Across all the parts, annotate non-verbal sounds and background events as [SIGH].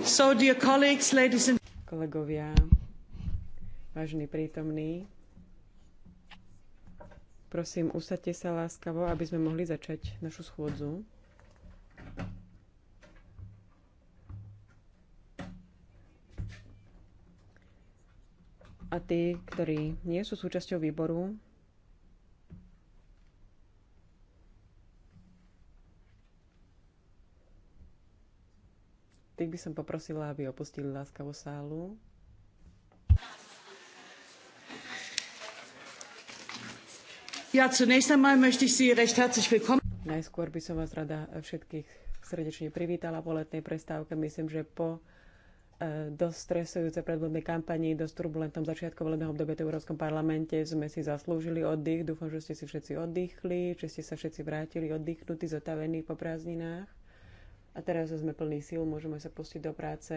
So, dear colleagues, ladies and... Kolegovia, vážení prítomní, prosím, usadte sa láskavo, aby sme mohli začať našu schôdzu. A tí, ktorí nie sú súčasťou výboru, Tých by som poprosila, aby opustili láskavú sálu. Ja, zunächst einmal möchte ich Sie recht herzlich willkommen. Najskôr by som vás rada všetkých srdečne privítala po letnej prestávke. Myslím, že po e, dosť stresujúce predvoľbnej kampanii, dosť turbulentnom začiatku volebného obdobia v Európskom parlamente sme si zaslúžili oddych. Dúfam, že ste si všetci oddychli, že ste sa všetci vrátili oddychnutí, zotavení po prázdninách. A teraz sme plní síl, môžeme sa pustiť do práce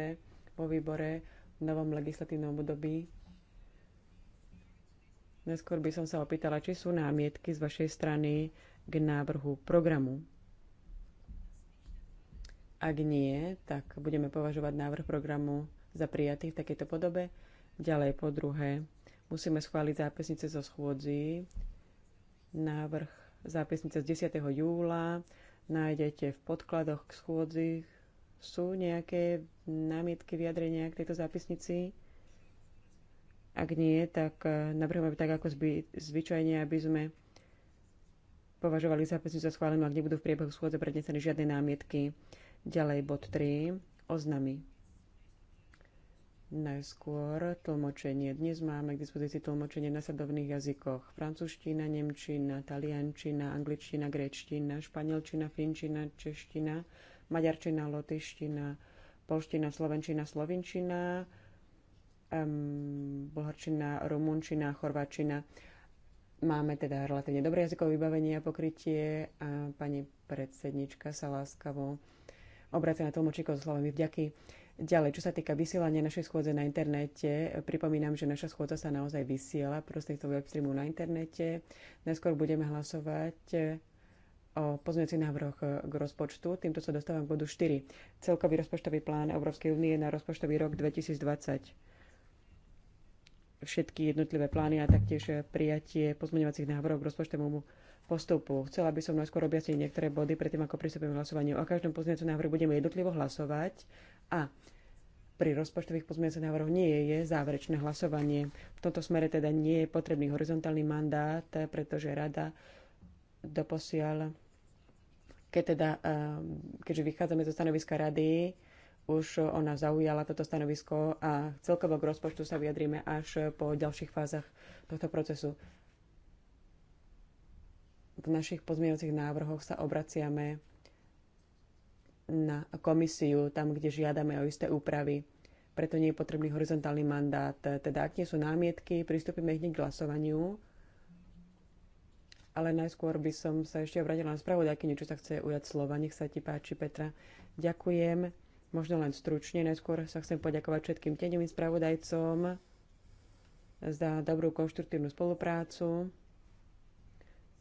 vo výbore v novom legislatívnom období. Neskôr by som sa opýtala, či sú námietky z vašej strany k návrhu programu. Ak nie, tak budeme považovať návrh programu za prijatý v takejto podobe. Ďalej po druhé, musíme schváliť zápisnice zo schôdzi, návrh zápisnice z 10. júla, nájdete v podkladoch k schôdzi. Sú nejaké námietky, vyjadrenia k tejto zápisnici? Ak nie, tak eh, navrhujem tak ako zby, zvyčajne, aby sme považovali zápisnicu za schválenú, ak nebudú v priebehu schôdze prednesené žiadne námietky. Ďalej bod 3, oznamy. Najskôr tlmočenie. Dnes máme k dispozícii tlmočenie na sadovných jazykoch. Francúzština, nemčina, taliančina, angličtina, gréčtina, španielčina, finčina, čeština, maďarčina, lotyština, polština, slovenčina, slovinčina, um, bohorčina, rumunčina, chorváčina. Máme teda relatívne dobré jazykové vybavenie a pokrytie a pani predsednička sa láskavo obracia na tlmočíkov slovami vďaky. Ďalej, čo sa týka vysielania našej schôdze na internete, pripomínam, že naša schôdza sa naozaj vysiela prostredníctvom webstreamu na internete. Najskôr budeme hlasovať eh, o pozmeňujúcich návrhoch k rozpočtu. Týmto sa dostávam k bodu 4. Celkový rozpočtový plán Európskej únie na rozpočtový rok 2020. Všetky jednotlivé plány a taktiež prijatie pozmeňovacích návrhov k rozpočtovému postupu. Chcela by som najskôr objasniť niektoré body predtým, ako pristúpim k hlasovaniu. O každom pozmeňujúcom návrhu budeme jednotlivo hlasovať a pri rozpočtových pozmeňujúcich návrhoch nie je záverečné hlasovanie. V tomto smere teda nie je potrebný horizontálny mandát, pretože rada doposiaľ, keď teda, eh, keďže vychádzame zo stanoviska rady, už ona zaujala toto stanovisko a celkovo k rozpočtu sa vyjadríme až po ďalších fázach tohto procesu v našich pozmeňujúcich návrhoch sa obraciame na komisiu, tam, kde žiadame o isté úpravy. Preto nie je potrebný horizontálny mandát. Teda, ak nie sú námietky, pristúpime hneď k hlasovaniu. Ale najskôr by som sa ešte obradila na spravodajky, niečo sa chce ujať slova. Nech sa ti páči, Petra. Ďakujem. Možno len stručne. Najskôr sa chcem poďakovať všetkým tieňovým spravodajcom za dobrú konštruktívnu spoluprácu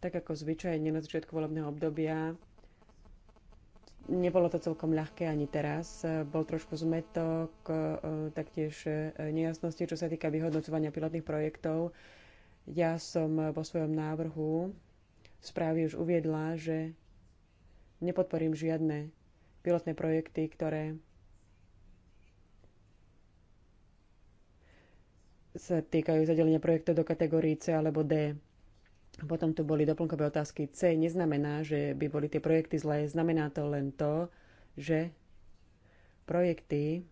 tak ako zvyčajne na začiatku volebného obdobia. Nebolo to celkom ľahké ani teraz. Bol trošku zmetok, e, taktiež e, nejasnosti, čo sa týka vyhodnocovania pilotných projektov. Ja som vo svojom návrhu správy už uviedla, že nepodporím žiadne pilotné projekty, ktoré sa týkajú zadelenia projektov do kategórii C alebo D. Potom tu boli doplnkové otázky C. Neznamená, že by boli tie projekty zlé. Znamená to len to, že projekty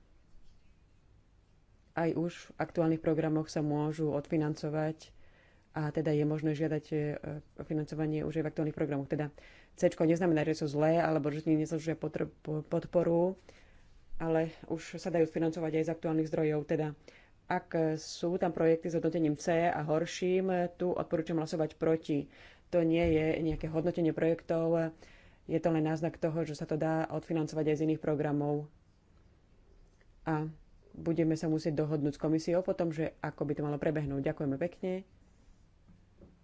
aj už v aktuálnych programoch sa môžu odfinancovať a teda je možné žiadať e, o financovanie už aj v aktuálnych programoch. Teda C neznamená, že sú zlé alebo že nezaslúžia podporu, ale už sa dajú financovať aj z aktuálnych zdrojov. Teda ak sú tam projekty s hodnotením C a horším, tu odporúčam hlasovať proti. To nie je nejaké hodnotenie projektov, je to len náznak toho, že sa to dá odfinancovať aj z iných programov. A budeme sa musieť dohodnúť s komisiou tom, že ako by to malo prebehnúť. Ďakujeme pekne.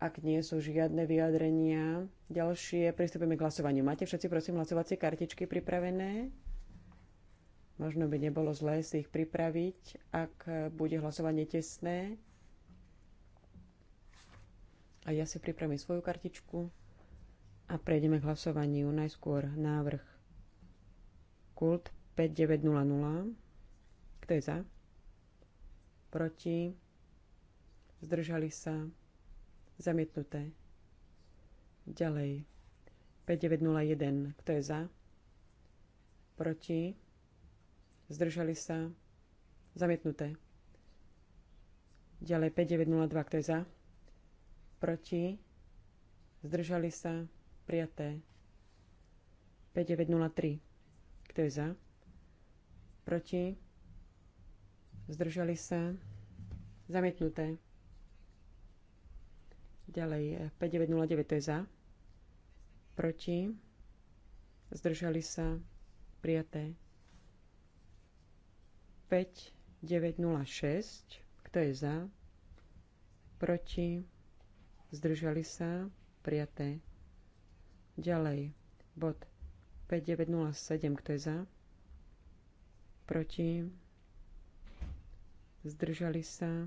Ak nie sú žiadne vyjadrenia, ďalšie pristúpime k hlasovaniu. Máte všetci, prosím, hlasovacie kartičky pripravené? Možno by nebolo zlé si ich pripraviť, ak bude hlasovanie tesné. A ja si pripravím svoju kartičku a prejdeme k hlasovaniu. Najskôr návrh kult 5900. Kto je za? Proti? Zdržali sa? Zamietnuté. Ďalej. 5901. Kto je za? Proti? zdržali sa, zamietnuté. Ďalej 5902, kto je za, proti, zdržali sa, prijaté. 5903, kto je za, proti, zdržali sa, zamietnuté. Ďalej 5909, eh, to je za, proti, zdržali sa, prijaté. 5906. Kto je za? Proti? Zdržali sa? Prijaté. Ďalej. Bod 5907. Kto je za? Proti? Zdržali sa?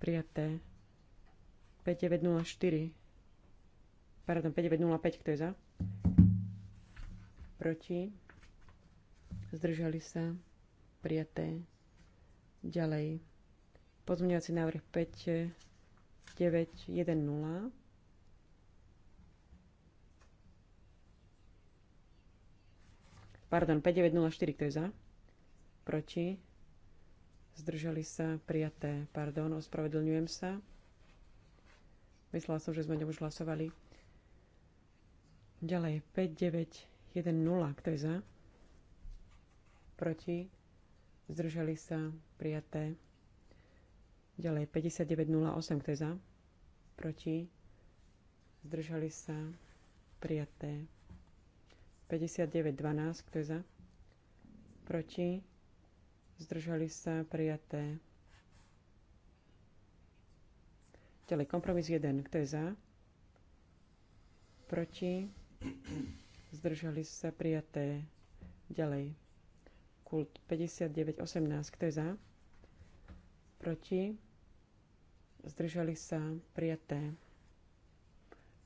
Prijaté. 5904. Pardon, 5905. Kto je za? Proti? Zdržali sa? prijaté. Ďalej. Pozmeňovací návrh 5 9 1 0. Pardon, 5904, kto je za? Proti? Zdržali sa prijaté. Pardon, ospravedlňujem sa. Myslela som, že sme ňom už hlasovali. Ďalej, 5910, kto je za? Proti? zdržali sa, prijaté. Ďalej 5908, kto je za, proti, zdržali sa, prijaté. 5912, kto je za, proti, zdržali sa, prijaté. Ďalej kompromis 1, kto je za, proti, zdržali sa, prijaté. Ďalej kult 59.18. Kto je za? Proti? Zdržali sa prijaté.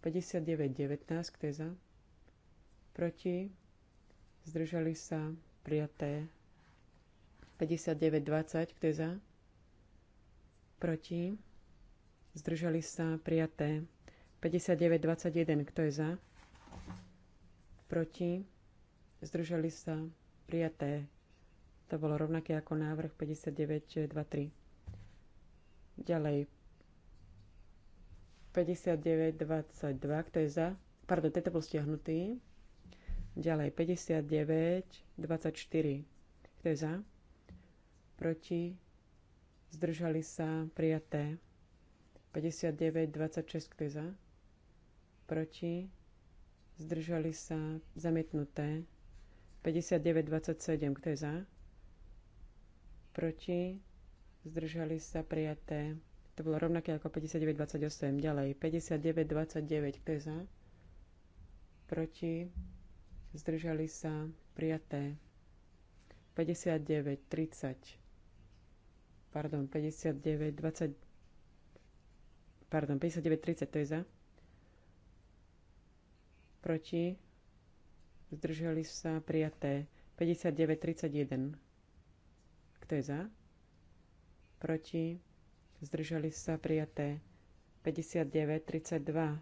59.19. Kto je za? Proti? Zdržali sa prijaté. 59.20. Kto je za? Proti? Zdržali sa prijaté. 59.21. Kto je za? Proti? Zdržali sa prijaté. To bolo rovnaké ako návrh 59.2.3. Ďalej. 59.22, kto je za? Pardon, tento bol stiahnutý. Ďalej, 59.24, kto je za? Proti? Zdržali sa prijaté. 59.26, kto je za? Proti? Zdržali sa zamietnuté. 59.27, kto je za? proti, zdržali sa prijaté. To bolo rovnaké ako 59-28. Ďalej, 59-29, kto je za? Proti, zdržali sa prijaté. 59-30. Pardon, 59-20. Pardon, 59-30, to je za? Proti, zdržali sa prijaté. 59-31. Kto je za? Proti? Zdržali sa prijaté 59, 32.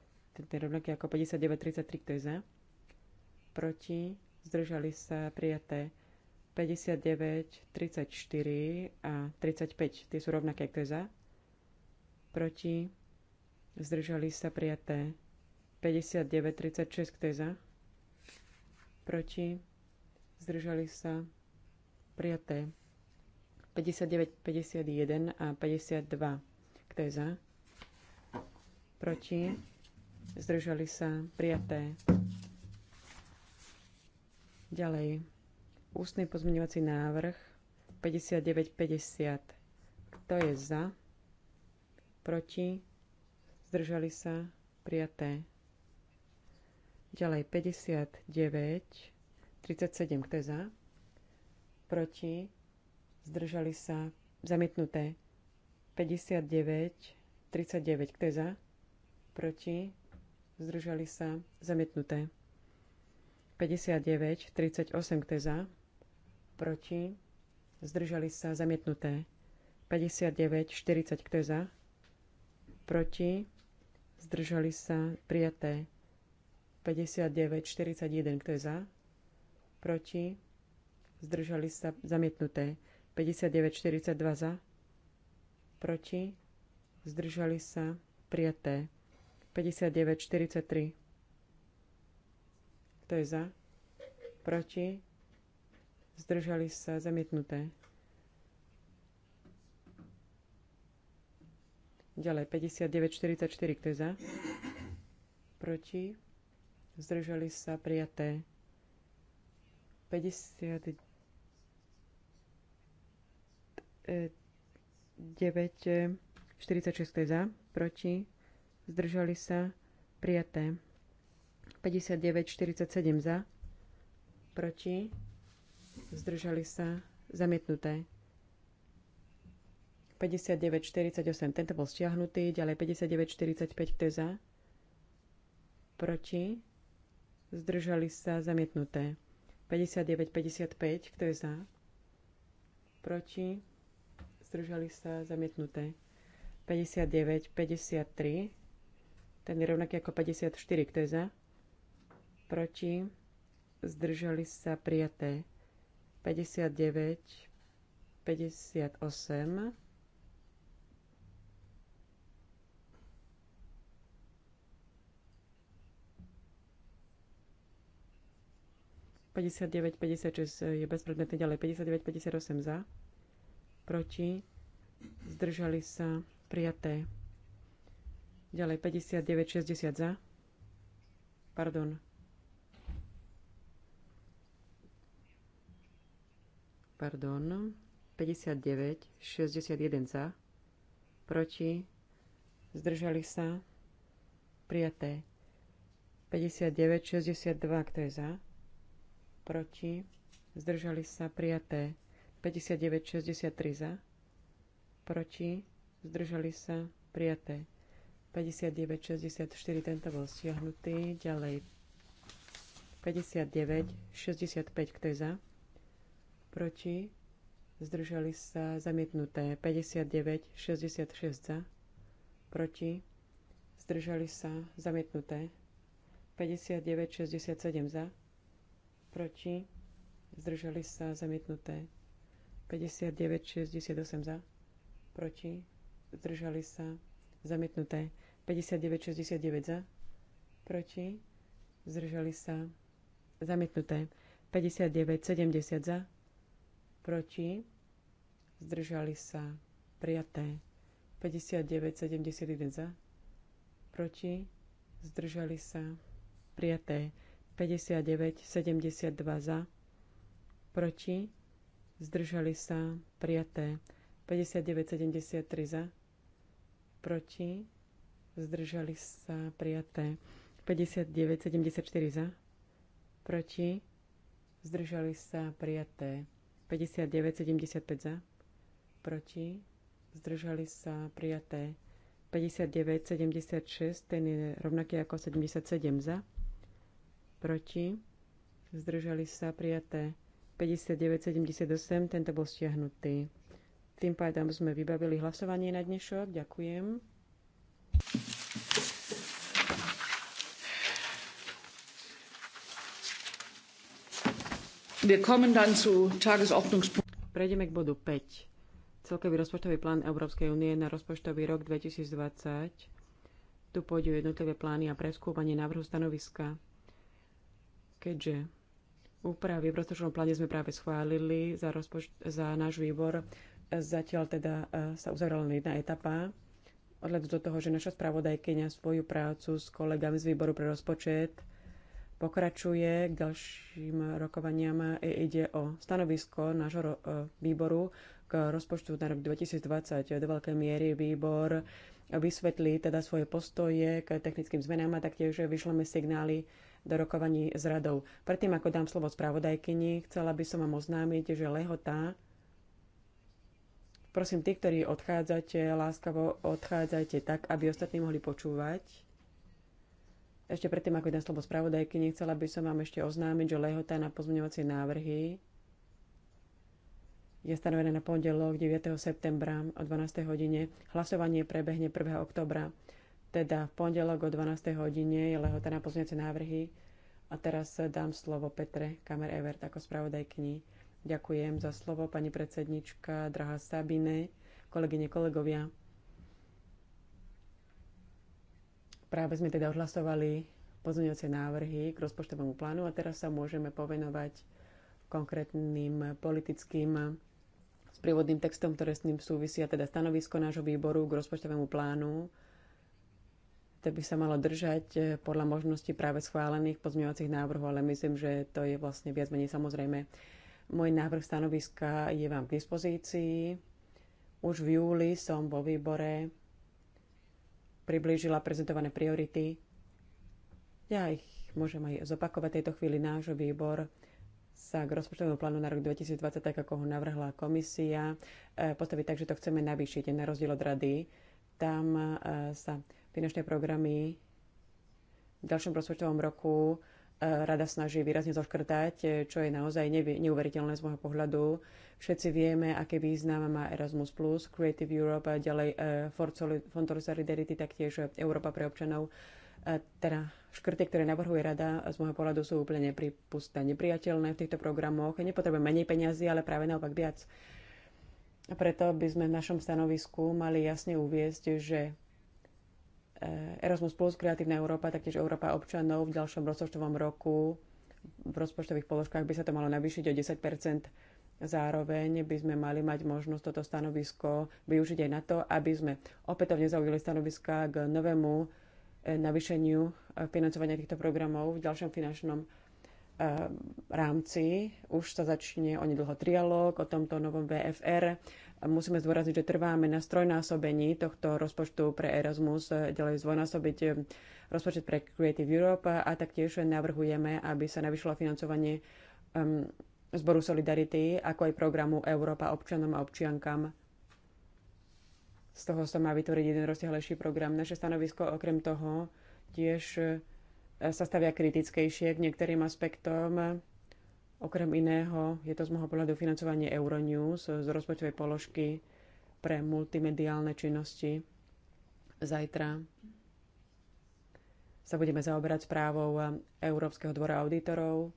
je rovnaký ako 59, 33. Kto je za? Proti? Zdržali sa prijaté 59, 34 a 35. Tie sú rovnaké, kto je za? Proti? Zdržali sa prijaté 59, 36, kto je za? Proti? Zdržali sa prijaté 59, 51 a 52. Kto je za? Proti? Zdržali sa? Prijaté. Ďalej. Ústny pozmeňovací návrh 59-50. Kto je za? Proti? Zdržali sa? Prijaté. Ďalej 59, 37. Kto je za? Proti? zdržali sa, zamietnuté. 59, 39, kto je za? Proti, zdržali sa, zamietnuté. 59, 38, kto je za? Proti, zdržali sa, zamietnuté. 59, 40, kto je za? Proti, zdržali sa, prijaté. 59, 41, kto je za? Proti, zdržali sa, zamietnuté. 59,42 za, proti, zdržali sa, prijaté. 59,43. Kto je za? Proti? Zdržali sa, zamietnuté. Ďalej, 59,44. Kto je za? Proti? Zdržali sa, prijaté. 59, 9, 46 za, proti, zdržali sa, prijaté. 59, 47 za, proti, zdržali sa, zamietnuté. 59, 48, tento bol stiahnutý, ďalej 59, 45, kto je za, proti, zdržali sa, zamietnuté. 59, 55, kto je za, proti, zdržali sa zamietnuté. 59, 53, ten je rovnaký ako 54, kto je za? Proti, zdržali sa prijaté. 59, 58, Päťdesiat deväť, šesť je bezpredmetné ďalej. Päťdesiat deväť, osem za proti, zdržali sa prijaté. Ďalej 59, 60 za. Pardon. Pardon. 59, 61 za. Proti. Zdržali sa. Prijaté. 59, 62, kto je za? Proti. Zdržali sa. Prijaté. 63 za, proti, zdržali sa, prijaté. 59 64 tento bol stiahnutý, ďalej 59, 65, kto je za, proti, zdržali sa, zamietnuté. 59, 66 za, proti, zdržali sa, zamietnuté. 59 67 za, proti, zdržali sa, zamietnuté. 59, 68 za, proti, zdržali sa, zamietnuté. 59, 69 za, proti, zdržali sa, zamietnuté. 59, 70 za, proti, zdržali sa, prijaté. 59, 71 za, proti, zdržali sa, prijaté. 59, 72 za, proti, zdržali sa, prijaté. 59,73 za, proti, zdržali sa, prijaté. 59,74 za, proti, zdržali sa, prijaté. 59,75 za, proti, zdržali sa, prijaté. 59,76, ten je rovnaký ako 77 za, proti, zdržali sa, prijaté. 5978, tento bol stiahnutý. Tým pádom sme vybavili hlasovanie na dnešok. Ďakujem. Prejdeme k bodu 5. Celkový rozpočtový plán Európskej únie na rozpočtový rok 2020. Tu pôjde jednotlivé plány a preskúmanie návrhu stanoviska. Keďže úpravy. V rozpočtovom pláne sme práve schválili za, rozpoč- za náš výbor. Zatiaľ teda e, sa uzavrala len jedna etapa. Odhľadu do toho, že naša spravodajkyňa svoju prácu s kolegami z výboru pre rozpočet pokračuje k ďalším rokovaniam. E, ide o stanovisko nášho e, výboru k rozpočtu na rok 2020. Do veľkej miery výbor vysvetlí teda svoje postoje k technickým zmenám a taktiež vyšleme signály do rokovaní s radou. Predtým, ako dám slovo spravodajkyni, chcela by som vám oznámiť, že lehota Prosím, tí, ktorí odchádzate, láskavo odchádzajte tak, aby ostatní mohli počúvať. Ešte predtým, ako dám slovo spravodajkyni, chcela by som vám ešte oznámiť, že lehota na pozmeňovacie návrhy je stanovené na pondelok 9. septembra o 12. hodine. Hlasovanie prebehne 1. oktobra. Teda v pondelok o 12. hodine je lehota na pozniace návrhy. A teraz dám slovo Petre Kamer Evert ako spravodajkni. Ďakujem za slovo, pani predsednička, drahá Sabine, kolegyne, kolegovia. Práve sme teda odhlasovali pozmeňovacie návrhy k rozpočtovému plánu a teraz sa môžeme povenovať konkrétnym politickým sprievodným textom, ktoré s ním súvisia, teda stanovisko nášho výboru k rozpočtovému plánu to by sa malo držať e, podľa možností práve schválených pozmeňovacích návrhov, ale myslím, že to je vlastne viac menej samozrejme. Môj návrh stanoviska je vám k dispozícii. Už v júli som vo výbore priblížila prezentované priority. Ja ich môžem aj zopakovať. V tejto chvíli náš výbor sa k rozpočtovému plánu na rok 2020, tak ako ho navrhla komisia, e, postaviť tak, že to chceme navýšiť na rozdiel od rady. Tam e, sa finančné programy v ďalšom rozpočtovom roku e, rada snaží výrazne zoškrtať, e, čo je naozaj neuveriteľné z môjho pohľadu. Všetci vieme, aké význam má Erasmus+, Creative Europe a ďalej e, Fond Solidarity, taktiež Európa pre občanov. Teda škrty, ktoré navrhuje rada, z môjho pohľadu sú úplne nepripustné, nepriateľné v týchto programoch. Nepotrebujeme menej peniazy, ale práve naopak viac. A preto by sme v našom stanovisku mali jasne uviezť, že Erasmus Plus, Kreatívna Európa, taktiež Európa občanov v ďalšom rozpočtovom roku v rozpočtových položkách by sa to malo navýšiť o 10 Zároveň by sme mali mať možnosť toto stanovisko využiť aj na to, aby sme opätovne zaujali stanoviska k novému eh, navýšeniu eh, financovania týchto programov v ďalšom finančnom eh, rámci. Už sa začne onedlho trialóg o tomto novom VFR. Musíme zdôrazniť, že trváme na strojnásobení tohto rozpočtu pre Erasmus, ďalej zdvojnásobiť eh, rozpočet pre Creative Europe a taktiež navrhujeme, aby sa navyšlo financovanie ehm, Zboru Solidarity, ako aj programu Európa občanom a občiankam. Z toho sa má vytvoriť jeden rozsiahlejší program. Naše stanovisko okrem toho tiež eh, sa stavia kritickejšie k niektorým aspektom Okrem iného je to z môjho pohľadu financovanie Euronews z rozpočtovej položky pre multimediálne činnosti. Zajtra sa budeme zaoberať správou Európskeho dvora auditorov.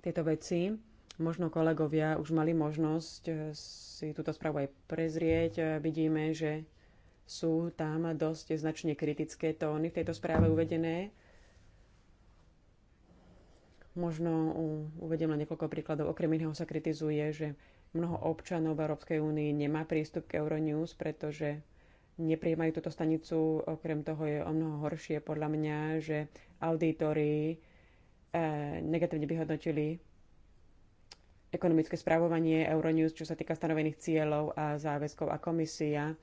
Tieto veci možno kolegovia už mali možnosť si túto správu aj prezrieť. Vidíme, že sú tam dosť značne kritické tóny v tejto správe uvedené Možno uvediem len niekoľko príkladov. Okrem iného sa kritizuje, že mnoho občanov v Európskej únii nemá prístup k Euronews, pretože neprijímajú túto stanicu. Okrem toho je o mnoho horšie podľa mňa, že auditori eh, negatívne vyhodnotili ekonomické správovanie Euronews, čo sa týka stanovených cieľov a záväzkov a komisia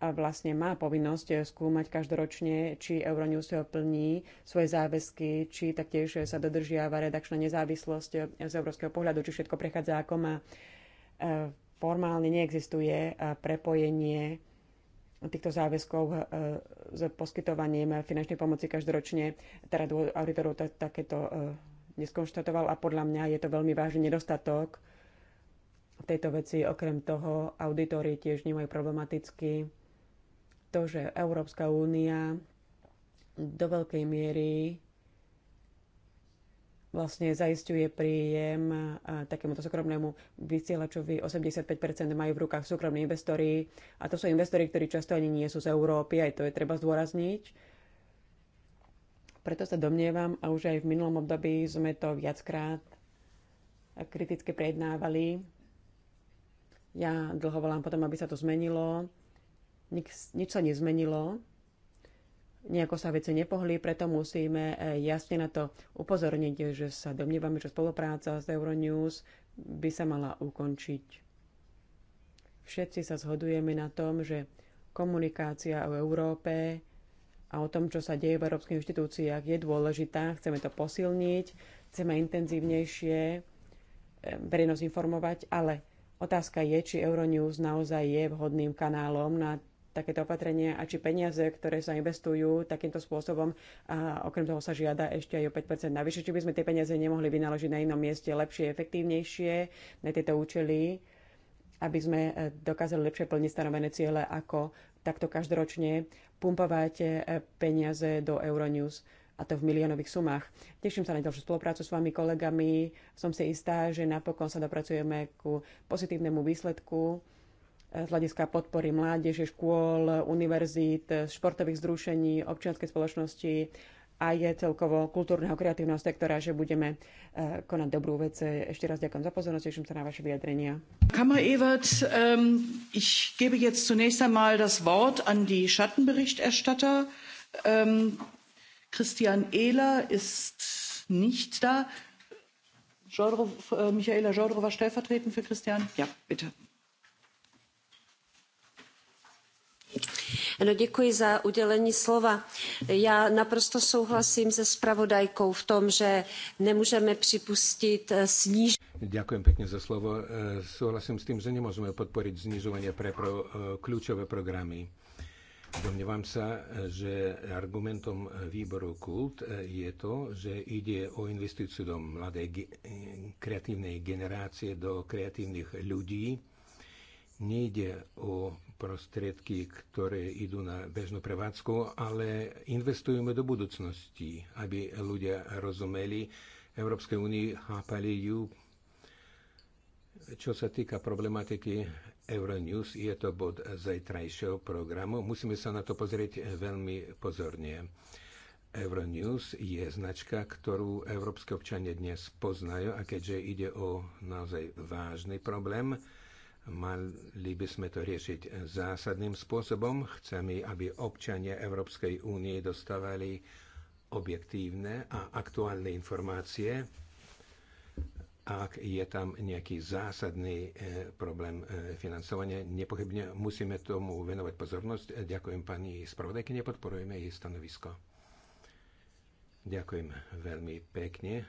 vlastne má povinnosť eh, skúmať každoročne, či Euronews plní svoje záväzky, či taktiež eh, sa dodržiava redakčná nezávislosť eh, z európskeho pohľadu, či všetko prechádza ako má. Formálne neexistuje prepojenie týchto záväzkov s poskytovaním finančnej pomoci každoročne. Teda auditorov takéto neskonštatoval a podľa mňa je to veľmi vážny nedostatok v tejto veci. Okrem toho, auditory tiež nemajú problematicky to, že Európska únia do veľkej miery vlastne zaistuje príjem takémuto súkromnému vysielačovi. 85% majú v rukách súkromní investori a to sú investori, ktorí často ani nie sú z Európy, aj to je treba zdôrazniť. Preto sa domnievam, a už aj v minulom období sme to viackrát kriticky prejednávali. Ja dlho volám potom, aby sa to zmenilo nič, nič sa nezmenilo, nejako sa veci nepohli, preto musíme eh, jasne na to upozorniť, že sa domnievame, že spolupráca s Euronews by sa mala ukončiť. Všetci sa zhodujeme na tom, že komunikácia o Európe a o tom, čo sa deje v európskych inštitúciách, je dôležitá. Chceme to posilniť, chceme intenzívnejšie eh, verejnosť informovať, ale otázka je, či Euronews naozaj je vhodným kanálom na takéto opatrenie a či peniaze, ktoré sa investujú takýmto spôsobom a okrem toho sa žiada ešte aj o 5% navyše, či by sme tie peniaze nemohli vynaložiť na inom mieste lepšie, efektívnejšie na tieto účely, aby sme e, dokázali lepšie plniť stanovené ciele, ako takto každoročne pumpovať e, peniaze do Euronews a to v miliónových sumách. Teším sa na ďalšiu spoluprácu s vami kolegami. Som si istá, že napokon sa dopracujeme ku pozitívnemu výsledku z hľadiska podpory mládeže, škôl, univerzít, športových združení, občianskej spoločnosti a je celkovo kultúrneho kreatívneho sektora, že budeme e, konať dobrú vec. Ešte raz ďakujem za pozornosť, teším sa na vaše vyjadrenia. Kammer Evert, um, ich gebe jetzt zunächst einmal das Wort an die Schattenberichterstatter. Um, Christian Ehler ist nicht da. Jodrow, äh, Michaela Jodrowa stellvertretend für Christian. Ja, bitte. No, děkuji za udělení slova. Já naprosto souhlasím se spravodajkou v tom, že nemůžeme připustit eh, snížení. Ďakujem pekne za slovo. Eh, Súhlasím s tým, že nemôžeme podporiť znižovanie pre pro, eh, kľúčové programy. Domnievam sa, že argumentom výboru KULT je to, že ide o investíciu do mladej kreatívnej generácie, do kreatívnych ľudí nejde o prostriedky, ktoré idú na bežnú prevádzku, ale investujeme do budúcnosti, aby ľudia rozumeli Európskej únii, chápali ju. Čo sa týka problematiky Euronews, je to bod zajtrajšieho programu. Musíme sa na to pozrieť veľmi pozorne. Euronews je značka, ktorú európske občania dnes poznajú a keďže ide o naozaj vážny problém, Mali by sme to riešiť zásadným spôsobom. Chceme, aby občania Európskej únie dostávali objektívne a aktuálne informácie. Ak je tam nejaký zásadný e, problém e, financovania, nepochybne musíme tomu venovať pozornosť. Ďakujem pani spravodajkyne, podporujeme jej stanovisko. Ďakujem veľmi pekne, e,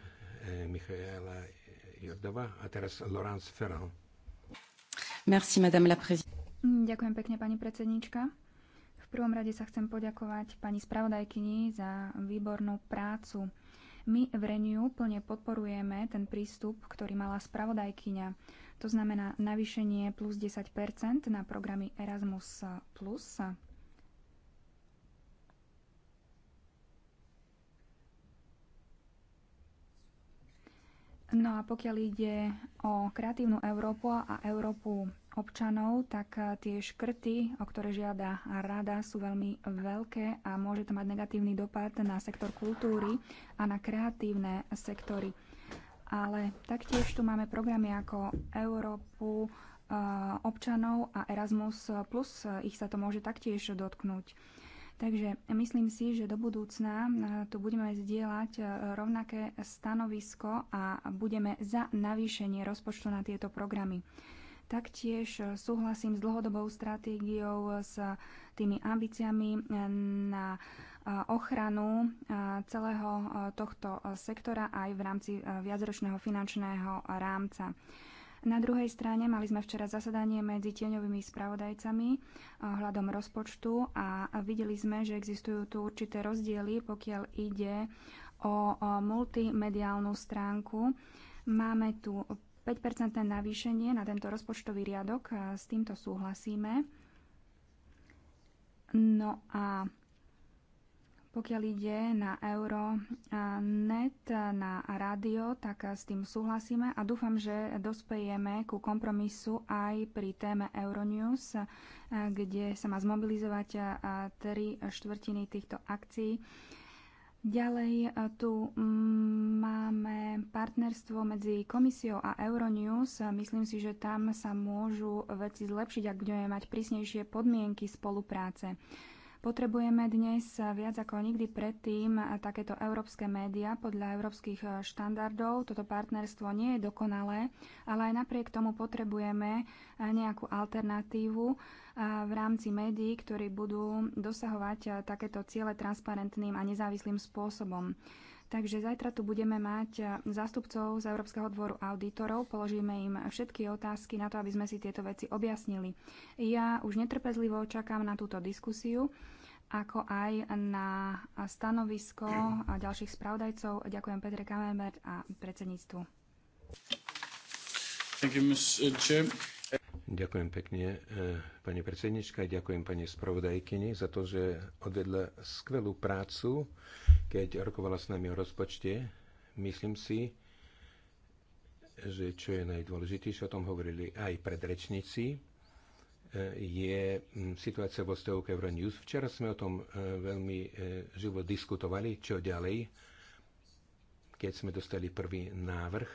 Michaela Jordova. A teraz Laurence Ferrand. Merci, madame la Ďakujem pekne, pani predsedníčka. V prvom rade sa chcem poďakovať pani spravodajkyni za výbornú prácu. My v Reniu plne podporujeme ten prístup, ktorý mala spravodajkyňa. To znamená navýšenie plus 10 na programy Erasmus+. No a pokiaľ ide o kreatívnu Európu a Európu občanov, tak eh, tie škrty, o ktoré žiada rada, sú veľmi veľké a môže to mať negatívny dopad na sektor kultúry a na kreatívne sektory. Ale taktiež tu máme programy ako Európu eh, občanov a Erasmus+, eh, ich sa to môže taktiež dotknúť. Takže myslím si, že do budúcna e, tu budeme zdieľať e, rovnaké stanovisko a budeme za navýšenie rozpočtu na tieto programy. Taktiež e, súhlasím s dlhodobou stratégiou, s tými ambíciami na ochranu celého tohto sektora aj v rámci viacročného finančného rámca. Na druhej strane mali sme včera zasadanie medzi tieňovými spravodajcami eh, hľadom rozpočtu a videli sme, že existujú tu určité rozdiely, pokiaľ ide o multimediálnu stránku. Máme tu 5% navýšenie na tento rozpočtový riadok, eh, s týmto súhlasíme. No a pokiaľ ide na euro net, na rádio, tak s tým súhlasíme a dúfam, že dospejeme ku kompromisu aj pri téme Euronews, eh, kde sa má zmobilizovať eh, tri štvrtiny týchto akcií. Ďalej eh, tu mm, máme partnerstvo medzi komisiou a Euronews. Myslím si, že tam sa môžu veci zlepšiť, ak budeme mať prísnejšie podmienky spolupráce. Potrebujeme dnes viac ako nikdy predtým takéto európske médiá podľa európskych štandardov. Toto partnerstvo nie je dokonalé, ale aj napriek tomu potrebujeme nejakú alternatívu v rámci médií, ktorí budú dosahovať takéto ciele transparentným a nezávislým spôsobom. Takže zajtra tu budeme mať zástupcov z Európskeho dvoru auditorov, položíme im všetky otázky na to, aby sme si tieto veci objasnili. Ja už netrpezlivo čakám na túto diskusiu ako aj na stanovisko a ďalších spravodajcov. Ďakujem Petre Kamermer a predsedníctvu. Uh, ďakujem pekne, eh, pani predsednička, ďakujem pani spravodajkyni za to, že odvedla skvelú prácu, keď rokovala s nami o rozpočte. Myslím si, že čo je najdôležitejšie, o tom hovorili aj predrečníci, je mm, situácia vo vzťahu k Euronews. Včera sme o tom e, veľmi e, živo diskutovali, čo ďalej, keď sme dostali prvý návrh.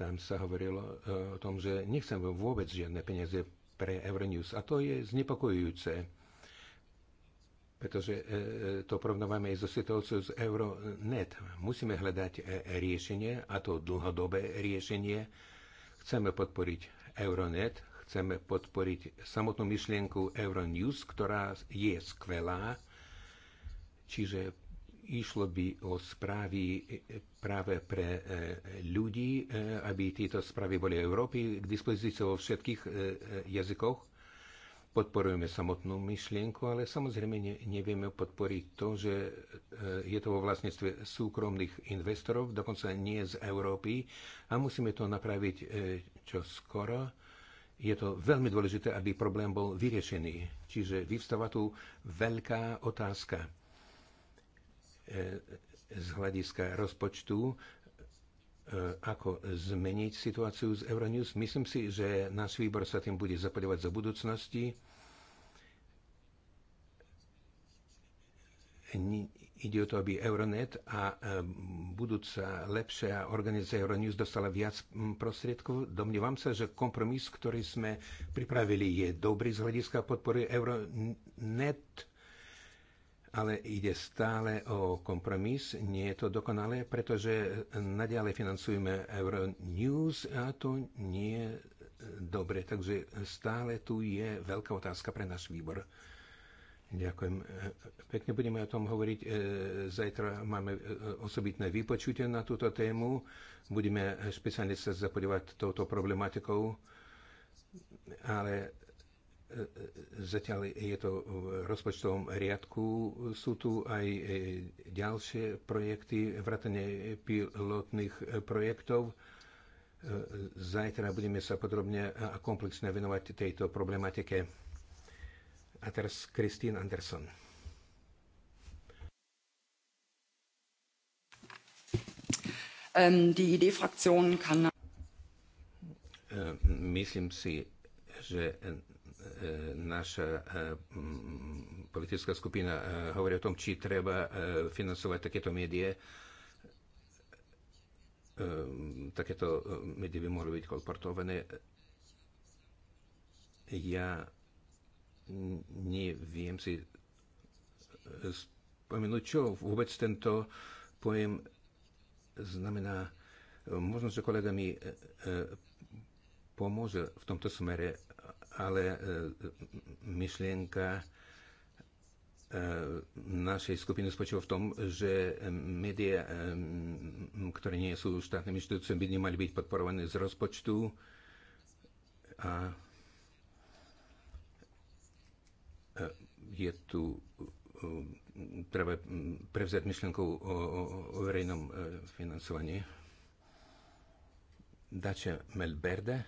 Tam sa hovorilo e, o tom, že nechcem vôbec žiadne peniaze pre Euronews. A to je znepokojujúce, pretože to porovnávame aj so situáciou z Euronet. Musíme hľadať riešenie, a to dlhodobé riešenie. Chceme podporiť Euronet, Chceme podporiť samotnú myšlienku Euronews, ktorá je skvelá, čiže išlo by o správy práve pre e, ľudí, e, aby tieto správy boli Európy k dispozícii vo všetkých e, jazykoch. Podporujeme samotnú myšlienku, ale samozrejme nevieme podporiť to, že je to vo vlastníctve súkromných investorov, dokonca nie z Európy a musíme to napraviť čo skoro je to veľmi dôležité, aby problém bol vyriešený. Čiže vyvstáva tu veľká otázka e, z hľadiska rozpočtu, e, ako zmeniť situáciu z Euronews. Myslím si, že náš výbor sa tým bude zapodovať za budúcnosti. Ide o to, aby Euronet a e, budúca lepšia organizácia Euronews dostala viac prostriedkov. Domnievam sa, že kompromis, ktorý sme pripravili, je dobrý z hľadiska podpory Euronet, ale ide stále o kompromis. Nie je to dokonalé, pretože naďalej financujeme Euronews a to nie je dobre. Takže stále tu je veľká otázka pre náš výbor. Ďakujem. E, pekne budeme o tom hovoriť. E, zajtra máme e, osobitné vypočutie na túto tému. Budeme špeciálne sa zapodívať touto problematikou, ale zatiaľ je to v rozpočtovom riadku. Sú tu aj ďalšie projekty, vrátane pilotných projektov. Zajtra budeme sa podrobne a komplexne venovať tejto problematike. A teraz Kristín Anderson. Um, die ID-Fraktion kann... Uh, Myslím si, že äh, äh, naša politická skupina hovorí o tom, či treba financovať takéto médie. Takéto médie by mohli byť kolportované. Ja neviem si e, spomenúť, čo vôbec tento pojem znamená. Možno, že kolega mi e, e, pomôže v tomto smere, ale myšlienka našej skupiny spočíva v tom, že médiá, ktoré nie sú štátnymi inštitúciami, by nemali byť podporované z rozpočtu a je tu eh, treba hm, prevziať myšlienku o, o, o verejnom eh, financovaní. Dače Melberde.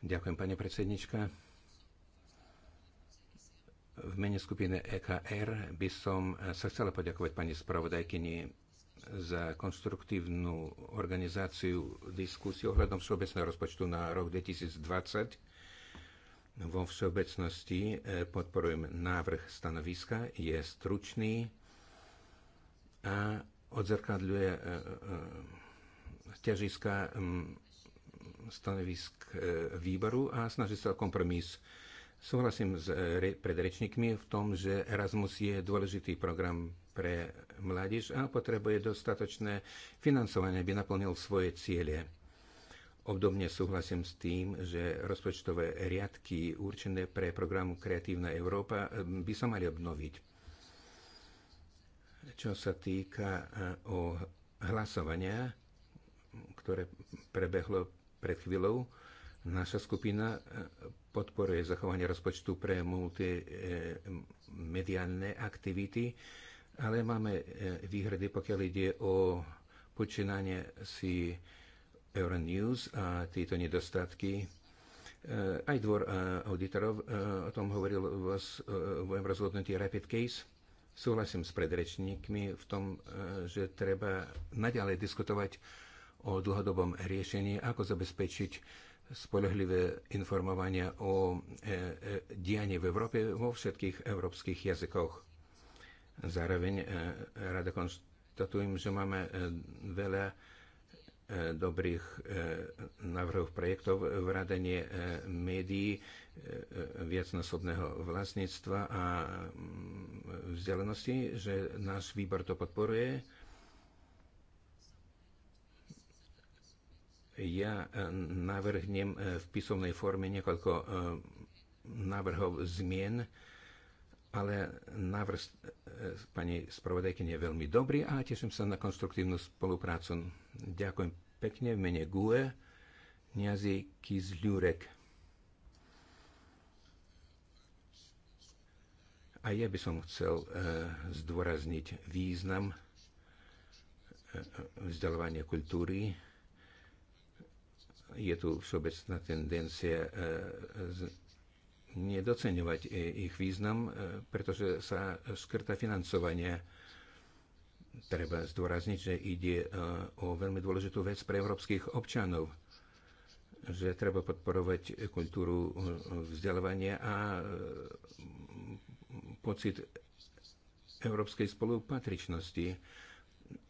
Ďakujem, pani predsednička. V mene skupiny EKR by som eh, sa chcela poďakovať pani spravodajkyni za konstruktívnu organizáciu diskusie ohľadom všeobecného rozpočtu na rok 2020 vo všeobecnosti e, podporujem návrh stanoviska, je stručný a odzrkadľuje e, e, ťažiska stanovisk výboru a snaží sa o kompromis. Súhlasím s predrečníkmi v tom, že Erasmus je dôležitý program pre mládež a potrebuje dostatočné financovanie, aby naplnil svoje ciele Obdobne súhlasím s tým, že rozpočtové riadky určené pre program Kreatívna Európa eh, by sa mali obnoviť. Čo sa týka eh, o hlasovania, ktoré prebehlo pred chvíľou, naša skupina eh, podporuje zachovanie rozpočtu pre multimediálne aktivity, ale máme výhrady, pokiaľ ide o počínanie si Euronews a tieto nedostatky. Eh, aj dvor eh, auditorov eh, o tom hovoril v svojom rozhodnutí Rapid Case. Súhlasím s predrečníkmi v tom, že treba naďalej diskutovať o dlhodobom riešení, ako zabezpečiť spolehlivé informovania o dianie v Európe vo všetkých európskych jazykoch. Zároveň rada konštatujem, že máme veľa E, dobrých e, návrhov projektov, vrádanie e, médií, viacnásobného vlastníctva a mm, vzdelenosti, že náš výbor to podporuje. Ja navrhnem v písomnej forme niekoľko návrhov zmien, ale návrh e, pani spravodajkyne je veľmi dobrý a teším sa na konstruktívnu spoluprácu. Ďakujem pekne v mene GUE, Niazi Kizľurek. A ja by som chcel e, zdôrazniť význam e, e vzdelávania kultúry. Je tu všeobecná tendencia e, nedoceňovať e, ich význam, e, pretože sa skrta financovanie. Treba zdôrazniť, že ide e, o veľmi dôležitú vec pre európskych občanov, že treba podporovať kultúru vzdelávania a pocit európskej spolupatričnosti.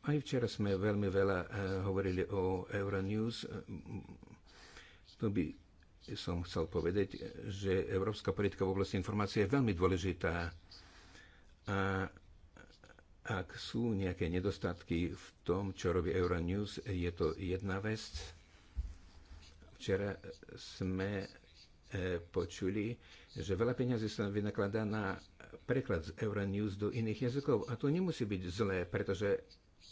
Aj včera sme veľmi veľa hovorili o Euronews. To by som chcel povedať, že európska politika v oblasti informácie je veľmi dôležitá. A ak sú nejaké nedostatky v tom, čo robí Euronews, je to jedna vec. Včera sme e, počuli, že veľa peniazí sa vynakladá na preklad z Euronews do iných jazykov. A to nemusí byť zlé, pretože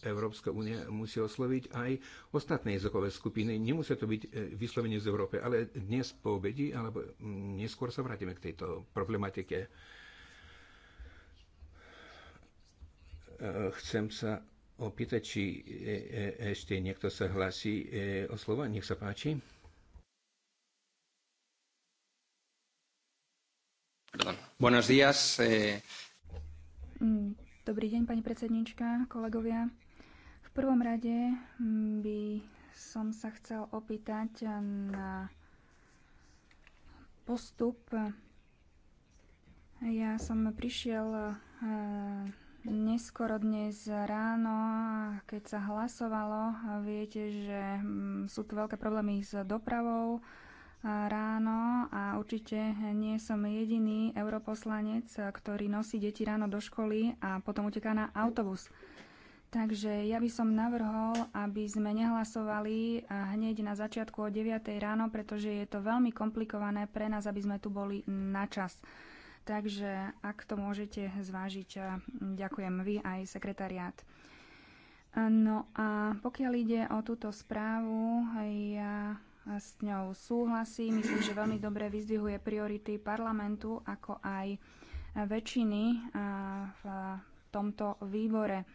Európska únia musí osloviť aj ostatné jazykové skupiny. Nemusia to byť e, vyslovene z Európy, ale dnes po obedi, alebo mm, neskôr sa vrátime k tejto problematike. E, chcem sa opýtať, či e, ešte niekto sa hlasí o slovo. Nech sa páči. Buenos días. Eh... Mm, Dobrý deň, pani predsednička, kolegovia. V prvom rade mm, by som sa chcel opýtať na postup. Ja som prišiel e, neskoro dnes ráno, keď sa hlasovalo. Viete, že mm, sú tu veľké problémy s dopravou ráno a určite nie som jediný europoslanec, ktorý nosí deti ráno do školy a potom uteká na autobus. Takže ja by som navrhol, aby sme nehlasovali hneď na začiatku o 9 ráno, pretože je to veľmi komplikované pre nás, aby sme tu boli na čas. Takže ak to môžete zvážiť, ďakujem vy aj sekretariát. No a pokiaľ ide o túto správu, ja s ňou súhlasí. Myslím, že veľmi dobre vyzdvihuje priority parlamentu, ako aj väčšiny v tomto výbore.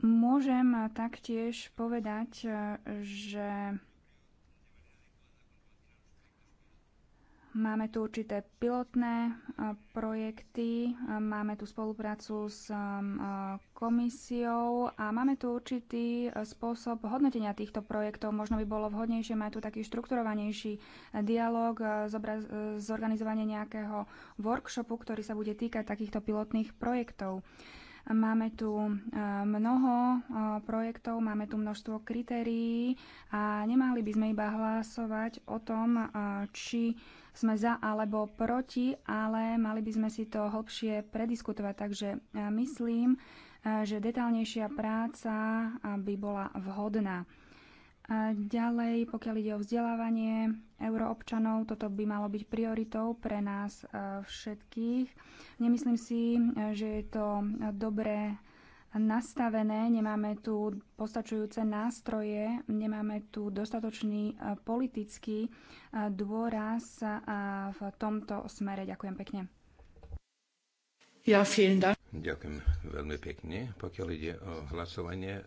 Môžem taktiež povedať, že Máme tu určité pilotné e, projekty, e, máme tu spoluprácu s e, komisiou a máme tu určitý spôsob hodnotenia týchto projektov. Možno by bolo vhodnejšie mať tu taký štrukturovanejší dialog, zorganizovanie nejakého workshopu, ktorý sa bude týkať takýchto pilotných projektov. Máme tu mnoho projektov, máme tu množstvo kritérií a nemali by sme iba hlasovať o tom, či sme za alebo proti, ale mali by sme si to hlbšie prediskutovať. Takže myslím, eh, že detálnejšia práca eh, by bola vhodná. Eh, ďalej, pokiaľ ide o vzdelávanie euroobčanov, toto by malo byť prioritou pre nás všetkých. Nemyslím si, že je to dobré nastavené, nemáme tu postačujúce nástroje, nemáme tu dostatočný e, politický e, dôraz e, v tomto smere. Ďakujem pekne. Ja, vielen Dank. Ďakujem veľmi pekne. Pokiaľ ide o hlasovanie,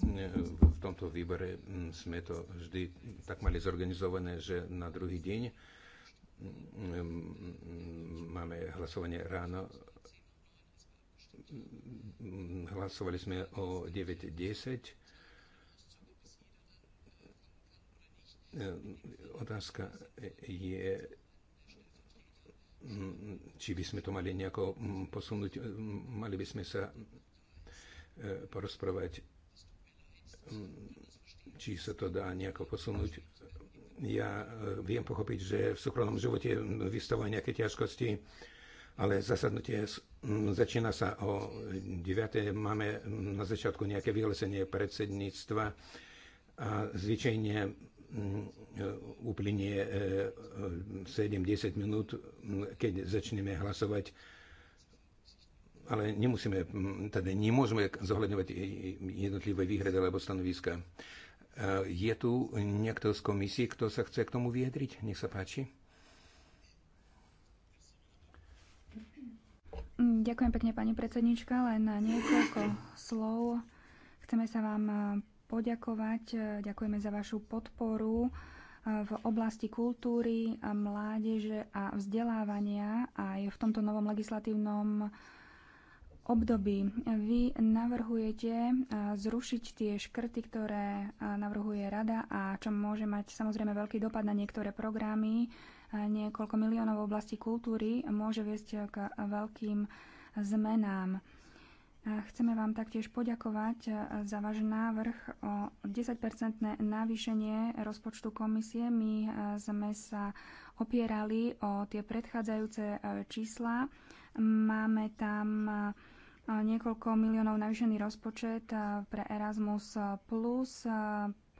v tomto výbore sme to vždy tak mali zorganizované, že na druhý deň máme hlasovanie ráno Hlasovali sme o 9.10. Otázka je, či by sme to mali nejako posunúť. Mali by sme sa e, porozprávať, či sa to dá nejako posunúť. Ja e, viem pochopiť, že v súkromnom živote vystavujú nejaké ťažkosti ale zasadnutie začína sa o 9. Máme na začiatku nejaké vyhlásenie predsedníctva a zvyčajne e, uplynie 7-10 e, e, minút, keď začneme hlasovať ale nemusíme, teda nemôžeme zohľadňovať jednotlivé výhrady alebo stanoviska. Je tu niekto z komisie, kto sa chce k tomu vyjadriť? Nech sa páči. Mm, ďakujem pekne, pani predsednička, len na niekoľko slov. Chceme sa vám eh, poďakovať. Eh, ďakujeme za vašu podporu eh, v oblasti kultúry, mládeže a vzdelávania aj v tomto novom legislatívnom období. Vy navrhujete zrušiť tie škrty, ktoré navrhuje rada a čo môže mať samozrejme veľký dopad na niektoré programy, niekoľko miliónov v oblasti kultúry môže viesť k veľkým zmenám. Chceme vám taktiež poďakovať za váš návrh o 10-percentné navýšenie rozpočtu komisie. My sme sa opierali o tie predchádzajúce čísla. Máme tam niekoľko miliónov navýšený rozpočet pre Erasmus+, plus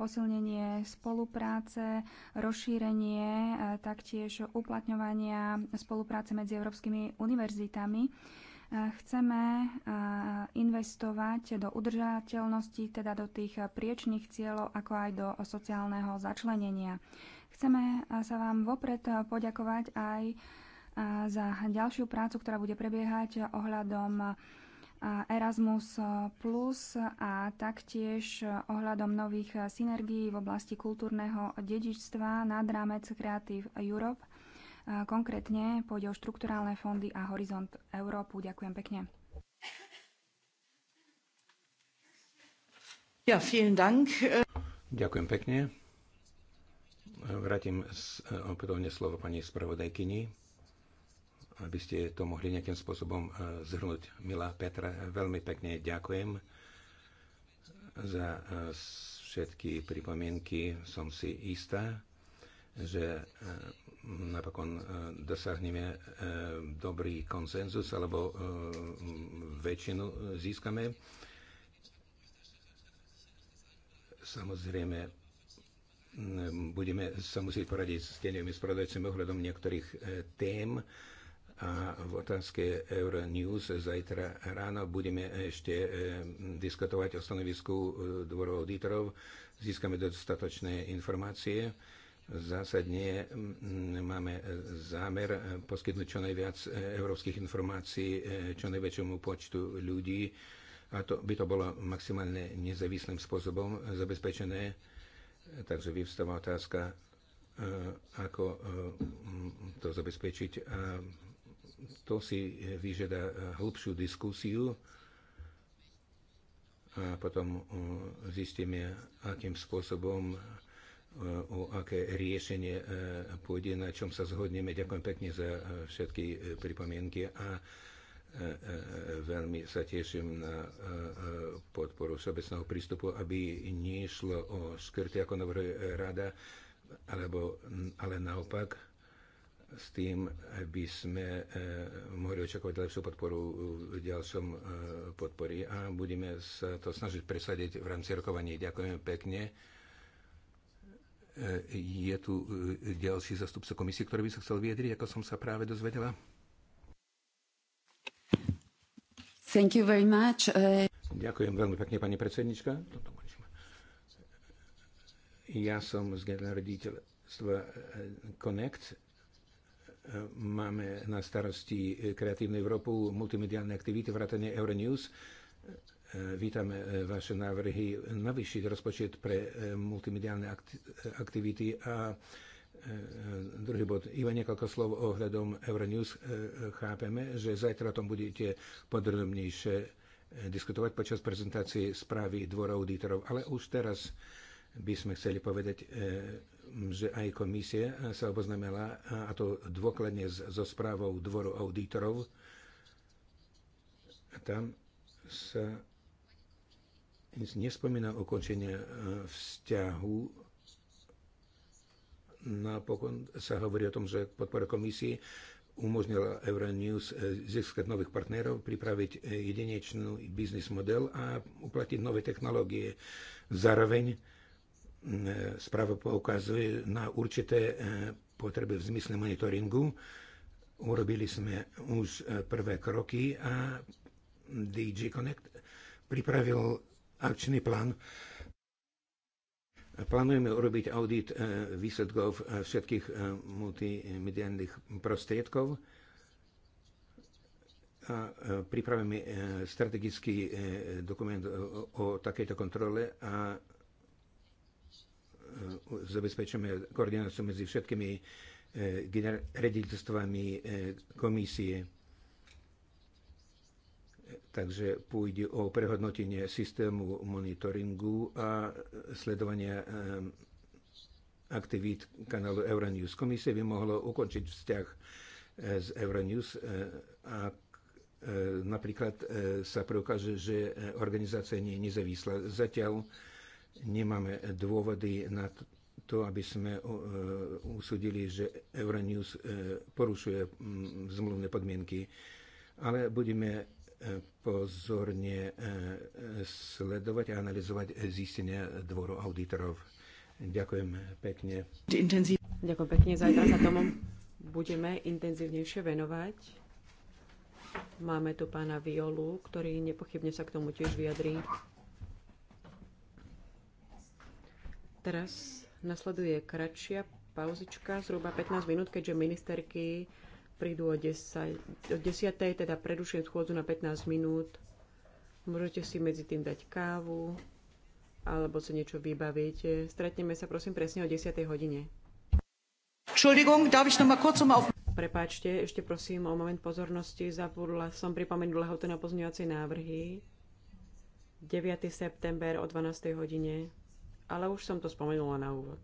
posilnenie spolupráce, rozšírenie e, taktiež uplatňovania spolupráce medzi európskymi univerzitami. E, chceme e, investovať do udržateľnosti, teda do tých priečných cieľov, ako aj do sociálneho začlenenia. Chceme sa vám vopred poďakovať aj za ďalšiu prácu, ktorá bude prebiehať ohľadom Erasmus eh, Plus a taktiež eh, ohľadom nových eh, synergií v oblasti kultúrneho dedičstva nad rámec Creative Europe, konkrétne pôjde o štrukturálne fondy a Horizont Európu. Ďakujem pekne. Ja, vielen Dank. Ďakujem pekne. Vrátim opätovne slovo pani spravodajkyni aby ste to mohli nejakým spôsobom e, zhrnúť. Milá Petra, veľmi pekne ďakujem za e, všetky pripomienky. Som si istá, že e, napokon dosahneme dobrý konsenzus alebo väčšinu získame. Samozrejme, budeme sa musieť poradiť s tenými spravodajcami ohľadom niektorých tém a v otázke Euronews zajtra ráno budeme ešte e, diskutovať o stanovisku e, dvorov auditorov. Získame dostatočné informácie. Zásadne máme zámer poskytnúť čo najviac e, európskych informácií čo najväčšomu počtu ľudí a to by to bolo maximálne nezávislým spôsobom zabezpečené. Takže vyvstáva otázka, ako to zabezpečiť a to si vyžiada hĺbšiu eh, diskusiu a potom eh, zistíme, akým spôsobom eh, o aké riešenie pôjde, na čom sa zhodneme. Ďakujem pekne za všetky pripomienky a veľmi sa teším na podporu všeobecného prístupu, aby išlo o škrty, ako navrhuje rada, alebo, ale naopak s tým, aby sme e, mohli očakávať lepšiu podporu v ďalšom e, podpory a budeme sa to snažiť presadiť v rámci rokovania. Ďakujeme pekne. E, je tu ďalší zastupca komisie, ktorý by sa chcel vyjadriť, ako som sa práve dozvedela. Thank you very much. Ďakujem veľmi pekne, pani predsednička. Ja som z generálneho riaditeľstva Connect Máme na starosti kreatívnu Európu, multimediálne aktivity, vrátanie Euronews. Vítame e, vaše návrhy navýšiť rozpočet pre e, multimediálne aktivity a e, druhý bod. Iba niekoľko slov ohľadom Euronews. Chápeme, že zajtra o tom budete podrobnejšie diskutovať počas prezentácie správy dvora auditorov, ale už teraz by sme chceli povedať, že aj komisie sa oboznamila, a to dôkladne so správou dvoru auditorov. Tam sa nespomína ukončenie vzťahu. Napokon sa hovorí o tom, že podpora komisie umožnila Euronews e, získať nových partnerov, pripraviť e, jedinečný biznis model a uplatiť nové technológie. Zároveň E, správa poukazuje na určité e, potreby v zmysle monitoringu. Urobili sme už e, prvé kroky a DG Connect pripravil akčný plán. Plánujeme urobiť audit výsledkov všetkých multimediálnych prostriedkov a pripravíme strategický dokument o takejto kontrole a E, zabezpečujeme koordináciu medzi všetkými e, rediteľstvami e, komisie. Takže pôjde o prehodnotenie systému monitoringu a sledovania aktivít kanálu Euronews. Komisie by mohlo ukončiť vzťah z Euronews, ak napríklad sa preukáže, že organizácia nie je nezávislá. Zatiaľ Nemáme dôvody na to, aby sme e, usudili, že Euronews e, porušuje zmluvné podmienky, ale budeme e, pozorne sledovať a analyzovať zistenia dvoru auditorov. Ďakujem pekne. Intenzív... Ďakujem pekne. za sa tomu budeme intenzívnejšie venovať. Máme tu pána Violu, ktorý nepochybne sa k tomu tiež vyjadrí. Teraz nasleduje kratšia pauzička, zhruba 15 minút, keďže ministerky prídu o 10, o 10. teda prerušujem schôdzu na 15 minút. Môžete si medzi tým dať kávu alebo sa niečo vybaviť. Stretneme sa prosím presne o 10. hodine. Um Prepáčte, ešte prosím o moment pozornosti. Zabudla som pripomenúť lehoty na pozňovacie návrhy. 9. september o 12. hodine ale už som to spomenula na úvod.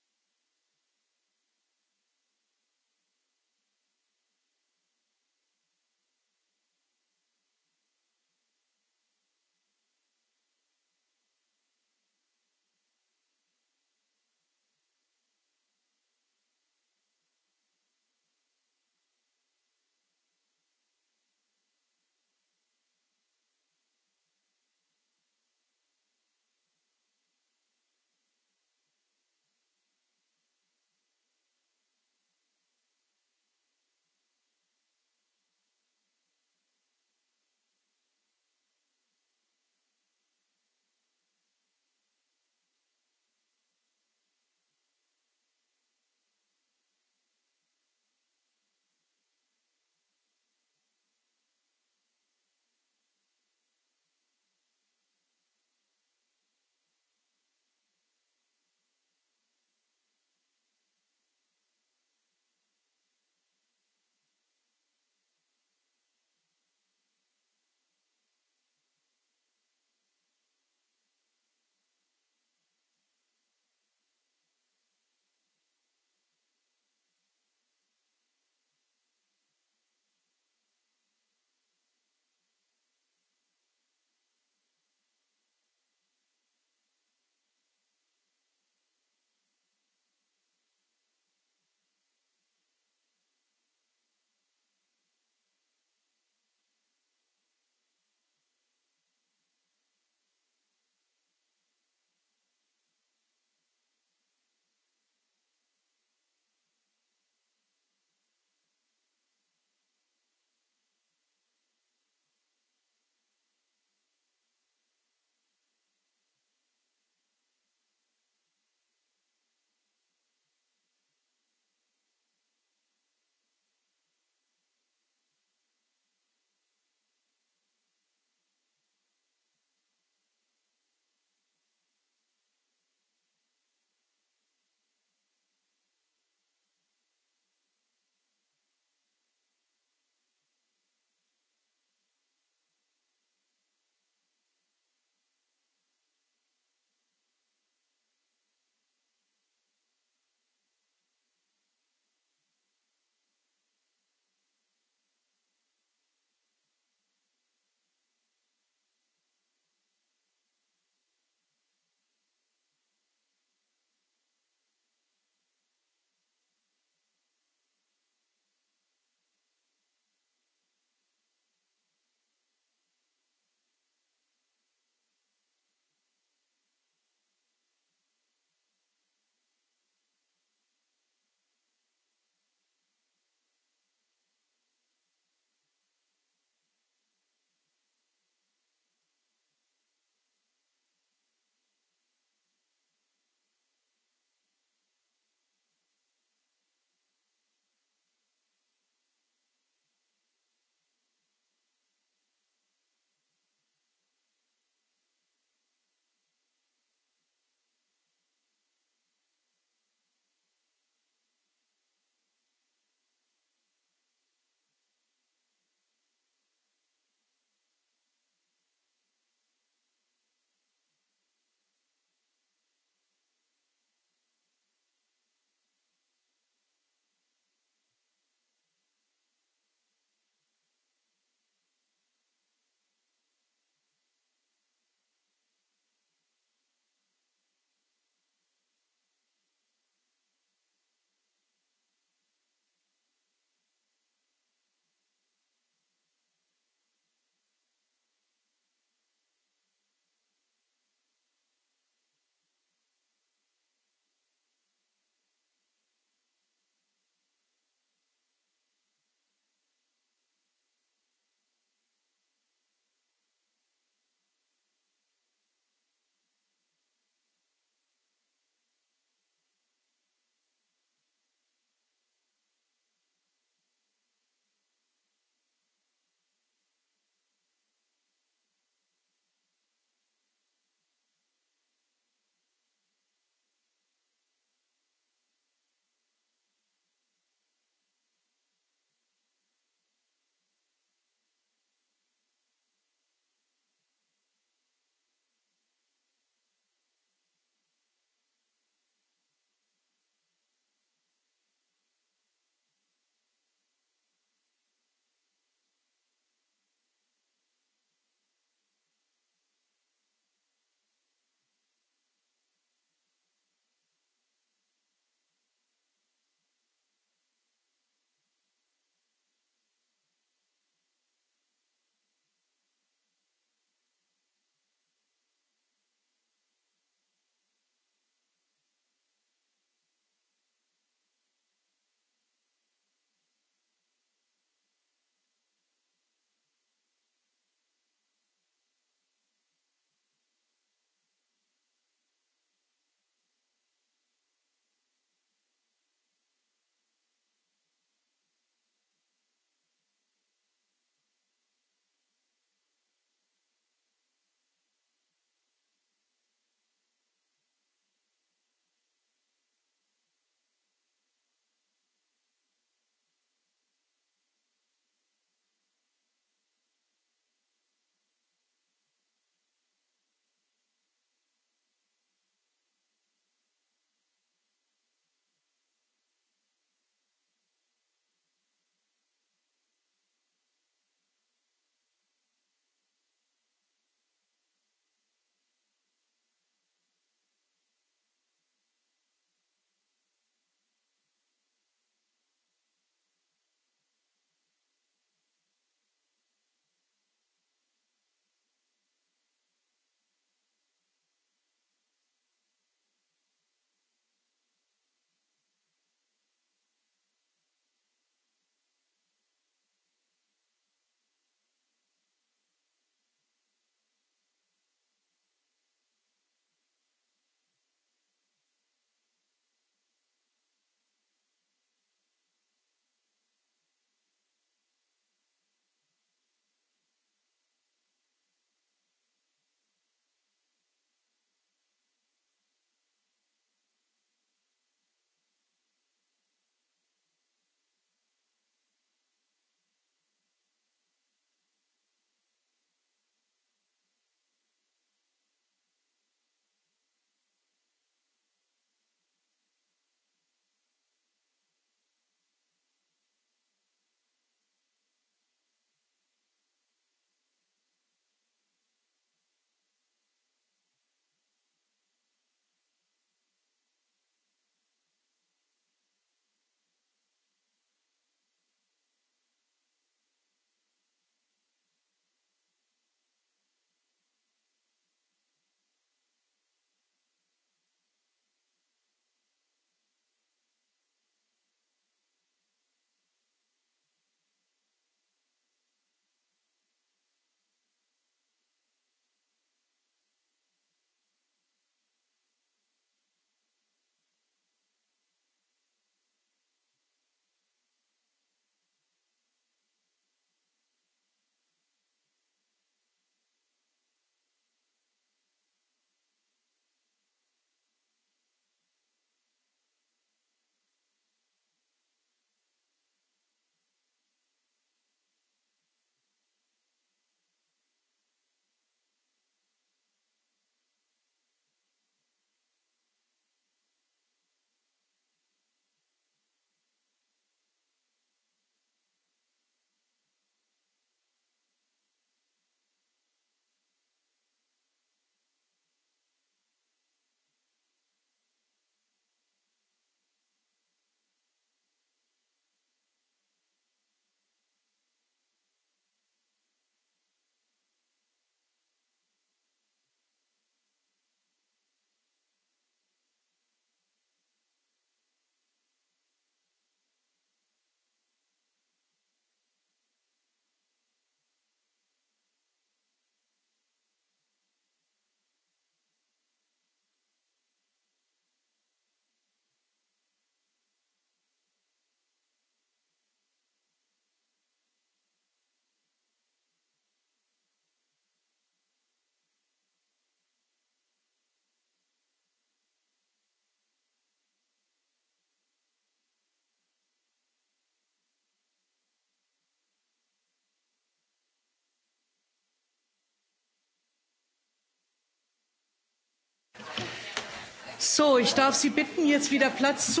So, ich darf Sie bitten, jetzt wieder Platz zu...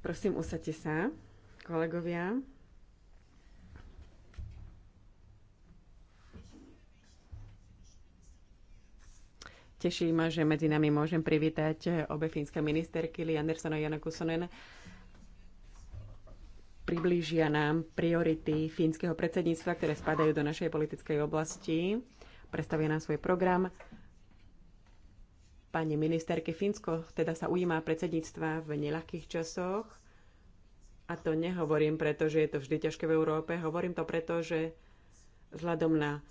Prosím, usadte sa, kolegovia. Teší ma, že medzi nami môžem privítať obe fínske ministerky Li Andersson a Jana Kusonen. Priblížia nám priority fínskeho predsedníctva, ktoré spadajú do našej politickej oblasti. Predstavia nám svoj program pani ministerky. Fínsko teda sa ujímá predsedníctva v neľahkých časoch. A to nehovorím preto, že je to vždy ťažké v Európe. Hovorím to preto, že vzhľadom na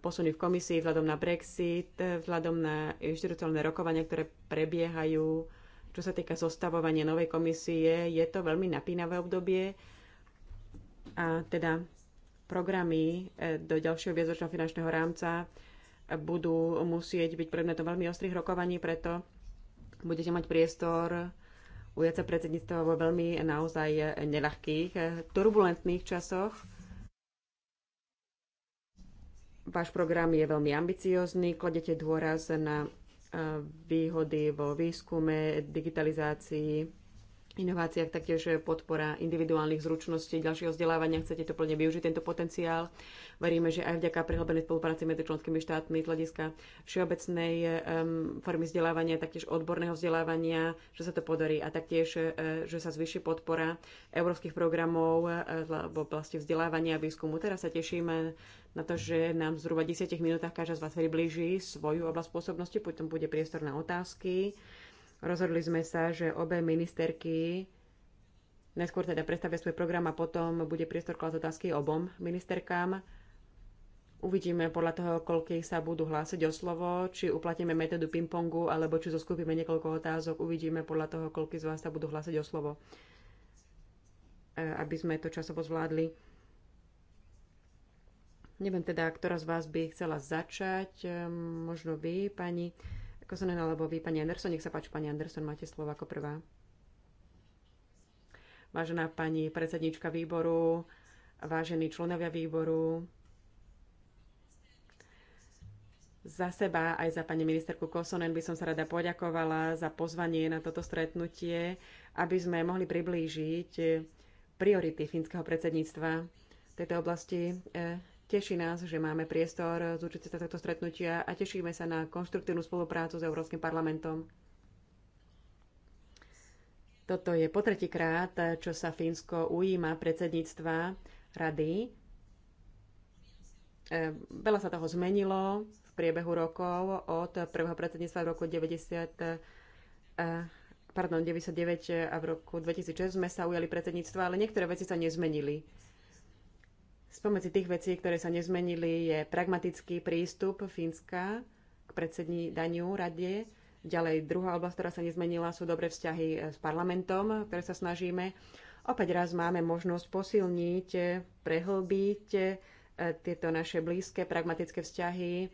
posuny v komisii, vzhľadom na Brexit, vzhľadom na inštitucionálne rokovania, ktoré prebiehajú, čo sa týka zostavovania novej komisie, je to veľmi napínavé obdobie. A teda programy e, do ďalšieho viacročného finančného rámca budú musieť byť predmetom veľmi ostrých rokovaní, preto budete mať priestor ujať sa predsedníctva vo veľmi naozaj neľahkých, turbulentných časoch. Váš program je veľmi ambiciózny, kladete dôraz na eh, výhody vo výskume, digitalizácii, inováciách, taktiež podpora individuálnych zručností, ďalšieho vzdelávania. Chcete to plne využiť, tento potenciál. Veríme, že aj vďaka prehlbenej spolupráci medzi členskými štátmi z hľadiska všeobecnej um, formy vzdelávania, taktiež odborného vzdelávania, že sa to podarí a taktiež, uh, že sa zvýši podpora európskych programov uh, v oblasti vzdelávania a výskumu. Teraz sa tešíme na to, že nám zhruba 10 minútach každá z vás priblíži svoju oblasť pôsobnosti, potom bude priestor na otázky Rozhodli sme sa, že obe ministerky najskôr teda predstavia svoj program a potom bude priestor klas otázky obom ministerkám. Uvidíme podľa toho, koľkých sa budú hlásiť o slovo, či uplatíme metódu pingpongu, alebo či zoskupíme niekoľko otázok. Uvidíme podľa toho, koľko z vás sa budú hlásiť o slovo, e, aby sme to časovo zvládli. Neviem teda, ktorá z vás by chcela začať. E, možno vy, pani Kozonen alebo vy, pani Anderson. Nech sa páči, pani Anderson, máte slovo ako prvá. Vážená pani predsednička výboru, vážení členovia výboru, za seba aj za pani ministerku Kosonen by som sa rada poďakovala za pozvanie na toto stretnutie, aby sme mohli priblížiť priority fínskeho predsedníctva v tejto oblasti. Teší nás, že máme priestor zúčiť sa tohto stretnutia a tešíme sa na konštruktívnu spoluprácu s Európskym parlamentom. Toto je po tretíkrát, čo sa Fínsko ujíma predsedníctva rady. E, veľa sa toho zmenilo v priebehu rokov od prvého predsedníctva v roku 90, e, pardon, 99 a v roku 2006 sme sa ujali predsedníctva, ale niektoré veci sa nezmenili Spomedzi tých vecí, ktoré sa nezmenili, je pragmatický prístup Fínska k predsední daniu rade. Ďalej druhá oblasť, ktorá sa nezmenila, sú dobré vzťahy s parlamentom, ktoré sa snažíme. Opäť raz máme možnosť posilniť, prehlbiť e, tieto naše blízke pragmatické vzťahy. E,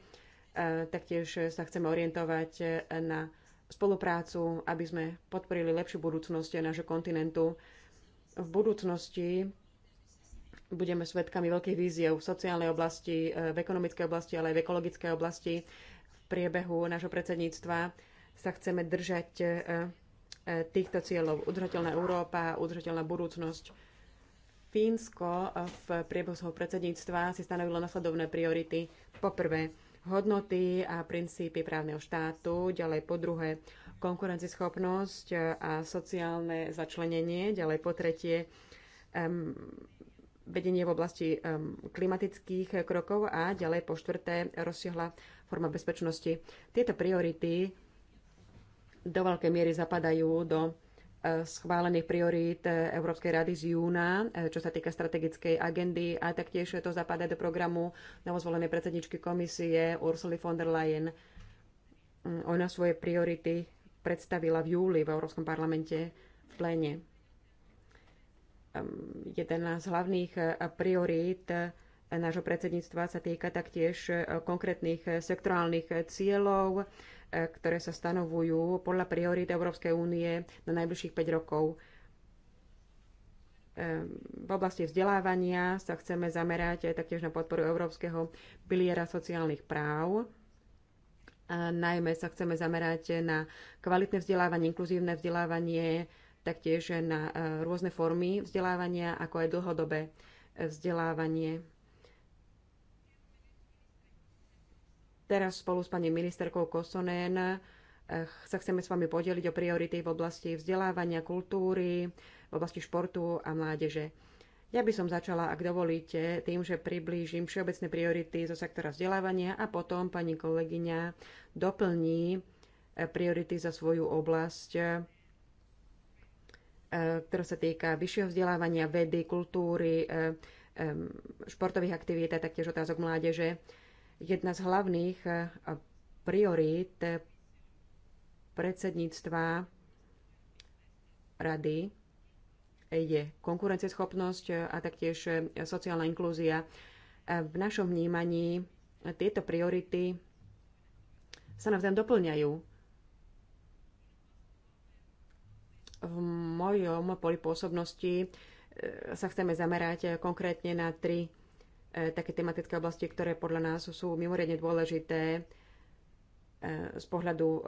taktiež sa chceme orientovať e, na spoluprácu, aby sme podporili lepšiu budúcnosť nášho kontinentu. V budúcnosti budeme svedkami veľkých víziev v sociálnej oblasti, e, v ekonomickej oblasti, ale aj v ekologickej oblasti. V priebehu nášho predsedníctva sa chceme držať e, e, týchto cieľov. Udržateľná Európa, udržateľná budúcnosť. Fínsko v priebehu svojho predsedníctva si stanovilo nasledovné priority. Poprvé, hodnoty a princípy právneho štátu, ďalej po druhé konkurencieschopnosť a sociálne začlenenie, ďalej po tretie vedenie v oblasti klimatických eh, krokov a ďalej po štvrté rozsiahla forma bezpečnosti. Tieto priority do veľkej miery zapadajú do eh, schválených priorít eh, Európskej rady z júna, čo sa týka strategickej agendy a taktiež to zapadá do programu novozvolenej predsedničky komisie Ursula von der Leyen. Mm, ona svoje priority predstavila v júli v Európskom parlamente v pléne jeden z hlavných e, priorít e, nášho predsedníctva sa týka taktiež e, konkrétnych sektorálnych cieľov, ktoré sa stanovujú podľa priorít Európskej únie na najbližších 5 rokov. V oblasti vzdelávania sa chceme zamerať taktiež na podporu Európskeho piliera sociálnych práv. A najmä sa chceme zamerať na kvalitné vzdelávanie, inkluzívne vzdelávanie, taktiež na e, rôzne formy vzdelávania, ako aj dlhodobé e, vzdelávanie. Teraz spolu s pani ministerkou Kosonén e, sa chceme s vami podeliť o priority v oblasti vzdelávania, kultúry, v oblasti športu a mládeže. Ja by som začala, ak dovolíte, tým, že priblížim všeobecné priority zo sektora vzdelávania a potom pani kolegyňa doplní priority za svoju oblasť E, ktorá sa týka vyššieho vzdelávania, vedy, kultúry, e, e, športových aktivít a taktiež otázok mládeže. Jedna z hlavných priorít predsedníctva rady je konkurencieschopnosť a taktiež sociálna inklúzia. V našom vnímaní tieto priority sa navzájom doplňajú. v mojom poli pôsobnosti e, sa chceme zamerať e, konkrétne na tri e, také tematické oblasti, ktoré podľa nás sú mimoriadne dôležité z pohľadu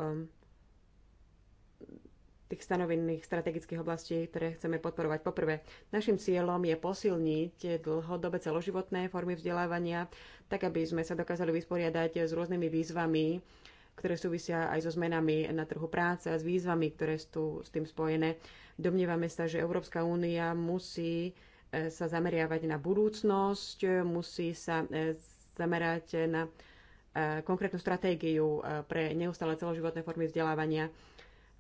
tých stanovených strategických oblastí, ktoré chceme podporovať. Poprvé, našim cieľom je posilniť dlhodobé celoživotné formy vzdelávania, tak aby sme sa dokázali vysporiadať s rôznymi výzvami, ktoré súvisia aj so zmenami na trhu práce a s výzvami, ktoré sú s tým spojené. Domnievame sa, že Európska únia musí e, sa zameriavať na budúcnosť, musí sa e, zamerať na e, konkrétnu stratégiu pre neustále celoživotné formy vzdelávania.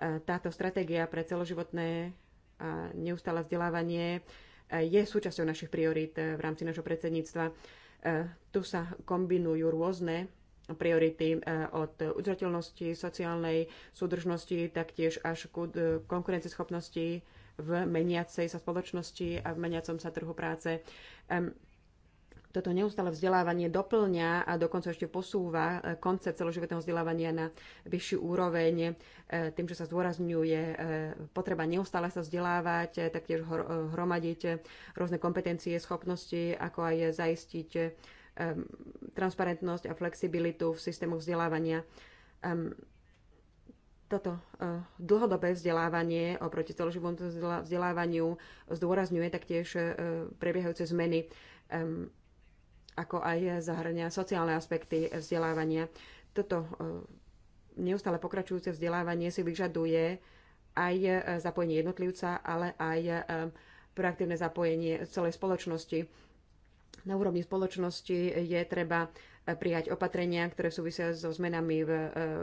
Táto stratégia pre celoživotné a neustále vzdelávanie je súčasťou našich priorít v rámci našho predsedníctva. Tu sa kombinujú rôzne priority e, od udržateľnosti, sociálnej súdržnosti, taktiež až k e, konkurenceschopnosti v meniacej sa spoločnosti a v meniacom sa trhu práce. Toto neustále vzdelávanie doplňa a dokonca ešte posúva e, koncept celoživotného vzdelávania na vyššiu úroveň tým, že sa zdôrazňuje potreba neustále sa vzdelávať, taktiež hromadiť rôzne kompetencie, schopnosti, ako aj zaistiť transparentnosť a flexibilitu v systému vzdelávania. Toto e, dlhodobé vzdelávanie oproti celoživotnému vzdelávaniu zdôrazňuje taktiež e, prebiehajúce zmeny, ako aj zahrania sociálne aspekty vzdelávania. Toto e, neustále pokračujúce vzdelávanie si vyžaduje aj zapojenie jednotlivca, ale aj proaktívne zapojenie celej spoločnosti na úrovni spoločnosti je treba eh, prijať opatrenia, ktoré súvisia so zmenami v eh,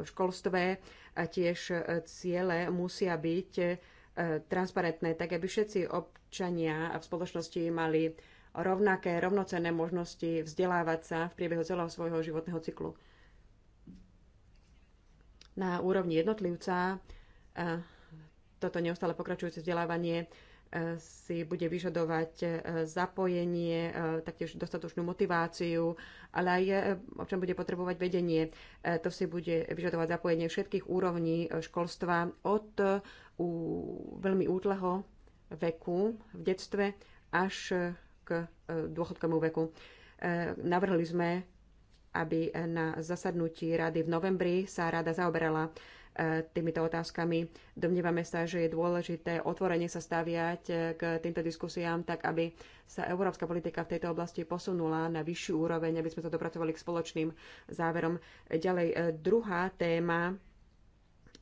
školstve a tiež eh, ciele musia byť transparentné, tak aby všetci občania v spoločnosti mali rovnaké, rovnocenné možnosti vzdelávať sa v priebehu celého svojho životného cyklu. Na úrovni jednotlivca toto neustále pokračujúce vzdelávanie si bude vyžadovať e, zapojenie, e, taktiež dostatočnú motiváciu, ale aj e, občan bude potrebovať vedenie. To si bude vyžadovať zapojenie všetkých úrovní školstva od veľmi útleho veku v detstve až k dôchodkovému veku. Navrhli sme, aby na zasadnutí rady v novembri sa rada zaoberala týmito otázkami. Domnievame sa, že je dôležité otvorene sa staviať eh, k týmto diskusiám, tak aby sa európska politika v tejto oblasti posunula na vyššiu úroveň, aby sme sa dopracovali k spoločným záverom. Ďalej, eh, druhá téma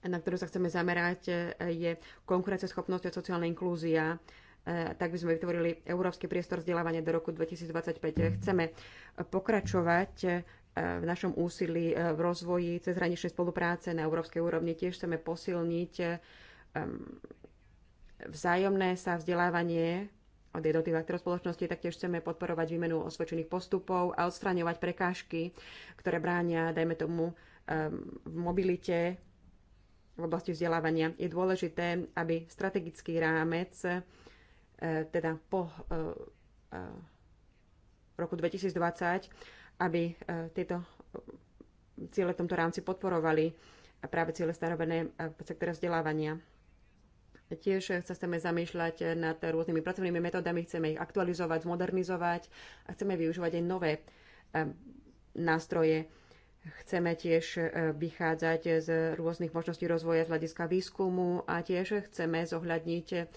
na ktorú sa chceme zamerať, eh, je konkurenceschopnosť a sociálna inklúzia tak by sme vytvorili Európsky priestor vzdelávania do roku 2025. Chceme pokračovať E, v našom úsilí e, v rozvoji cezhraničnej spolupráce na európskej úrovni. Tiež chceme posilniť e, vzájomné sa vzdelávanie od jednotlivých aktorov spoločnosti, taktiež chceme podporovať výmenu osvedčených postupov a odstraňovať prekážky, ktoré bránia, dajme tomu, v mobilite v oblasti vzdelávania. Je dôležité, aby strategický rámec, teda po roku 2020, aby e, tieto e, ciele v tomto rámci podporovali práve ciele starobené e, v sektore vzdelávania. Tiež sa chceme zamýšľať nad rôznymi pracovnými metódami, chceme ich aktualizovať, zmodernizovať a chceme využívať aj nové nástroje. Chceme tiež vychádzať z rôznych možností rozvoja z hľadiska výskumu a tiež chceme zohľadniť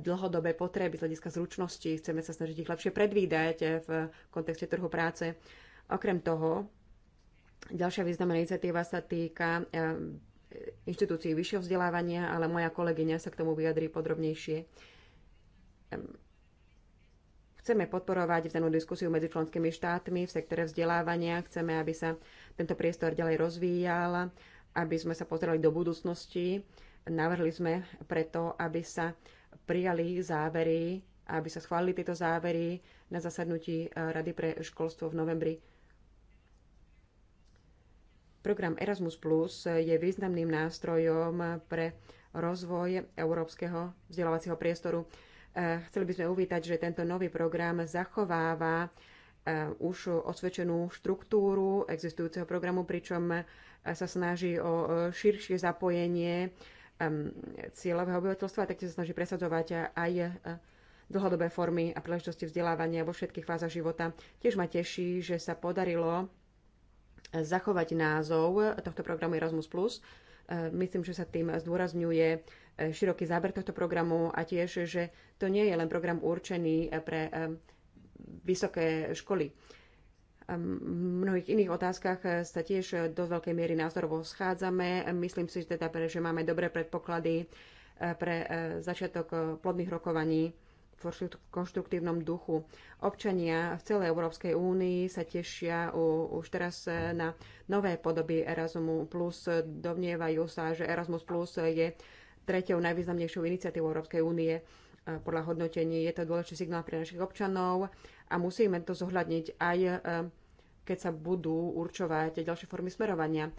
dlhodobé potreby z hľadiska zručnosti. Chceme sa snažiť ich lepšie predvídať v kontexte trhu práce. Okrem toho, ďalšia významná iniciatíva sa týka eh, inštitúcií vyššieho vzdelávania, ale moja kolegyňa sa k tomu vyjadrí podrobnejšie. Ehm, chceme podporovať vzájomnú diskusiu medzi členskými štátmi v sektore vzdelávania. Chceme, aby sa tento priestor ďalej rozvíjal, aby sme sa pozerali do budúcnosti. Navrhli sme preto, aby sa prijali závery, aby sa schválili tieto závery na zasadnutí e, Rady pre školstvo v novembri. Program Erasmus Plus je významným nástrojom pre rozvoj európskeho vzdelávacieho priestoru. E, chceli by sme uvítať, že tento nový program zachováva e, už osvedčenú štruktúru existujúceho programu, pričom sa snaží o širšie zapojenie cieľového obyvateľstva a sa snaží presadzovať aj e, dlhodobé formy a príležitosti vzdelávania vo všetkých fázach života. Tiež ma teší, že sa podarilo e, zachovať názov tohto programu Erasmus+. E, myslím, že sa tým zdôrazňuje široký záber tohto programu a tiež, že to nie je len program určený pre vysoké školy mnohých iných otázkach e, sa tiež e, do veľkej miery názorovo schádzame. E, myslím si, že teda, že máme dobré predpoklady pre začiatok plodných rokovaní v konštruktívnom duchu. Občania v celej Európskej únii sa tešia u, už teraz na nové podoby Erasmu+. Dovnievajú sa, že Erasmus Plus je tretiou najvýznamnejšou iniciatívou Európskej únie podľa hodnotení. Je to dôležitý signál pre našich občanov a musíme to zohľadniť aj e, keď sa budú určovať ďalšie formy smerovania e,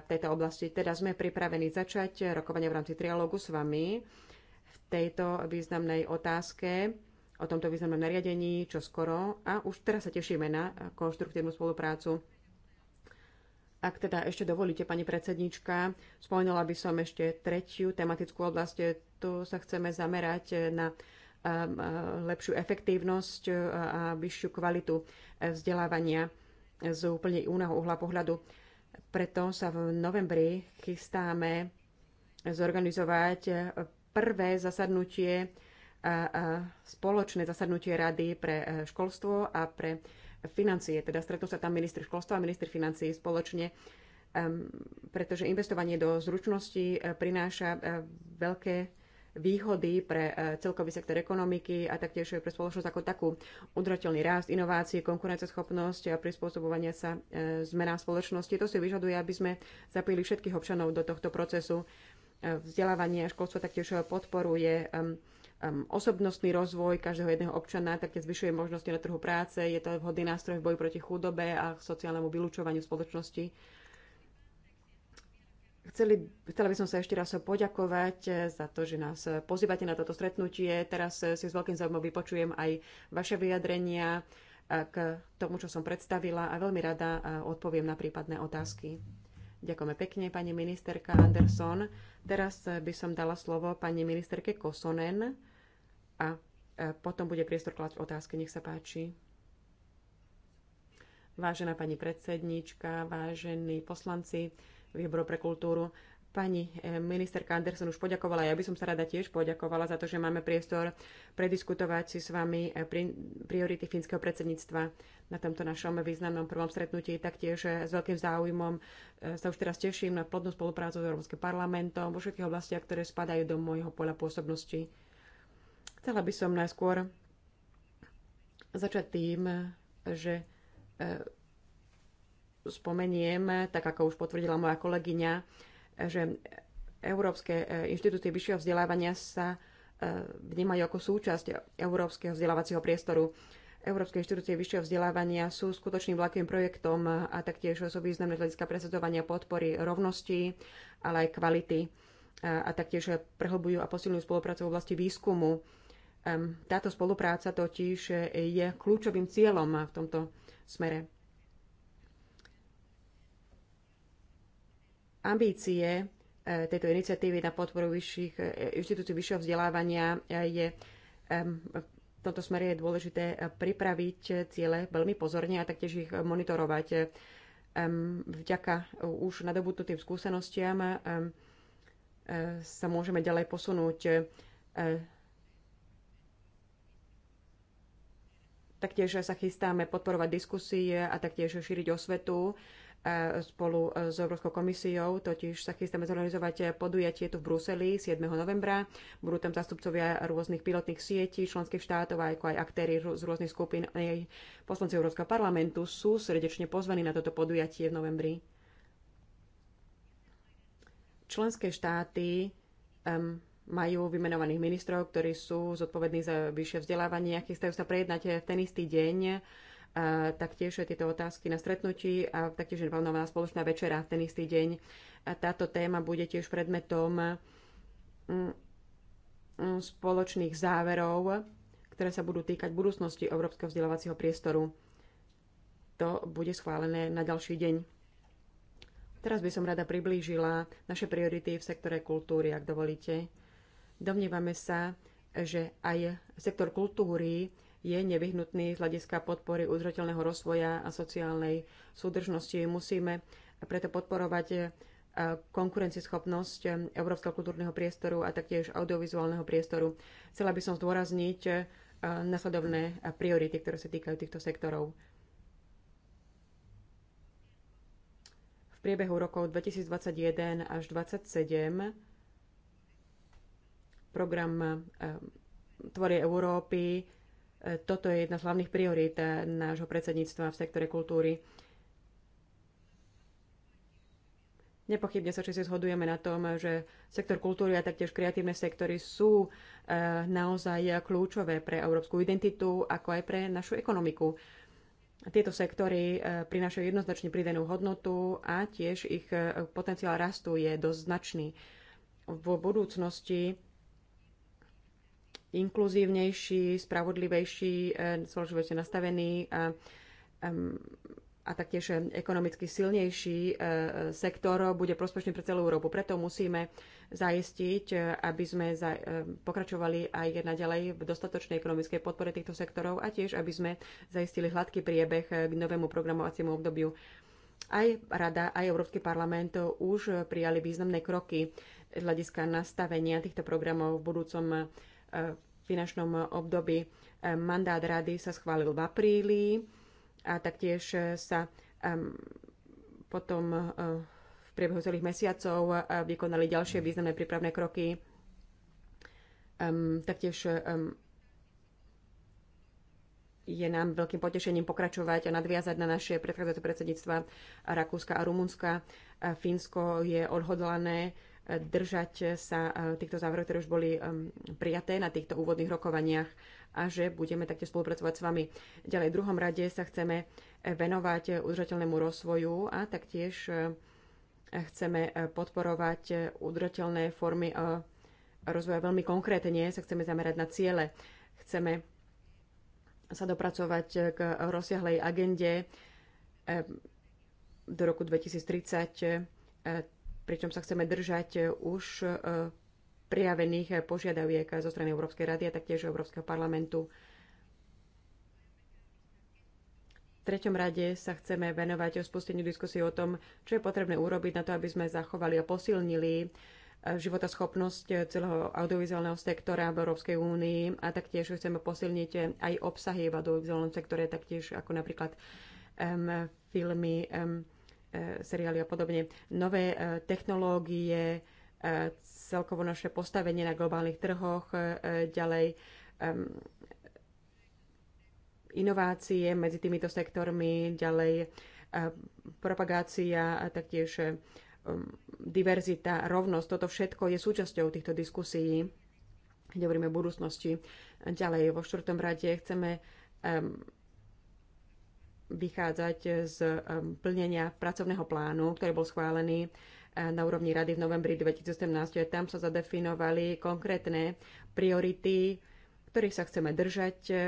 v tejto oblasti. Teda sme pripravení začať rokovanie v rámci trialógu s vami v tejto významnej otázke o tomto významnom nariadení čo skoro a už teraz sa tešíme na konštruktívnu spoluprácu. Ak teda ešte dovolíte, pani predsednička, spomenula by som ešte tretiu tematickú oblasť. Tu sa chceme zamerať na lepšiu efektívnosť a vyššiu kvalitu vzdelávania z úplne iného uhla pohľadu. Preto sa v novembri chystáme zorganizovať prvé zasadnutie, spoločné zasadnutie Rady pre školstvo a pre financie. Teda stretnú sa tam ministri školstva a ministri financií spoločne pretože investovanie do zručnosti eh, prináša eh, veľké výhody pre e, celkový sektor ekonomiky a taktiež pre spoločnosť ako takú. udrateľný rast, inovácie, konkurenceschopnosť a prispôsobovania sa e, zmenám spoločnosti. To si vyžaduje, aby sme zapojili všetkých občanov do tohto procesu. E, vzdelávanie a školstvo taktiež podporuje osobnostný rozvoj každého jedného občana, taktiež zvyšuje možnosti na trhu práce. Je to vhodný nástroj v boji proti chudobe a sociálnemu vylúčovaniu spoločnosti Chceli, chcela by som sa ešte raz poďakovať eh, za to, že nás eh, pozývate na toto stretnutie. Teraz eh, si s veľkým zaujímavým vypočujem aj vaše vyjadrenia k tomu, čo som predstavila a veľmi rada odpoviem na prípadné otázky. Ďakujeme pekne, pani ministerka Anderson. Teraz by som dala slovo pani ministerke Kosonen a potom bude priestor klať otázky. Nech sa páči. Vážená pani predsedníčka, vážení poslanci, výboru pre kultúru. Pani e, ministerka Anderson už poďakovala, ja by som sa rada tiež poďakovala za to, že máme priestor prediskutovať si s vami e, priority fínskeho predsedníctva na tomto našom významnom prvom stretnutí. Taktiež e, s veľkým záujmom sa už teraz teším na plodnú spoluprácu s Európskym parlamentom vo všetkých oblastiach, ktoré spadajú do môjho poľa pôsobnosti. Chcela by som najskôr začať tým, že spomeniem, tak ako už potvrdila moja kolegyňa, že európske e, inštitúty vyššieho vzdelávania sa e, vnímajú ako súčasť európskeho vzdelávacieho priestoru. Európske inštitúcie vyššieho vzdelávania sú skutočným veľkým projektom a taktiež sú významné z hľadiska presadzovania podpory rovnosti, ale aj kvality e, a taktiež prehlbujú a posilňujú spoluprácu v oblasti výskumu. Táto spolupráca totiž je kľúčovým cieľom v tomto smere. ambície e, tejto iniciatívy na podporu vyšších, e, inštitúcií vyššieho vzdelávania e, je v tomto smere je dôležité pripraviť ciele veľmi pozorne a taktiež ich monitorovať. Vďaka už nadobudnutým skúsenostiam sa môžeme ďalej posunúť. Taktiež sa chystáme podporovať diskusie a taktiež šíriť osvetu spolu e, s Európskou komisiou, totiž sa chystáme zorganizovať e, podujatie tu v Bruseli 7. novembra. Budú tam zastupcovia rôznych pilotných sietí členských štátov, ako aj aktéry z rôznych skupín. Aj poslanci Európskeho parlamentu sú srdečne pozvaní na toto podujatie v novembri. Členské štáty um, majú vymenovaných ministrov, ktorí sú zodpovední za vyššie vzdelávanie a chystajú sa prejednať e, v ten istý deň a taktiež tieto otázky na stretnutí a taktiež plánovaná spoločná večera v ten istý deň. A táto téma bude tiež predmetom mm, mm, spoločných záverov, ktoré sa budú týkať budúcnosti európskeho vzdelávacieho priestoru. To bude schválené na ďalší deň. Teraz by som rada priblížila naše priority v sektore kultúry, ak dovolíte. Domnievame sa, že aj sektor kultúry je nevyhnutný z hľadiska podpory udržateľného rozvoja a sociálnej súdržnosti. Musíme preto podporovať e, konkurencieschopnosť e, európskeho kultúrneho priestoru a taktiež audiovizuálneho priestoru. Chcela by som zdôrazniť e, nasledovné priority, ktoré sa týkajú týchto sektorov. V priebehu rokov 2021 až 2027 program Tvorie Európy E, toto je jedna z hlavných priorít e, nášho predsedníctva v sektore kultúry. Nepochybne sa všetci zhodujeme na tom, že sektor kultúry a taktiež kreatívne sektory sú e, naozaj kľúčové pre európsku identitu, ako aj pre našu ekonomiku. Tieto sektory prinášajú jednoznačne pridanú hodnotu a tiež ich potenciál rastu je dosť značný. V budúcnosti inkluzívnejší, spravodlivejší, e, celoživotne nastavený a, e, a taktiež ekonomicky silnejší e, sektor bude prospešný pre celú Európu. Preto musíme zaistiť, aby sme pokračovali aj naďalej v dostatočnej ekonomickej podpore týchto sektorov a tiež, aby sme zaistili hladký priebeh k novému programovaciemu obdobiu. Aj Rada, aj Európsky parlament už prijali významné kroky z hľadiska nastavenia týchto programov v budúcom finančnom období. Eh, mandát rady sa schválil v apríli a taktiež sa ehm, potom eh, v priebehu celých mesiacov eh, vykonali ďalšie významné prípravné kroky. Ehm, taktiež ehm, je nám veľkým potešením pokračovať a nadviazať na naše predchádzajúce predsedníctva Rakúska a Rumunska. Fínsko je odhodlané držať sa e, týchto záverov, ktoré už boli e, prijaté na týchto úvodných rokovaniach a že budeme takte spolupracovať s vami. Ďalej v druhom rade sa chceme venovať udržateľnému rozvoju a taktiež e, chceme podporovať udržateľné formy rozvoja veľmi konkrétne. Sa chceme zamerať na ciele. Chceme sa dopracovať k rozsiahlej agende do roku 2030 pričom sa chceme držať e, už e, prijavených e, požiadaviek zo strany Európskej rady a taktiež Európskeho parlamentu. V treťom rade sa chceme venovať o spusteniu diskusie o tom, čo je potrebné urobiť na to, aby sme zachovali a posilnili životaschopnosť celého audiovizuálneho sektora v Európskej únii a taktiež chceme posilniť aj obsahy v audiovizuálnom sektore, taktiež ako napríklad um, filmy, um, E, seriály a podobne. Nové e, technológie, e, celkovo naše postavenie na globálnych trhoch, ďalej inovácie medzi týmito sektormi, ďalej propagácia a taktiež diverzita, rovnosť, toto všetko je súčasťou týchto diskusí, kde hovoríme o budúcnosti. Ďalej, vo štvrtom rade chceme vychádzať z um, plnenia pracovného plánu, ktorý bol schválený uh, na úrovni rady v novembri 2017. Tam sa zadefinovali konkrétne priority, ktorých sa chceme držať uh,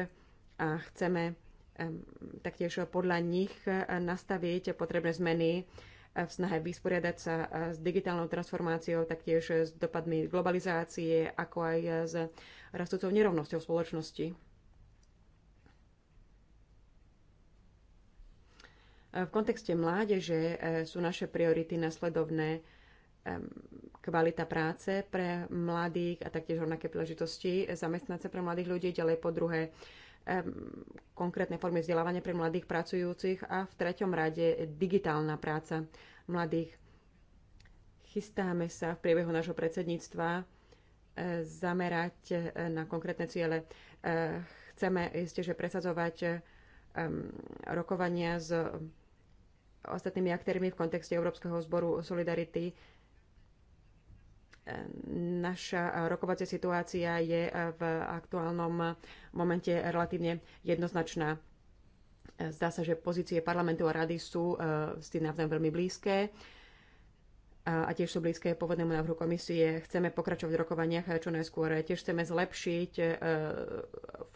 a chceme um, taktiež podľa nich uh, nastaviť potrebné zmeny v snahe vysporiadať sa s digitálnou transformáciou, taktiež s dopadmi globalizácie, ako aj s rastúcou nerovnosťou spoločnosti. V kontexte mládeže e, sú naše priority nasledovné e, kvalita práce pre mladých a taktiež rovnaké príležitosti zamestnať sa pre mladých ľudí, ďalej po druhé e, konkrétne formy vzdelávania pre mladých pracujúcich a v treťom rade digitálna práca mladých. Chystáme sa v priebehu nášho predsedníctva zamerať na konkrétne ciele. Chceme isté, že presadzovať rokovania s ostatnými aktérmi v kontexte Európskeho zboru Solidarity. E, naša rokovacia situácia je v aktuálnom momente relatívne jednoznačná. E, zdá sa, že pozície parlamentu a rady sú e, s tým navzájom veľmi blízke a tiež sú blízke pôvodnému návrhu komisie. Chceme pokračovať v rokovaniach čo najskôr. Tiež chceme zlepšiť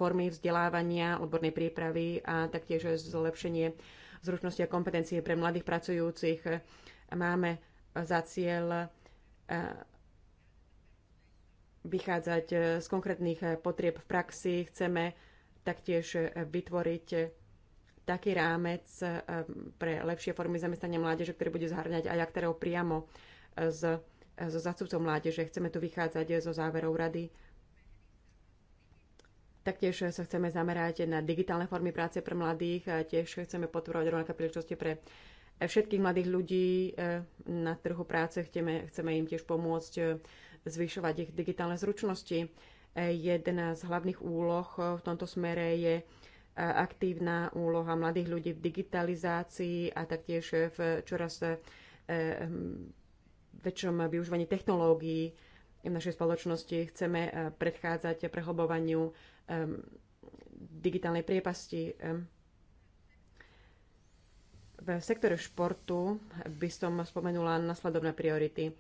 formy vzdelávania, odbornej prípravy a taktiež zlepšenie zručnosti a kompetencie pre mladých pracujúcich. Máme za cieľ eh, vychádzať eh, z konkrétnych eh, potrieb v praxi. Chceme taktiež vytvoriť taký rámec pre lepšie formy zamestnania mládeže, ktorý bude zahrňať aj aktérov priamo z, zo mládeže. Chceme tu vychádzať zo záverov rady Taktiež sa chceme zamerať na digitálne formy práce pre mladých a tiež chceme podporovať rovnaké príležitosti pre všetkých mladých ľudí e, na trhu práce. Chceme, chceme im tiež pomôcť e, zvyšovať ich digitálne zručnosti. E, jedna z hlavných úloh v tomto smere je aktívna úloha mladých ľudí v digitalizácii a taktiež v čoraz väčšom využívaní technológií v našej spoločnosti. Chceme predchádzať prehlbovaniu digitálnej priepasti. V sektore športu by som spomenula nasledovné priority.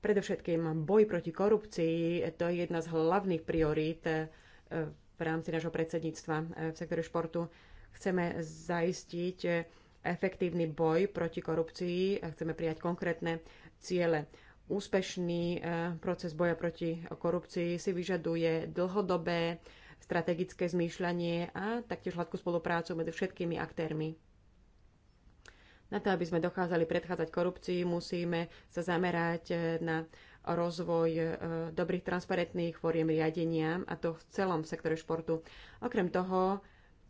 Predovšetkým boj proti korupcii, to je jedna z hlavných priorít eh, v rámci nášho predsedníctva eh, v sektore športu. Chceme zaistiť efektívny boj proti korupcii, a chceme prijať konkrétne ciele. Úspešný eh, proces boja proti korupcii si vyžaduje dlhodobé strategické zmýšľanie a taktiež hladkú spoluprácu medzi všetkými aktérmi. Na to, aby sme dokázali predchádzať korupcii, musíme sa zamerať e, na rozvoj e, dobrých transparentných fóriem riadenia a to v celom sektore športu. Okrem toho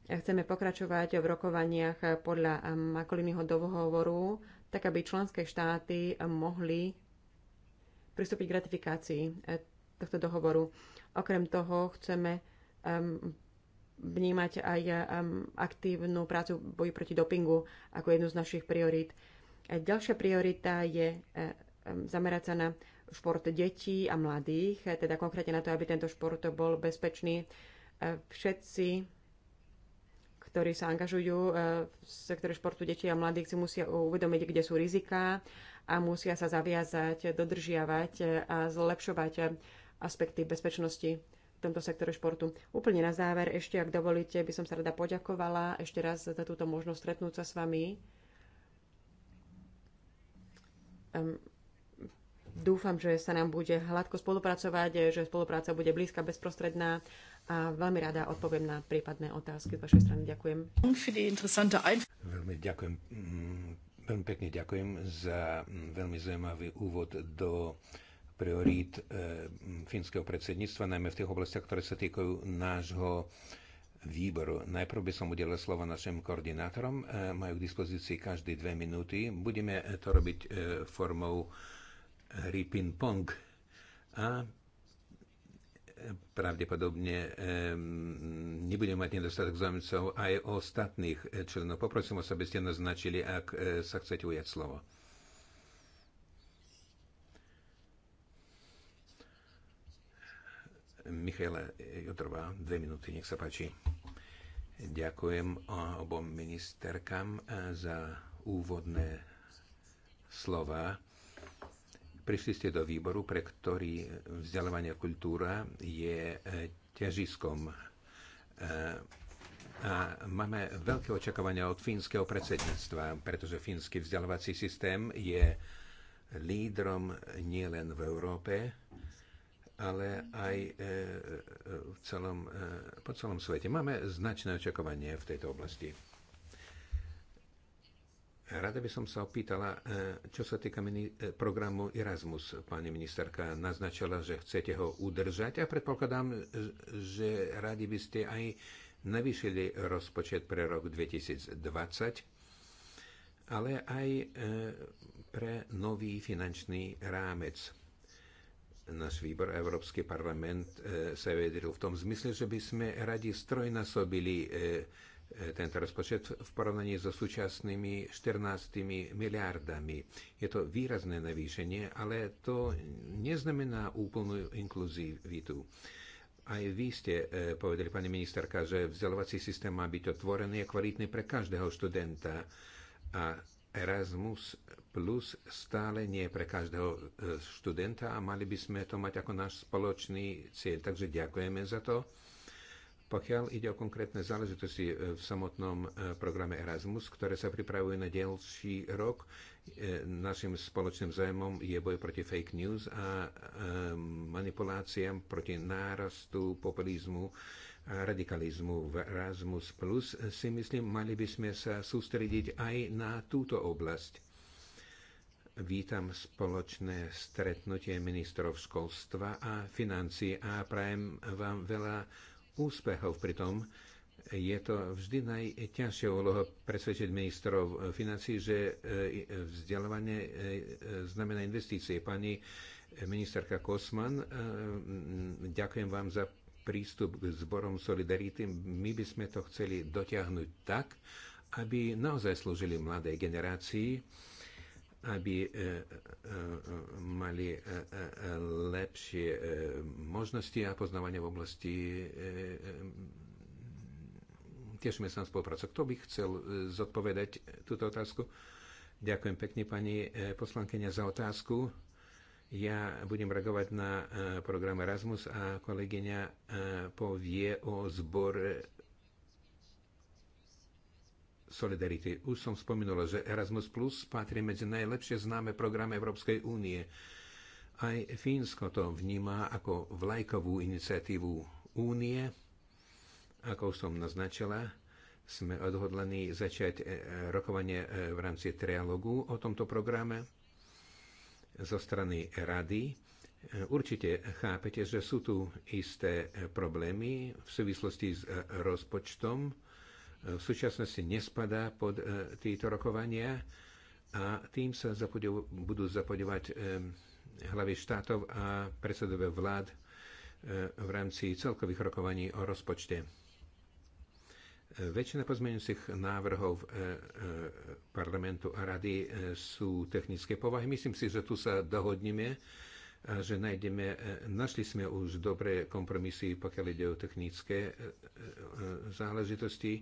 e, chceme pokračovať v rokovaniach podľa Makolinyho dohovoru, tak aby členské štáty mohli pristúpiť k ratifikácii tohto dohovoru. Okrem toho chceme vnímať aj aktívnu prácu v boji proti dopingu ako jednu z našich priorít. E, ďalšia priorita je e, zamerať sa na šport detí a mladých, e, teda konkrétne na to, aby tento šport bol bezpečný. Všetci, ktorí sa angažujú v sektore športu detí a mladých, si musia uvedomiť, kde sú rizika a musia sa zaviazať, dodržiavať a zlepšovať aspekty bezpečnosti v tomto sektore športu. Úplne na záver, ešte ak dovolíte, by som sa rada poďakovala ešte raz za túto možnosť stretnúť sa s vami. Um, dúfam, že sa nám bude hladko spolupracovať, že spolupráca bude blízka, bezprostredná a veľmi rada odpoviem na prípadné otázky z vašej strany. Ďakujem. Veľmi ďakujem. Mm, veľmi pekne ďakujem za mm, veľmi zaujímavý úvod do priorít eh, fínskeho predsedníctva, najmä v tých oblastiach, ktoré sa týkajú nášho výboru. Najprv by som udelil slovo našim koordinátorom. Eh, majú k dispozícii každé dve minúty. Budeme eh, to robiť formou hry ping-pong a pravdepodobne nebudem mať nedostatok zájemcov aj ostatných členov. Poprosím vás, aby ste naznačili, ak sa chcete ujať slovo. Michaela Jodrova. dve minúty, nech sa páči. Ďakujem obom ministerkám e, za úvodné slova. Prišli ste do výboru, pre ktorý vzdelávanie kultúra je e, ťažiskom. E, a máme veľké očakávania od fínskeho predsedníctva, pretože fínsky vzdelávací systém je lídrom nielen v Európe, ale aj e, e, v celom, e, po celom svete. Máme značné očakovanie v tejto oblasti. Rada by som sa opýtala, čo sa týka programu Erasmus. Pani ministerka naznačila, že chcete ho udržať a predpokladám, že radi by ste aj navýšili rozpočet pre rok 2020, ale aj pre nový finančný rámec náš výbor Európsky parlament e, sa vedril v tom zmysle, že by sme radi strojnásobili e, e, tento rozpočet v porovnaní so súčasnými 14 miliardami. Je to výrazné navýšenie, ale to neznamená úplnú inkluzivitu. Aj vy ste povedali, pani ministerka, že vzdelávací systém má byť otvorený a kvalitný pre každého študenta. A Erasmus Plus stále nie pre každého e, študenta a mali by sme to mať ako náš spoločný cieľ. Takže ďakujeme za to. Pokiaľ ide o konkrétne záležitosti e, v samotnom e, programe Erasmus, ktoré sa pripravuje na ďalší rok, našim spoločným zájmom je boj proti fake news a manipuláciám, proti nárastu populizmu, radikalizmu v Erasmus+, Plus, si myslím, mali by sme sa sústrediť aj na túto oblasť. Vítam spoločné stretnutie ministrov školstva a financí a prajem vám veľa úspechov pri tom, je to vždy najťažšia úloha presvedčiť ministrov financí, že e, vzdelávanie e, znamená investície. Pani ministerka Kosman, e, ďakujem vám za prístup k zborom Solidarity, my by sme to chceli dotiahnuť tak, aby naozaj slúžili mladej generácii, aby e, e, e, mali lepšie možnosti a poznávanie v oblasti tešíme sa na spoluprácu. Kto by chcel zodpovedať túto otázku? Ďakujem pekne, pani poslankyňa, za otázku. Ja budem reagovať na e, program Erasmus a kolegyňa e, povie o zbore Solidarity. Už som spomenula, že Erasmus Plus patrí medzi najlepšie známe programy Európskej únie. Aj Fínsko to vníma ako vlajkovú iniciatívu únie. Ako som naznačila, sme odhodlení začať e, rokovanie v rámci trialogu o tomto programe zo strany rady. Určite chápete, že sú tu isté problémy v súvislosti s rozpočtom. V súčasnosti nespadá pod e, tieto rokovania a tým sa budú zapodevať e, hlavy štátov a predsedové vlád e, v rámci celkových rokovaní o rozpočte. Väčšina pozmeňujúcich návrhov e, e, parlamentu a rady e, sú technické povahy. Myslím si, že tu sa dohodneme že nájdeme, našli sme už dobré kompromisy, pokiaľ ide o technické záležitosti.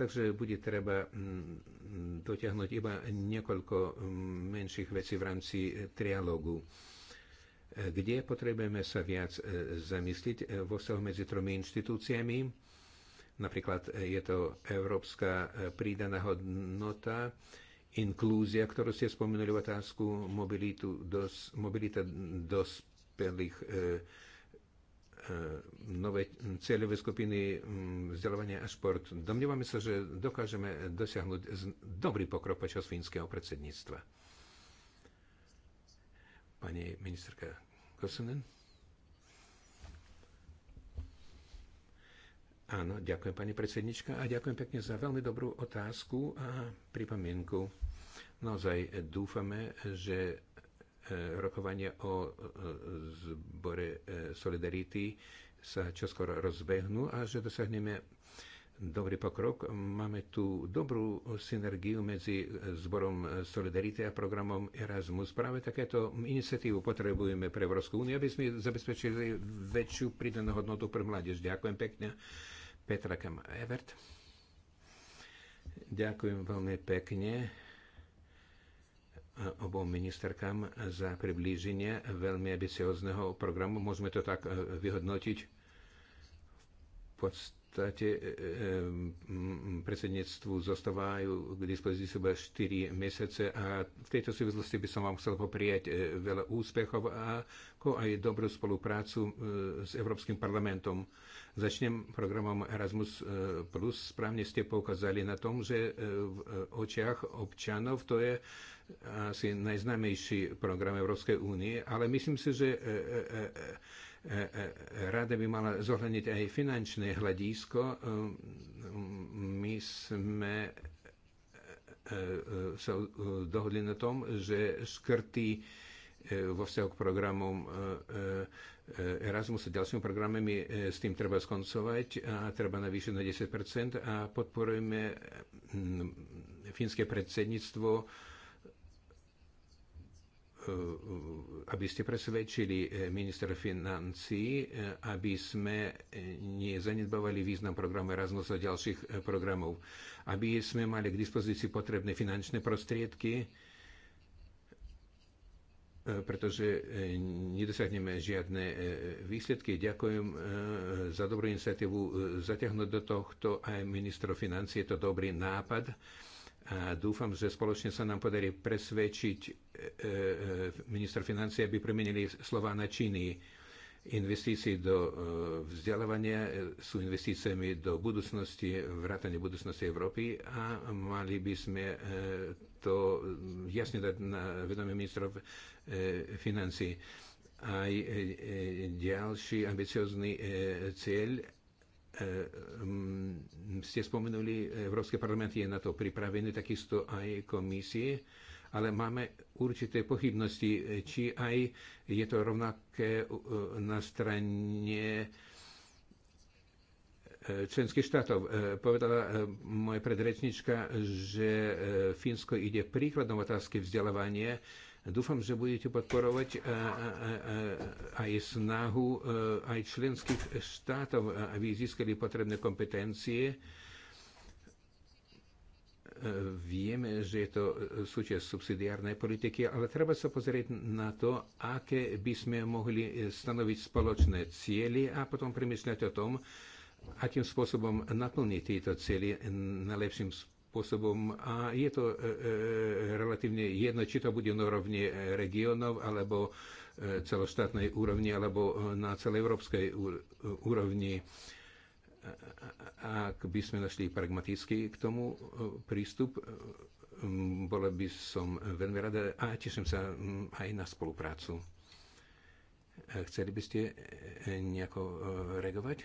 Takže bude treba mm, dotiahnuť iba niekoľko mm, menších vecí v rámci trialógu kde potrebujeme sa viac zamyslieť vo vzťahu medzi tromi inštitúciami Napríklad e, je to európska e, prídaná hodnota, inklúzia, ktorú ste spomenuli v otázku, mobilitu, dos, mobilita dospelých, e, e, nové cieľové skupiny mm, vzdelávania a šport. Domnievame sa, že dokážeme dosiahnuť dobrý pokrok počas fínskeho predsedníctva. Pani ministerka Kosunen. Áno, ďakujem pani predsednička a ďakujem pekne za veľmi dobrú otázku a pripomienku. Naozaj e, dúfame, že e, rokovanie o e, zbore Solidarity sa čoskoro rozbehnú a že dosiahneme dobrý pokrok. Máme tu dobrú synergiu medzi zborom Solidarity a programom Erasmus. Práve takéto iniciatívu potrebujeme pre Európsku úniu, aby sme zabezpečili väčšiu pridanú hodnotu pre mládež. Ďakujem pekne. Petra Kem Evert. Ďakujem veľmi pekne e, obom ministerkám za priblíženie veľmi ambiciozného programu. Môžeme to tak e, vyhodnotiť. V podstate e, predsedníctvu zostávajú k dispozícii iba 4 mesiace a v tejto súvislosti by som vám chcel poprieť veľa úspechov a aj dobrú spoluprácu s Európskym parlamentom. Začnem programom Erasmus+. E, Plus. Správne ste poukázali na tom, že e, e, v očiach občanov to je asi najznámejší program Európskej únie, ale myslím si, že rada by mala zohľadniť aj finančné hľadisko. My sme sa dohodli na tom, že škrty vo vzťahu k programom Erasmus a ďalšími programami e, s tým treba skoncovať a treba navýšiť na 10 a podporujeme mm, fínske predsedníctvo, e, aby ste presvedčili e, minister financí, aby sme nezanedbávali význam programu Erasmus a ďalších programov, aby sme mali k dispozícii potrebné finančné prostriedky, E, pretože e, nedosiahneme žiadne e, výsledky. Ďakujem za dobrú iniciatívu zaťahnuť do tohto aj ministro financie. Je to dobrý nápad a dúfam, že spoločne sa nám podarí presvedčiť ministra financie, aby premenili slova na činy Investície do e, vzdelávania e, sú investíciami do budúcnosti, vrátane budúcnosti Európy a mali by sme e, to jasne dať na vedomie ministrov financí. Aj ďalší ambiciozný cieľ ste spomenuli, Európsky parlament je na to pripravený, takisto aj komisie ale máme určité pochybnosti, či aj je to rovnaké uh, na strane uh, členských štátov. Uh, povedala moja predrečnička, že Fínsko ide príkladom otázky vzdelávania. Dúfam, že budete podporovať aj snahu aj členských štátov, aby získali potrebné kompetencie Vieme, že je to e, súčasť subsidiárnej politiky, ale treba sa pozrieť na to, aké by sme mohli e, stanoviť spoločné cieľy a potom premyšľať o tom, akým spôsobom naplniť tieto cieľy najlepším spôsobom. A je to e, e, relatívne jedno, či to bude na úrovni regionov alebo celoštátnej úrovni alebo na celej európskej úrovni ak by sme našli pragmaticky k tomu e, prístup, e, bola by som veľmi rada a teším sa aj na spoluprácu. E, chceli by ste nejako reagovať?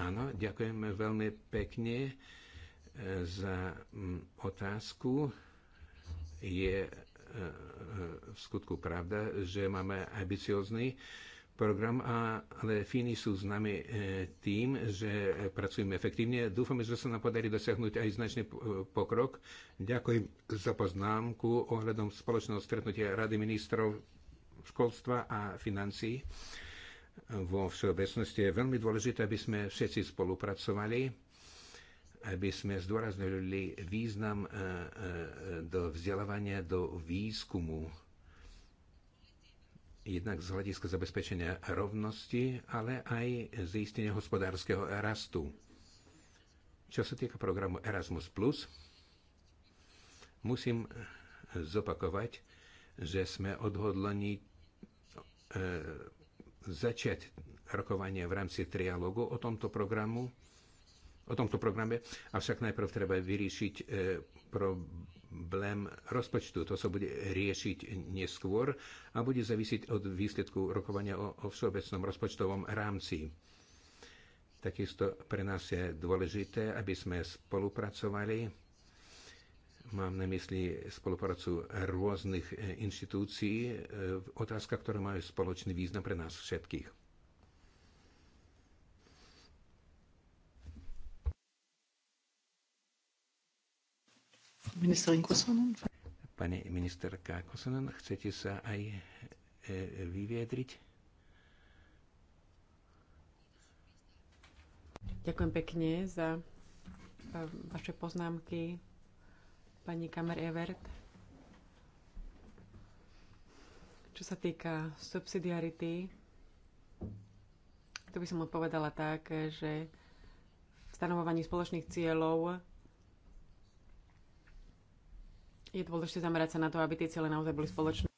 Áno, ďakujem veľmi pekne za otázku. Je v skutku pravda, že máme ambiciózny program, ale Fíni sú známi e, tým, že pracujeme efektívne. Dúfame, že sa nám podarí dosiahnuť aj značný pokrok. Ďakujem za poznámku ohľadom spoločného stretnutia Rady ministrov školstva a financií. Vo všeobecnosti je veľmi dôležité, aby sme všetci spolupracovali, aby sme zdôraznili význam e, e, do vzdelávania, do výskumu jednak z hľadiska zabezpečenia rovnosti, ale aj zistenia hospodárskeho rastu. Čo sa týka programu Erasmus+, musím zopakovať, že sme odhodlení začať rokovanie v rámci trialógu o tomto programu, o tomto programe, avšak najprv treba vyriešiť e, problém problém rozpočtu. To sa bude riešiť neskôr a bude zavisiť od výsledku rokovania o, o všeobecnom rozpočtovom rámci. Takisto pre nás je dôležité, aby sme spolupracovali. Mám na mysli spoluprácu rôznych inštitúcií v e, otázkach, ktoré majú spoločný význam pre nás všetkých. Ministerin Kosonen. Pani ministerka Kosonen, chcete sa aj e, vyviedriť? Ďakujem pekne za e, vaše poznámky, pani Kamer Evert. Čo sa týka subsidiarity, to by som odpovedala tak, že v stanovovaní spoločných cieľov je dôležité zamerať sa na to, aby tie ciele naozaj boli spoločné.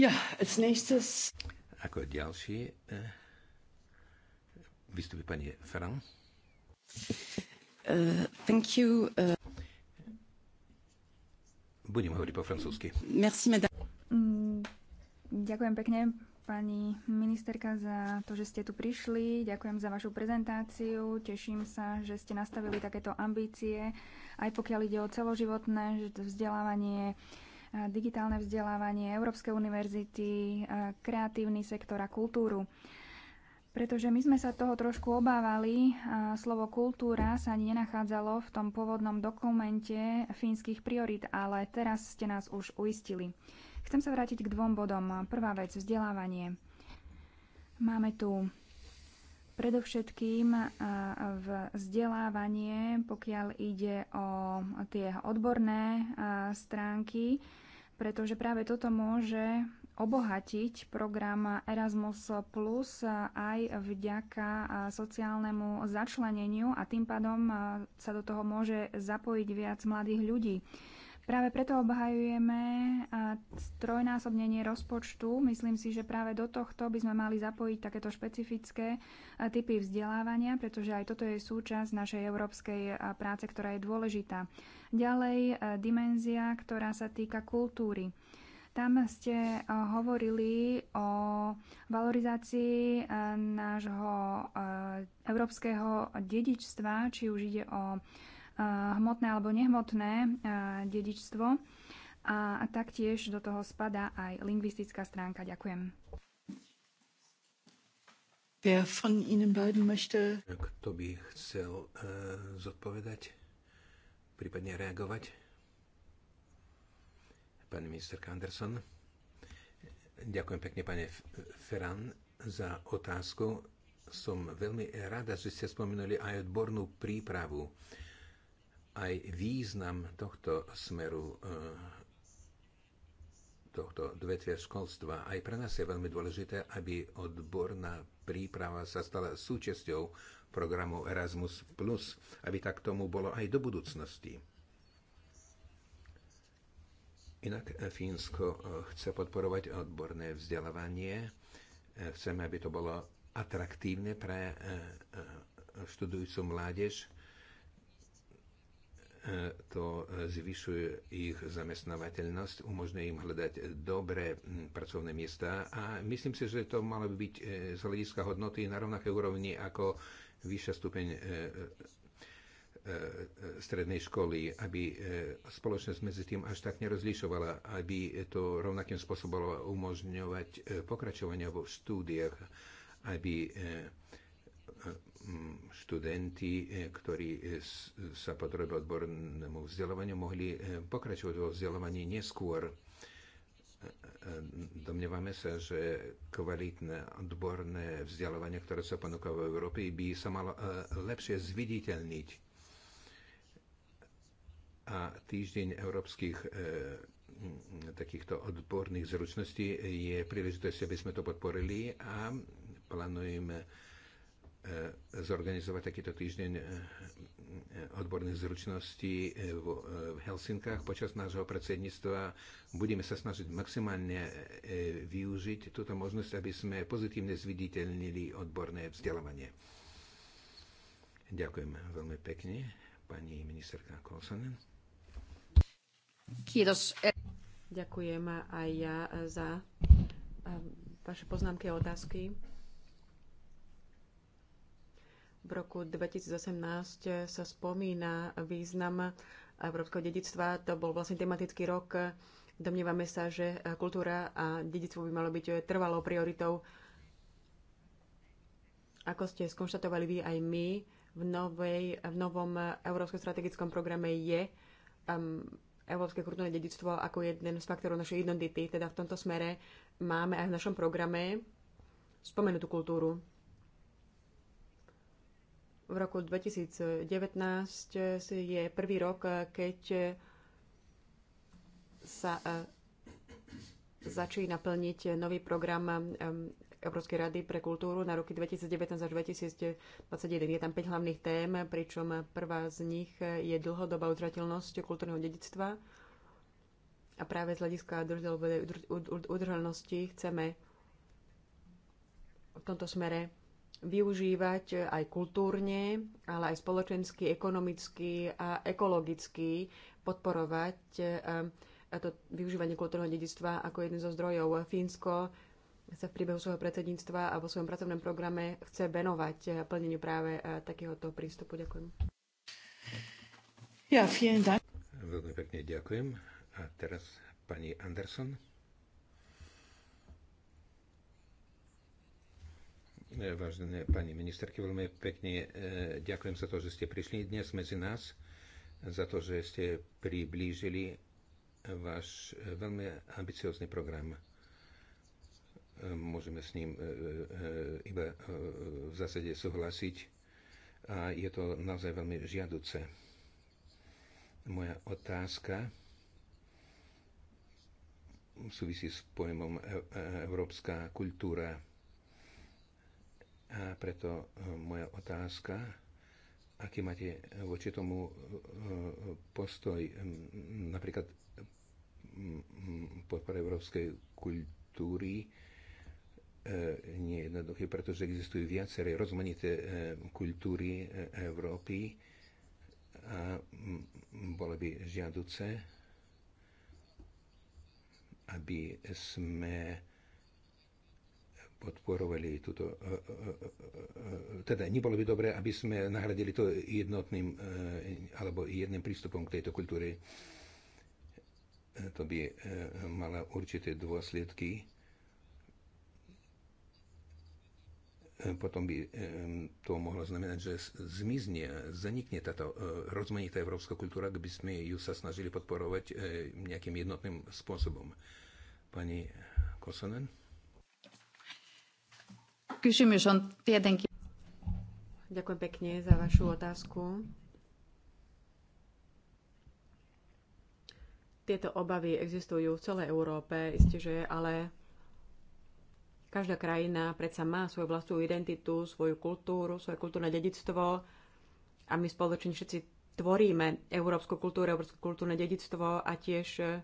Ja, als nächstes... Ako ďalšie eh, vystupí pani Ferran. Uh, eh, thank you. Uh... Budem hovoriť po francúzsky. Merci, madame. Mm, ďakujem pekne, pani ministerka, za to, že ste tu prišli. Ďakujem za vašu prezentáciu. Teším sa, že ste nastavili takéto ambície, aj pokiaľ ide o celoživotné vzdelávanie, digitálne vzdelávanie, Európske univerzity, kreatívny sektor a kultúru. Pretože my sme sa toho trošku obávali. Slovo kultúra sa ani nenachádzalo v tom pôvodnom dokumente fínskych priorit, ale teraz ste nás už uistili. Chcem sa vrátiť k dvom bodom. Prvá vec, vzdelávanie. Máme tu predovšetkým vzdelávanie, pokiaľ ide o tie odborné stránky, pretože práve toto môže obohatiť program Erasmus Plus aj vďaka sociálnemu začleneniu a tým pádom sa do toho môže zapojiť viac mladých ľudí. Práve preto obhajujeme trojnásobnenie rozpočtu. Myslím si, že práve do tohto by sme mali zapojiť takéto špecifické typy vzdelávania, pretože aj toto je súčasť našej európskej práce, ktorá je dôležitá. Ďalej dimenzia, ktorá sa týka kultúry. Tam ste hovorili o valorizácii nášho európskeho dedičstva, či už ide o hmotné alebo nehmotné dedičstvo. A taktiež do toho spadá aj lingvistická stránka. Ďakujem. Wer von Ihnen beiden möchte... Kto by chcel uh, zodpovedať, prípadne reagovať? Pani minister Anderson. Ďakujem pekne, pane Ferran, za otázku. Som veľmi rada, že ste spomenuli aj odbornú prípravu. Uh, aj význam tohto smeru, eh, tohto dvetvia školstva. Aj pre nás je veľmi dôležité, aby odborná príprava sa stala súčasťou programu Erasmus+, aby tak tomu bolo aj do budúcnosti. Inak eh, Fínsko eh, chce podporovať odborné vzdelávanie. Chceme, aby to bolo atraktívne pre študujúcu mládež to zvyšuje ich zamestnávateľnosť, umožňuje im hľadať dobré pracovné miesta a myslím si, že to malo by byť e, z hľadiska hodnoty na rovnakej úrovni ako vyššia stupeň e, e, strednej školy, aby spoločnosť medzi tým až tak nerozlišovala, aby to rovnakým spôsobom umožňovať pokračovanie vo štúdiach, aby študenti, e, ktorí e, sa potrebujú odbornému vzdelávaniu, mohli e, pokračovať vo vzdelávaní neskôr. Domnievame sa, že kvalitné odborné vzdelávanie, ktoré sa ponúka v Európe, by sa malo lepšie zviditeľniť. A týždeň európskych takýchto odborných zručností je príležitosť, aby sme to podporili a plánujeme E, zorganizovať takýto týždeň e, odborných zručností e, v Helsinkách. Počas nášho predsedníctva budeme sa snažiť maximálne využiť túto možnosť, aby sme pozitívne zviditeľnili odborné vzdelávanie. Ďakujem veľmi pekne, pani ministerka Kolsonen. Ďakujem aj ja za vaše poznámky a otázky. V roku 2018 sa spomína význam európskeho dedictva. To bol vlastne tematický rok. Domnievame sa, že kultúra a dedictvo by malo byť trvalou prioritou. Ako ste skonštatovali vy aj my, v, novej, v novom Európskom strategickom programe je um, Európske kultúrne dedictvo ako jeden z faktorov našej identity. Teda v tomto smere máme aj v našom programe spomenutú kultúru. V roku 2019 je prvý rok, keď sa e, začína plniť nový program e, Európskej rady pre kultúru na roky 2019 až 2021. Je tam 5 hlavných tém, pričom prvá z nich je dlhodobá udržateľnosť kultúrneho dedictva. A práve z hľadiska udržateľnosti chceme v tomto smere využívať aj kultúrne, ale aj spoločensky, ekonomicky a ekologicky podporovať eh, to využívanie kultúrneho dedictva ako jeden zo zdrojov. Fínsko sa v priebehu svojho predsedníctva a vo svojom pracovnom programe chce venovať eh, plneniu práve eh, takéhoto prístupu. Ďakujem. Ja, vielen Dank. Veľmi pekne ďakujem. A teraz pani Anderson. E, vážené pani ministerky, veľmi pekne e, ďakujem za to, že ste prišli dnes medzi nás, za to, že ste priblížili váš e, veľmi ambiciózny program. Môžeme s ním iba v zásade súhlasiť a je to naozaj veľmi žiaduce. Moja otázka súvisí s pojmom európska kultúra a preto e, moja otázka, aký máte voči tomu e, postoj napríklad podpora európskej kultúry e, nie jednoduché, pretože existujú viaceré rozmanité kultúry Európy a bolo by žiaduce, aby sme podporovali túto... E, e, e, teda nebolo by dobré, aby sme nahradili to jednotným alebo jedným prístupom k tejto kultúre. To by mala určité dôsledky. Potom by to mohlo znamenať, že zmizne, zanikne táto rozmanitá európska kultúra, ak by sme ju sa snažili podporovať nejakým jednotným spôsobom. Pani Kosonen? kysymys on tietenkin... Ďakujem pekne za vašu otázku. Tieto obavy existujú v celej Európe, isteže, ale každá krajina predsa má svoju vlastnú identitu, svoju kultúru, svoje kultúrne dedictvo a my spoločne všetci tvoríme európsku kultúru, európsku kultúrne dedictvo a tiež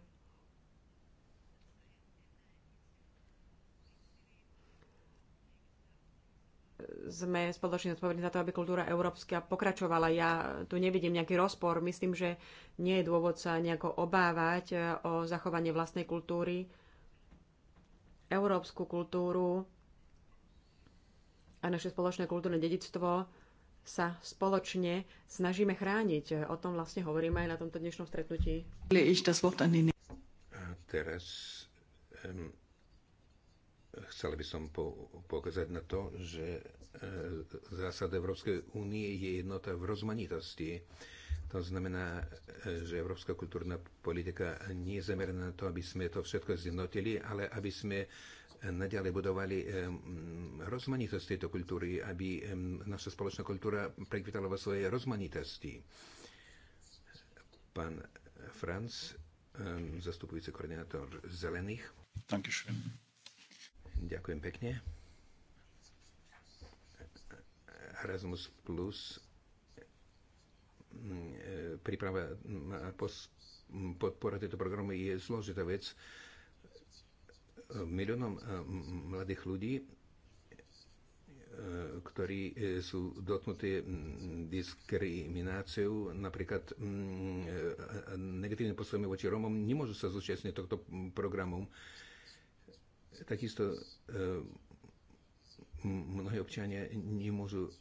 sme spoločne zodpovední za to, aby kultúra európska pokračovala. Ja tu nevidím nejaký rozpor. Myslím, že nie je dôvod sa nejako obávať e, o zachovanie vlastnej kultúry, európsku kultúru a naše spoločné kultúrne dedictvo sa spoločne snažíme chrániť. O tom vlastne hovoríme aj na tomto dnešnom stretnutí. Teraz um chcel by som pokazať na to, že e, zásada Európskej únie je jednota v rozmanitosti. To znamená, e, že európska kultúrna politika nie je zameraná na to, aby sme to všetko zjednotili, ale aby sme e, naďalej budovali rozmanitosť tejto kultúry, aby naša spoločná kultúra prekvitala vo svojej rozmanitosti. Pán Franz, zastupujúci koordinátor Zelených. Dankeschön. Ďakujem pekne. Erasmus Plus mm, e, príprava podpora tejto programu je zložitá vec. Miliónom e, mladých ľudí, e, ktorí sú dotknutí diskrimináciou, napríklad negatívne postojmi voči Rómom, nemôžu sa zúčastniť tohto programu takisto e, mnohí občania nemôžu e,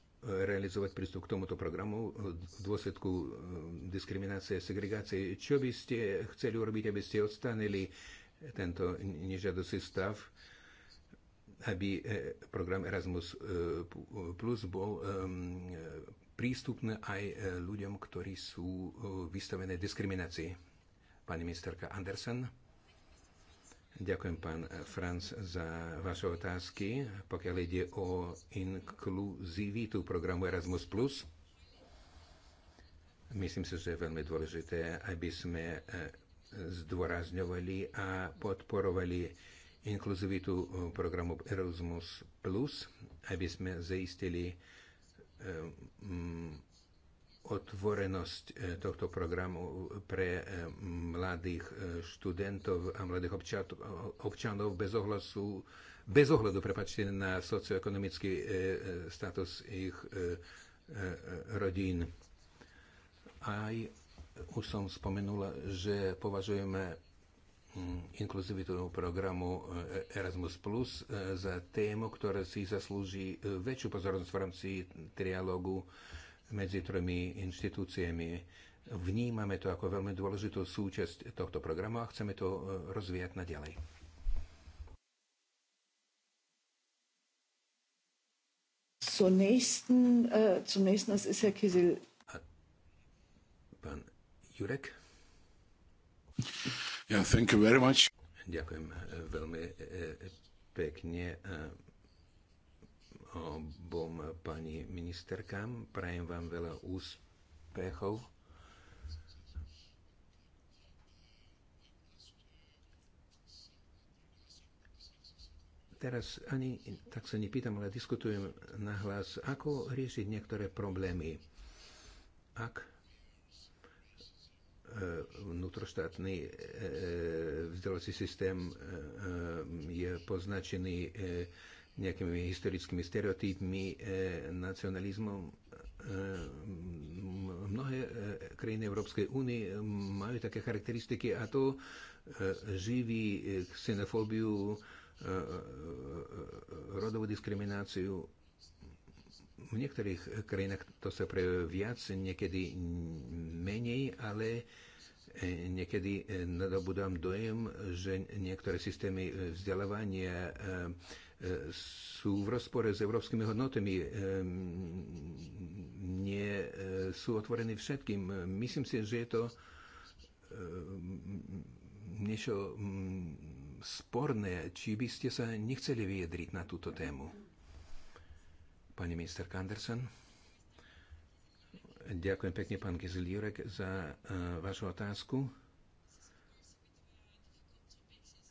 realizovať prístup k tomuto programu v dôsledku e, diskriminácie a segregácie. Čo by ste chceli urobiť, aby ste odstanili tento nežiadosti stav, aby program Erasmus Plus bol prístupný aj ľuďom, ktorí sú vystavené diskriminácii? Pani ministerka Andersen. Ďakujem, pán Franc, za vaše otázky. Pokiaľ ide o inkluzivitu programu Erasmus+, myslím si, že je veľmi dôležité, aby sme eh, zdôrazňovali a podporovali inkluzivitu eh, programu Erasmus+, aby sme zaistili eh, otvorenosť e, tohto programu pre e, mladých e, študentov a mladých občanov bez ohlasu, bez ohľadu prepačte, na socioekonomický status ich rodín. Aj už som spomenula, že považujeme mm, inkluzivitu programu Erasmus Plus za tému, ktorá si zaslúži väčšiu pozornosť v rámci trialógu medzi tromi inštitúciami. Vnímame to ako veľmi dôležitú súčasť tohto programu a chceme to e, rozvíjať naďalej. Zur Pán äh, Jurek. Yeah, thank you very much. Ďakujem e, veľmi e, pekne obom pani ministerkám. Prajem vám veľa úspechov. Teraz ani tak sa nepýtam, ale diskutujem nahlas, ako riešiť niektoré problémy. Ak e, vnútroštátny e, e, vzdelávací systém je poznačený nejakými historickými stereotypmi, e, nacionalizmom. E, mnohé e, krajiny Európskej únie majú také charakteristiky a to živí xenofóbiu, rodovú diskrimináciu. V niektorých krajinách to sa prejavuje viac, niekedy menej, ale niekedy nadobudám dojem, že niektoré systémy vzdelávania sú v rozpore s európskymi hodnotami, nie e, sú otvorení všetkým. Myslím si, že je to niečo sporné. Či by ste sa nechceli vyjadriť na túto tému? Pani minister Kandersen. Ďakujem pekne, pán Gizlírek, za e, vašu otázku.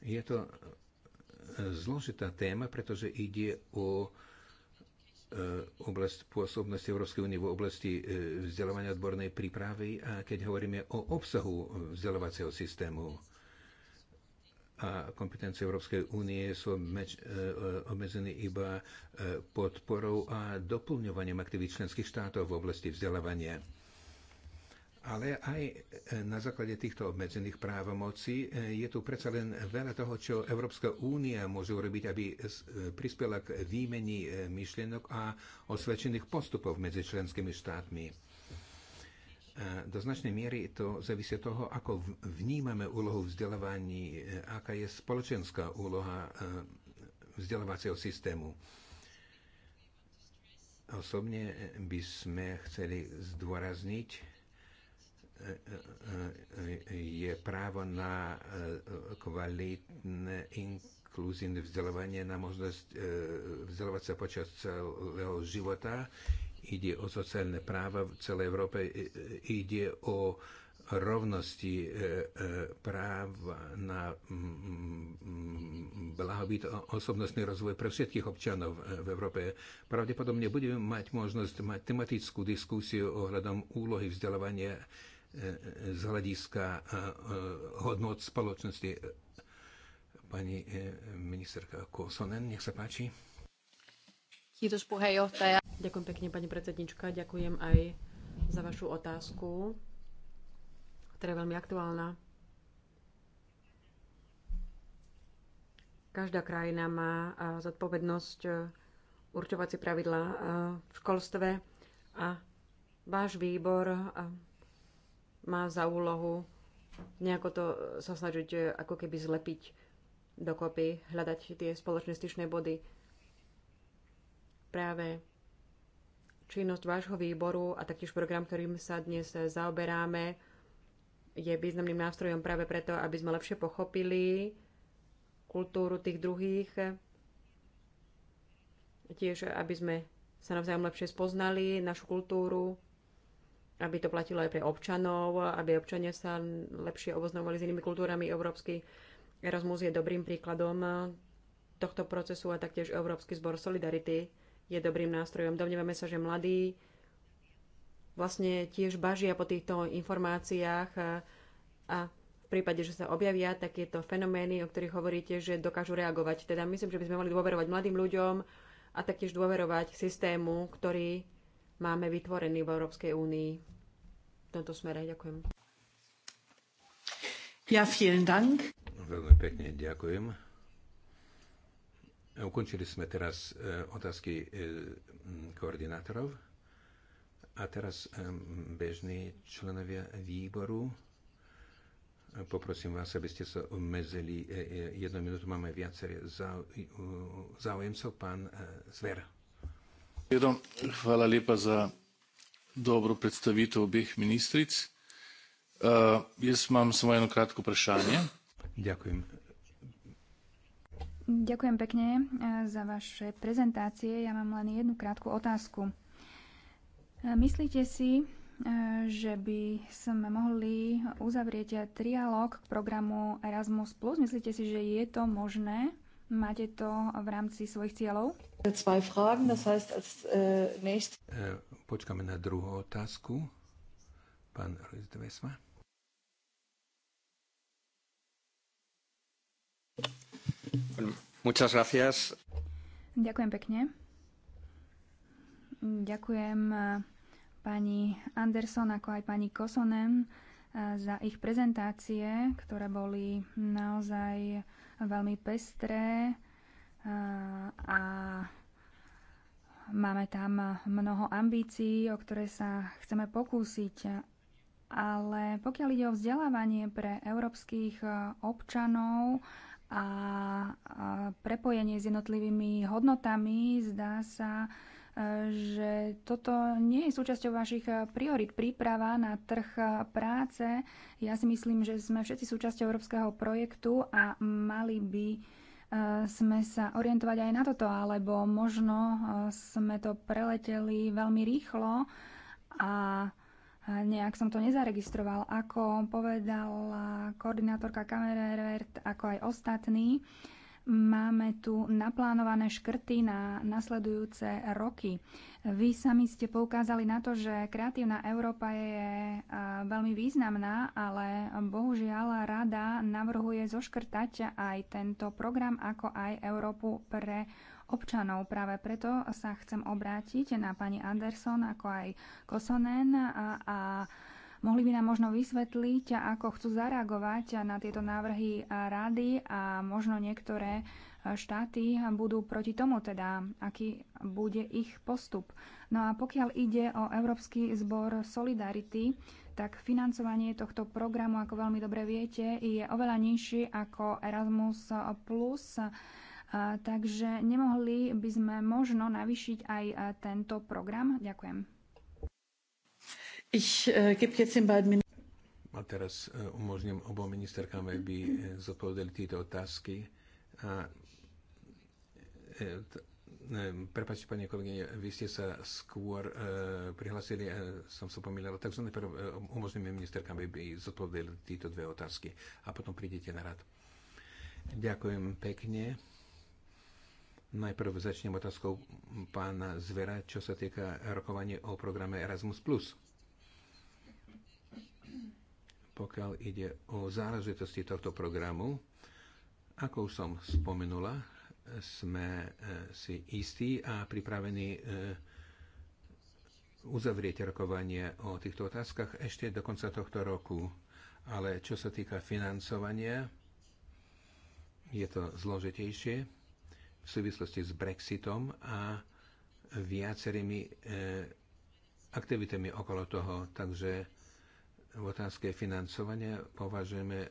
Je to zložitá téma, pretože ide o e, oblasť pôsobnosti Európskej únie v oblasti e, vzdelávania odbornej prípravy a keď hovoríme o obsahu vzdelávacieho systému a kompetencie Európskej únie sú e, obmedzené iba podporou a doplňovaním aktivít členských štátov v oblasti vzdelávania ale aj e, na základe týchto obmedzených právomocí e, je tu predsa len veľa toho, čo Európska únia môže urobiť, aby e, prispela k výmeni myšlienok a osvedčených postupov medzi členskými štátmi. Do značnej miery to závisí od toho, ako vnímame úlohu vzdelávaní, aká je spoločenská úloha vzdelávacieho systému. Osobne by sme chceli zdôrazniť, je právo na e, kvalitné inkluzívne vzdelávanie, na možnosť e, vzdelávať sa počas celého života. Ide o sociálne práva v celej Európe, e, ide o rovnosti práv na blahobyt a osobnostný rozvoj pre všetkých občanov v Európe. Pravdepodobne budeme mať možnosť mať tematickú diskusiu ohľadom úlohy vzdelávania z hľadiska eh, hodnot spoločnosti. Pani eh, ministerka Kosonen, nech sa páči. Ďakujem pekne, pani predsednička. Ďakujem aj za vašu otázku, ktorá je veľmi aktuálna. Každá krajina má eh, zodpovednosť určovať si pravidlá v školstve a váš výbor má za úlohu nejako to sa snažiť eh, ako keby zlepiť dokopy, hľadať tie spoločné styčné body. Práve činnosť vášho výboru a taktiež program, ktorým sa dnes zaoberáme, je významným nástrojom práve preto, aby sme lepšie pochopili kultúru tých druhých, tiež aby sme sa navzájom lepšie spoznali, našu kultúru, aby to platilo aj pre občanov, aby občania sa lepšie oboznovali s inými kultúrami. Európsky Erasmus je dobrým príkladom tohto procesu a taktiež Európsky zbor Solidarity je dobrým nástrojom. Domnievame sa, že mladí vlastne tiež bažia po týchto informáciách a, a v prípade, že sa objavia takéto fenomény, o ktorých hovoríte, že dokážu reagovať. Teda myslím, že by sme mali dôverovať mladým ľuďom a taktiež dôverovať systému, ktorý máme vytvorený v Európskej únii v tomto smere. Ďakujem. Ja, vielen Dank. Veľmi pekne ďakujem. Ukončili sme teraz e, otázky e, koordinátorov a teraz e, bežní členovia výboru. Poprosím vás, aby ste sa obmedzili jednu minútu. Máme viacerých záujemcov. Pán Zver. Hvala lepa za dobro predstavitev obeh ministric. Uh, jaz mám samo jedno krátko vprašanie. Ďakujem. Ďakujem pekne eh, za vaše prezentácie. Ja mám len jednu krátku otázku. Eh, myslíte si, že by sme mohli uzavrieť trialog k programu Erasmus+. Myslíte si, že je to možné? Máte to v rámci svojich cieľov? Äh, äh, počkáme na druhú otázku. Pán Ruiz de Vesma. Muchas gracias. Ďakujem pekne. Ďakujem äh, pani Anderson ako aj pani Kosonen za ich prezentácie, ktoré boli naozaj veľmi pestré a máme tam mnoho ambícií, o ktoré sa chceme pokúsiť. Ale pokiaľ ide o vzdelávanie pre európskych e, občanov a prepojenie s jednotlivými hodnotami, zdá sa, že toto nie je súčasťou vašich eh, priorit. Príprava na trh eh, práce, ja si myslím, že sme všetci súčasťou európskeho projektu a mali by eh, sme sa orientovať aj na toto, alebo možno sme to preleteli veľmi rýchlo a nejak som to nezaregistroval. Ako povedala koordinátorka Kamerevert, ako aj ostatní, uh, Máme tu naplánované škrty na nasledujúce roky. Vy sami ste poukázali na to, že kreatívna Európa je e, veľmi významná, ale bohužiaľ rada navrhuje zoškrtať aj tento program, ako aj Európu pre občanov. Práve preto sa chcem obrátiť na pani Anderson, ako aj Kosonen a, a Mohli by nám možno vysvetliť, ako chcú zareagovať na tieto návrhy rady a možno niektoré e, štáty budú proti tomu, teda aký bude ich postup. No a pokiaľ ide o Európsky zbor Solidarity, tak financovanie tohto programu, ako veľmi dobre viete, je oveľa nižšie ako Erasmus+. Plus. E, takže nemohli by sme možno navyšiť aj e, tento program? Ďakujem. Ich äh, gebe jetzt den beiden Ministern. A teraz e, umožním obom ministerkám, aby e, zodpovedali tieto otázky. A, e, e, prepáčte, pani kolegyne, vy ste sa skôr e, prihlasili, e, som sa pomýlil, tak som najprv e, umožním ministerkám, aby zodpovedali tieto dve otázky a potom prídete na rad. Ďakujem pekne. Najprv začnem otázkou pána Zvera, čo sa týka rokovania o programe Erasmus+ pokiaľ ide o záležitosti tohto programu, ako už som spomenula, sme e, si istí a pripravení e, uzavrieť rokovanie o týchto otázkach ešte do konca tohto roku. Ale čo sa týka financovania, je to zložitejšie v súvislosti s Brexitom a viacerými e, aktivitami okolo toho. Takže v otázke financovania považujeme e, e,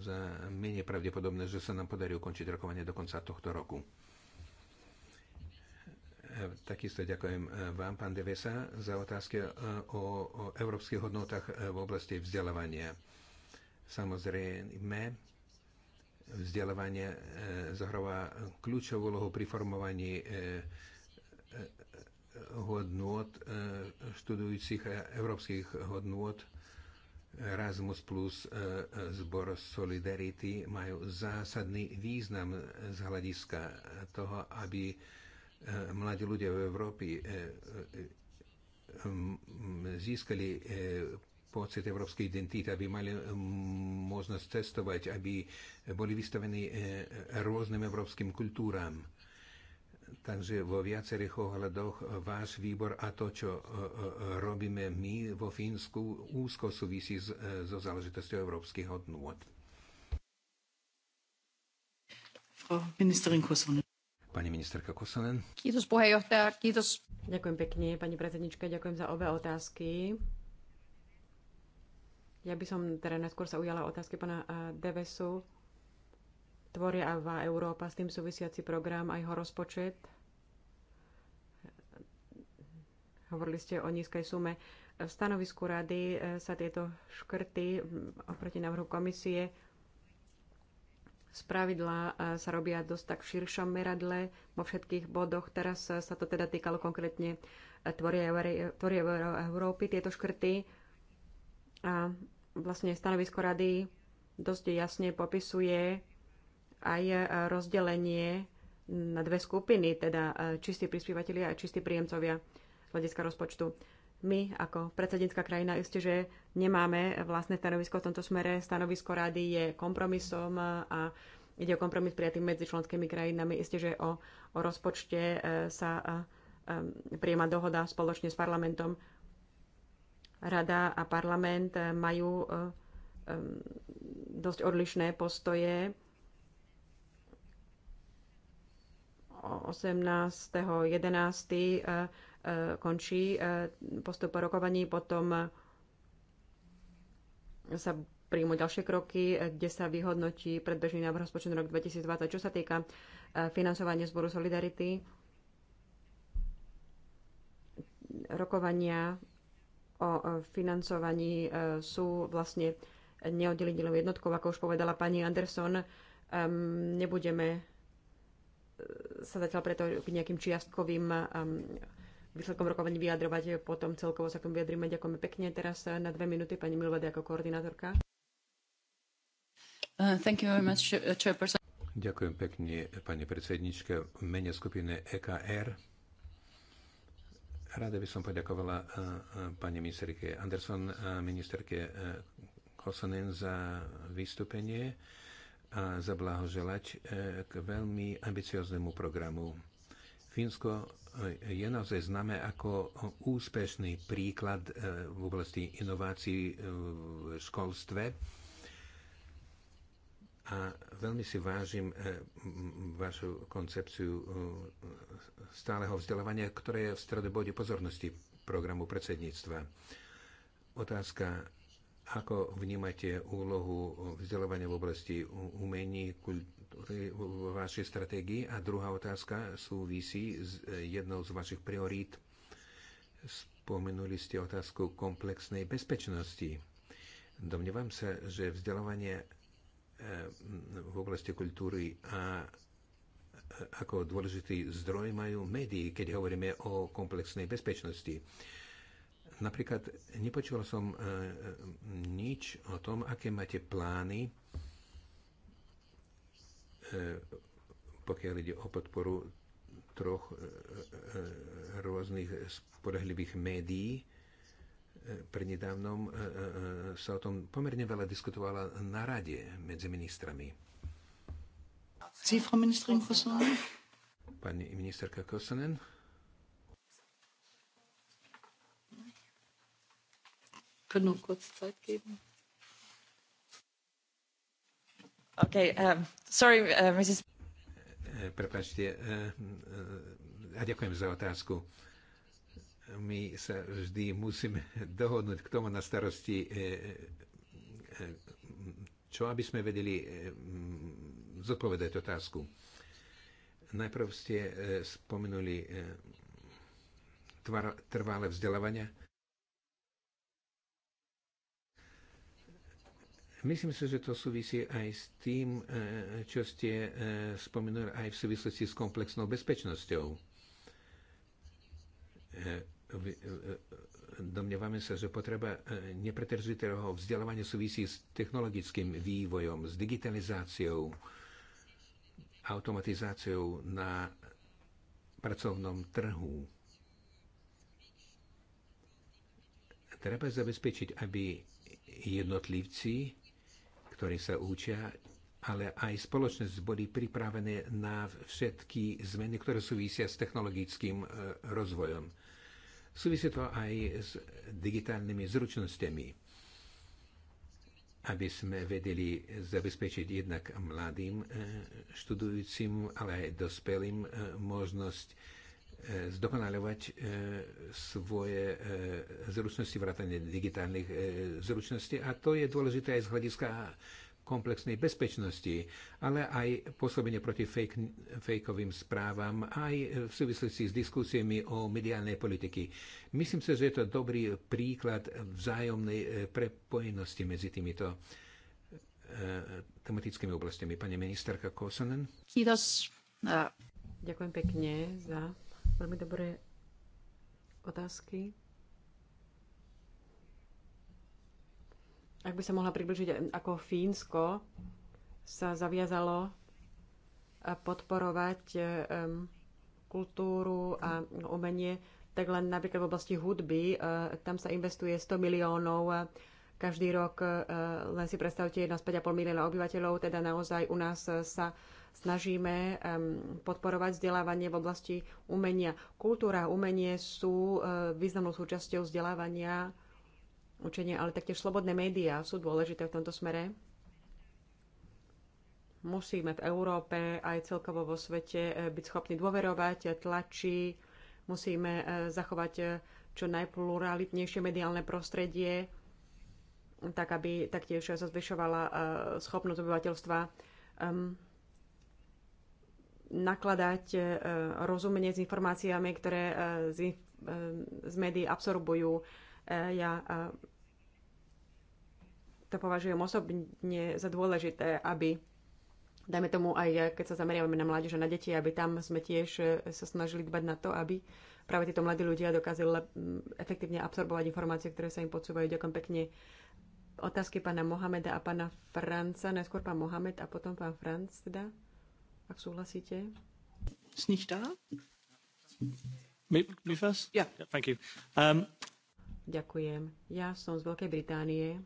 za menej pravdepodobné, že sa nám podarí ukončiť rokovanie do konca tohto roku. E, takisto ďakujem vám, pán Devesa, za otázky o, európskych hodnotách v oblasti vzdelávania. Samozrejme, vzdelávanie zohráva kľúčovú úlohu pri formovaní hodnot, e, študujúcich e, európskych hodnot, Erasmus plus e, zbor Solidarity majú zásadný význam z hľadiska toho, aby mladí ľudia v Európe získali pocit európskej identity, aby mali možnosť cestovať, aby boli vystavení rôznym európskym kultúram Takže vo viacerých ohľadoch váš výbor a to, čo e, e, robíme my vo Fínsku, úzko súvisí e, so záležitosťou európskych hodnôt. Pani ministerka Kosonen. Kiitos puheenjohtaja, kýtos. Ďakujem pekne, pani predsednička, ďakujem za obe otázky. Ja by som teda najskôr sa ujala otázky pana Devesu tvoria Ava Európa, s tým súvisiaci program a jeho rozpočet. Hovorili ste o nízkej sume. V stanovisku rady e, sa tieto škrty oproti návrhu komisie spravidla e, sa robia dosť tak v širšom meradle vo všetkých bodoch. Teraz e, sa to teda týkalo konkrétne tvoria Európy, tieto škrty. A vlastne stanovisko rady dosť jasne popisuje aj e, rozdelenie na dve skupiny, teda e, čistí prispievateľia a čistí príjemcovia z hľadiska rozpočtu. My ako predsednická krajina isté, že nemáme vlastné stanovisko v tomto smere. Stanovisko rady je kompromisom a ide o kompromis prijatý medzi členskými krajinami. Isté, že o, o rozpočte e, sa prijema dohoda spoločne s parlamentom. Rada a parlament majú dosť odlišné postoje 11. E, e, končí e, postup rokovaní, potom sa príjmu ďalšie kroky, kde sa vyhodnotí predbežný návrh rozpočtu rok 2020. Čo sa týka financovania zboru Solidarity, rokovania o financovaní sú vlastne neoddeliteľnou jednotkou, ako už povedala pani Anderson. Nebudeme sa zatiaľ preto k nejakým čiastkovým um, výsledkom rokovaní vyjadrovať, potom celkovo sa k tomu vyjadrime. Ďakujeme pekne. Teraz eh, na dve minúty pani Milvede ako koordinátorka. Uh, thank you very much, uh, chairperson. Ďakujem pekne, pani predsednička, v mene skupiny EKR. Rada by som poďakovala eh, eh, pani ministerke Anderson a ministerke Kosonen za vystúpenie a zablahoželať e, k veľmi ambicioznému programu. Fínsko e, je naozaj známe ako úspešný príklad e, v oblasti inovácií v školstve a veľmi si vážim vašu koncepciu stáleho vzdelávania, ktoré je v stredobode pozornosti programu predsedníctva. Otázka ako vnímate úlohu vzdelávania v oblasti umení, kultúry v vašej stratégii? A druhá otázka súvisí s jednou z vašich priorít. Spomenuli ste otázku komplexnej bezpečnosti. Domnievam sa, že vzdelávanie e, v oblasti kultúry a e, ako dôležitý zdroj majú médií, keď hovoríme o komplexnej bezpečnosti. Napríklad nepočul som e, e, nič o tom, aké máte plány, e, pokiaľ ide o podporu troch rôznych spolehlivých médií. Prednedávnom sa o tom pomerne veľa diskutovala na rade medzi ministrami. Sie, Frau Ministerin Kosonen? Pani ministerka Kosonen? Können noch kurz Zeit geben. Okay, um, sorry, uh, Mrs. Eh, prepačte, eh, eh, a ďakujem za otázku. My sa vždy musíme [LAUGHS] dohodnúť, kto má na starosti čo, aby sme vedeli zodpovedať otázku. Najprv ste spomenuli trvalé vzdelávania Myslím si, že to súvisí aj s tým, e, čo ste e, spomenuli aj v súvislosti s komplexnou bezpečnosťou. E, domnievame sa, že potreba nepretržitého vzdelávania súvisí s technologickým vývojom, s digitalizáciou, automatizáciou na pracovnom trhu. Treba zabezpečiť, aby jednotlivci ktorí sa učia, ale aj spoločnosť boli pripravené na všetky zmeny, ktoré súvisia s technologickým e, rozvojom. Súvisí to aj s digitálnymi zručnosťami, aby sme vedeli zabezpečiť jednak mladým e, študujúcim, ale aj dospelým e, možnosť E, zdokonalovať e, svoje e, zručnosti, vrátanie digitálnych zručností. A to je dôležité aj z hľadiska komplexnej bezpečnosti, ale aj pôsobenie proti fake, fakeovým správam, aj v súvislosti s diskusiami o mediálnej politiky. Myslím si, že je to dobrý príklad vzájomnej prepojenosti medzi týmito tematickými oblastiami. Pani ministerka Kosanen. Ďakujem pekne za Veľmi dobré otázky. Ak by sa mohla približiť, ako Fínsko sa zaviazalo eh, podporovať eh, kultúru a umenie, tak len napríklad v oblasti hudby, eh, tam sa investuje 100 miliónov každý rok, len si predstavte 1,5 milióna obyvateľov, teda naozaj u nás sa snažíme podporovať vzdelávanie v oblasti umenia. Kultúra a umenie sú e, významnou súčasťou vzdelávania, učenia, ale taktiež slobodné médiá sú dôležité v tomto smere. Musíme v Európe aj celkovo vo svete e, byť schopní dôverovať tlači, musíme e, zachovať čo najpluralitnejšie mediálne prostredie, tak aby taktiež sa zvyšovala schopnosť obyvateľstva nakladať e, rozumne s informáciami, ktoré e, z, e, z médií absorbujú. Ja to považujem osobne za dôležité, aby dajme tomu aj keď sa zameriavame na mládež a na deti, aby tam sme tiež sa snažili dbať na to, aby práve títo mladí ľudia dokázali mm, efektívne absorbovať informácie, ktoré sa im podsúvajú. Ďakujem pekne. Otázky pána Mohameda a pána Franca. Najskôr pán Mohamed a potom pán Franc teda ak súhlasíte. Snichtá? Um, Ďakujem. Ja som z Veľkej Británie.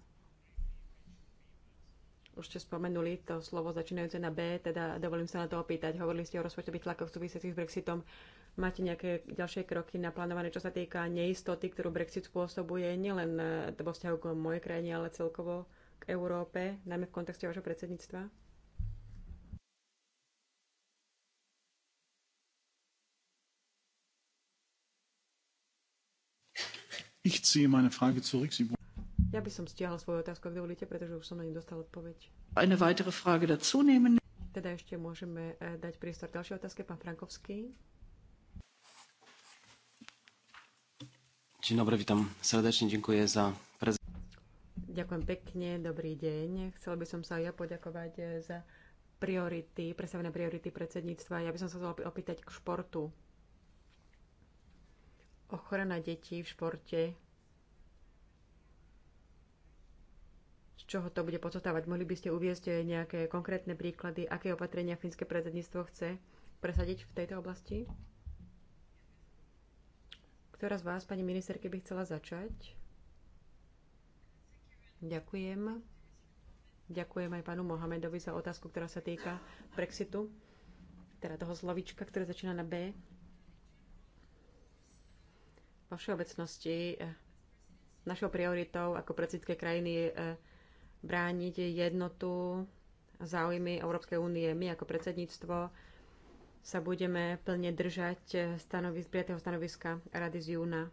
Už ste spomenuli to slovo začínajúce na B, teda dovolím sa na to opýtať. Hovorili ste o rozpočtových tlakoch súvisiacich s Brexitom. Máte nejaké ďalšie kroky naplánované, čo sa týka neistoty, ktorú Brexit spôsobuje, nielen eh, vo vzťahu k mojej krajine, ale celkovo k Európe, najmä v kontexte vašho predsedníctva? Ich ziehe meine Frage zurück. Sie... Ja by som stiahla svoju otázku, ak dovolíte, pretože už som na ňu dostal odpoveď. Eine weitere Frage dazu nehmen. Teda ešte môžeme eh, dať priestor ďalšej otázke, pán Frankovský. Dzień dobry, witam serdecznie, dziękuję za prezentację. Ďakujem pekne, dobrý deň. Chcel by som sa ja poďakovať eh, za priority, predstavené priority predsedníctva. Ja by som sa chcela opýtať k športu ochrana detí v športe, z čoho to bude pocotávať? Mohli by ste uviezť nejaké konkrétne príklady, aké opatrenia fínske predsedníctvo chce presadiť v tejto oblasti? Ktorá z vás, pani ministerky, by chcela začať? Ďakujem. Ďakujem aj pánu Mohamedovi za otázku, ktorá sa týka Brexitu, teda toho slovička, ktoré začína na B. Vo všeobecnosti e, našou prioritou ako predsedské krajiny je e, brániť jednotu záujmy Európskej únie. My ako predsedníctvo sa budeme plne držať e, stanovis, prijatého stanoviska Rady z júna.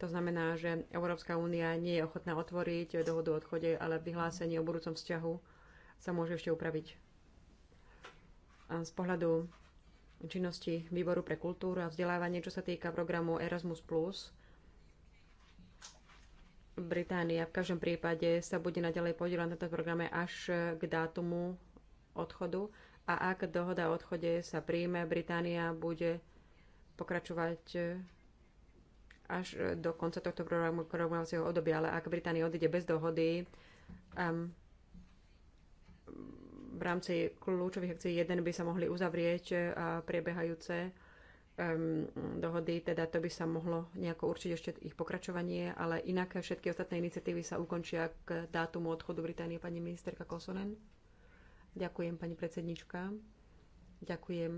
To znamená, že Európska únia nie je ochotná otvoriť dohodu o odchode, ale vyhlásenie o budúcom vzťahu sa môže ešte upraviť. A z pohľadu činnosti Výboru pre kultúru a vzdelávanie, čo sa týka programu Erasmus+. Británia v každom prípade sa bude naďalej podielať na tomto programe až k dátumu odchodu a ak dohoda o odchode sa príjme, Británia bude pokračovať až do konca tohto programovacieho obdobia, ale ak Británia odíde bez dohody, um, v rámci kľúčových akcií 1 by sa mohli uzavrieť e, a priebehajúce um, dohody, teda to by sa mohlo nejako určiť ešte ich pokračovanie, ale inak všetky ostatné iniciatívy sa ukončia k dátumu odchodu Británie, pani ministerka Kosonen. Ďakujem, pani predsednička. Ďakujem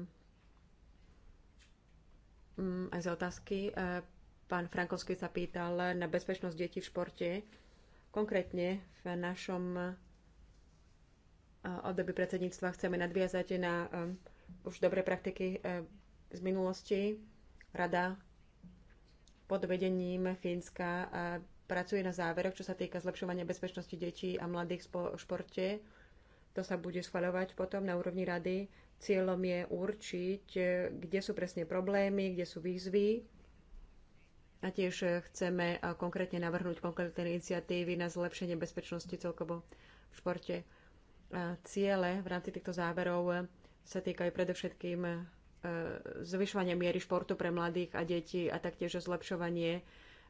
mm, aj za otázky. E, pán Frankovský sa pýtal na bezpečnosť detí v športe. Konkrétne v našom od doby predsedníctva chceme nadviazať na um, už dobré praktiky um, z minulosti. Rada pod vedením Fínska pracuje na záveroch, čo sa týka zlepšovania bezpečnosti detí a mladých v športe. To sa bude schvaľovať potom na úrovni rady. Cieľom je určiť, e, kde sú presne problémy, kde sú výzvy. A tiež e, chceme e, konkrétne navrhnúť konkrétne iniciatívy na zlepšenie bezpečnosti celkovo v športe ciele v rámci týchto záberov sa týkajú predovšetkým e, zvyšovania miery športu pre mladých a detí a taktiež zlepšovanie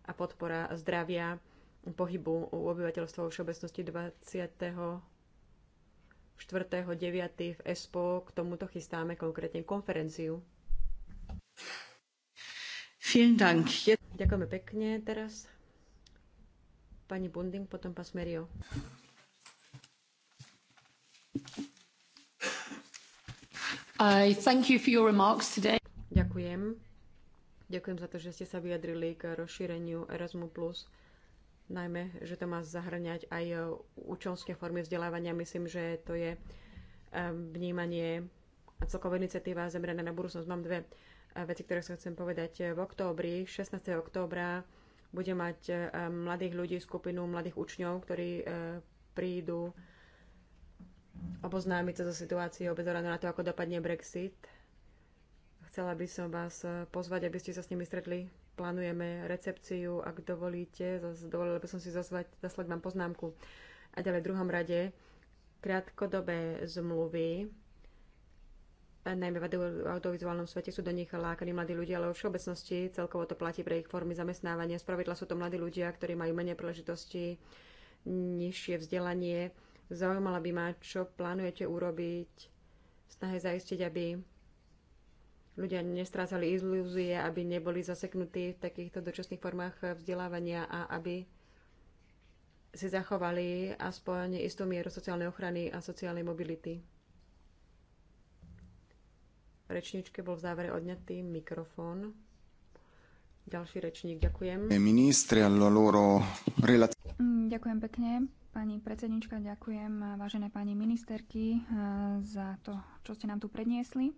a podpora zdravia pohybu u obyvateľstva všeobecnosti 20. 4.9. v ESPO. K tomuto chystáme konkrétne konferenciu. Dank. Ďakujeme pekne teraz. Pani Bunding, potom pán Smerio. Ďakujem. Ďakujem za to, že ste sa vyjadrili k rozšíreniu Erasmus. najmä, že to má zahrňať aj e, učňovské formy vzdelávania. Myslím, že to je e, vnímanie a celková iniciatíva zameraná na budúcnosť. Mám dve e, veci, ktoré sa chcem povedať. V októbri, 16. októbra, bude mať mladých ľudí, skupinu mladých učňov, ktorí prídu oboznámiť sa so situáciou bez na to, ako dopadne Brexit. Chcela by som vás eh, pozvať, aby ste sa s nimi stretli. Plánujeme recepciu, ak dovolíte. Dovolila by som si zazvať, zaslať vám poznámku. A ďalej v druhom rade krátkodobé zmluvy najmä v audiovizuálnom svete sú do nich lákaní mladí ľudia, ale vo všeobecnosti celkovo to platí pre ich formy zamestnávania. Spravidla sú to mladí ľudia, ktorí majú menej príležitosti, nižšie vzdelanie Zaujímala by ma, čo plánujete urobiť snahe zaistiť, aby ľudia nestrácali ilúzie, aby neboli zaseknutí v takýchto dočasných formách vzdelávania a aby si zachovali aspoň istú mieru sociálnej ochrany a sociálnej mobility. Rečničke bol v závere odňatý mikrofón. Ďalší rečník, ďakujem. Ministri, loro... Ďakujem pekne. Pani predsednička, ďakujem vážené pani ministerky e, za to, čo ste nám tu predniesli.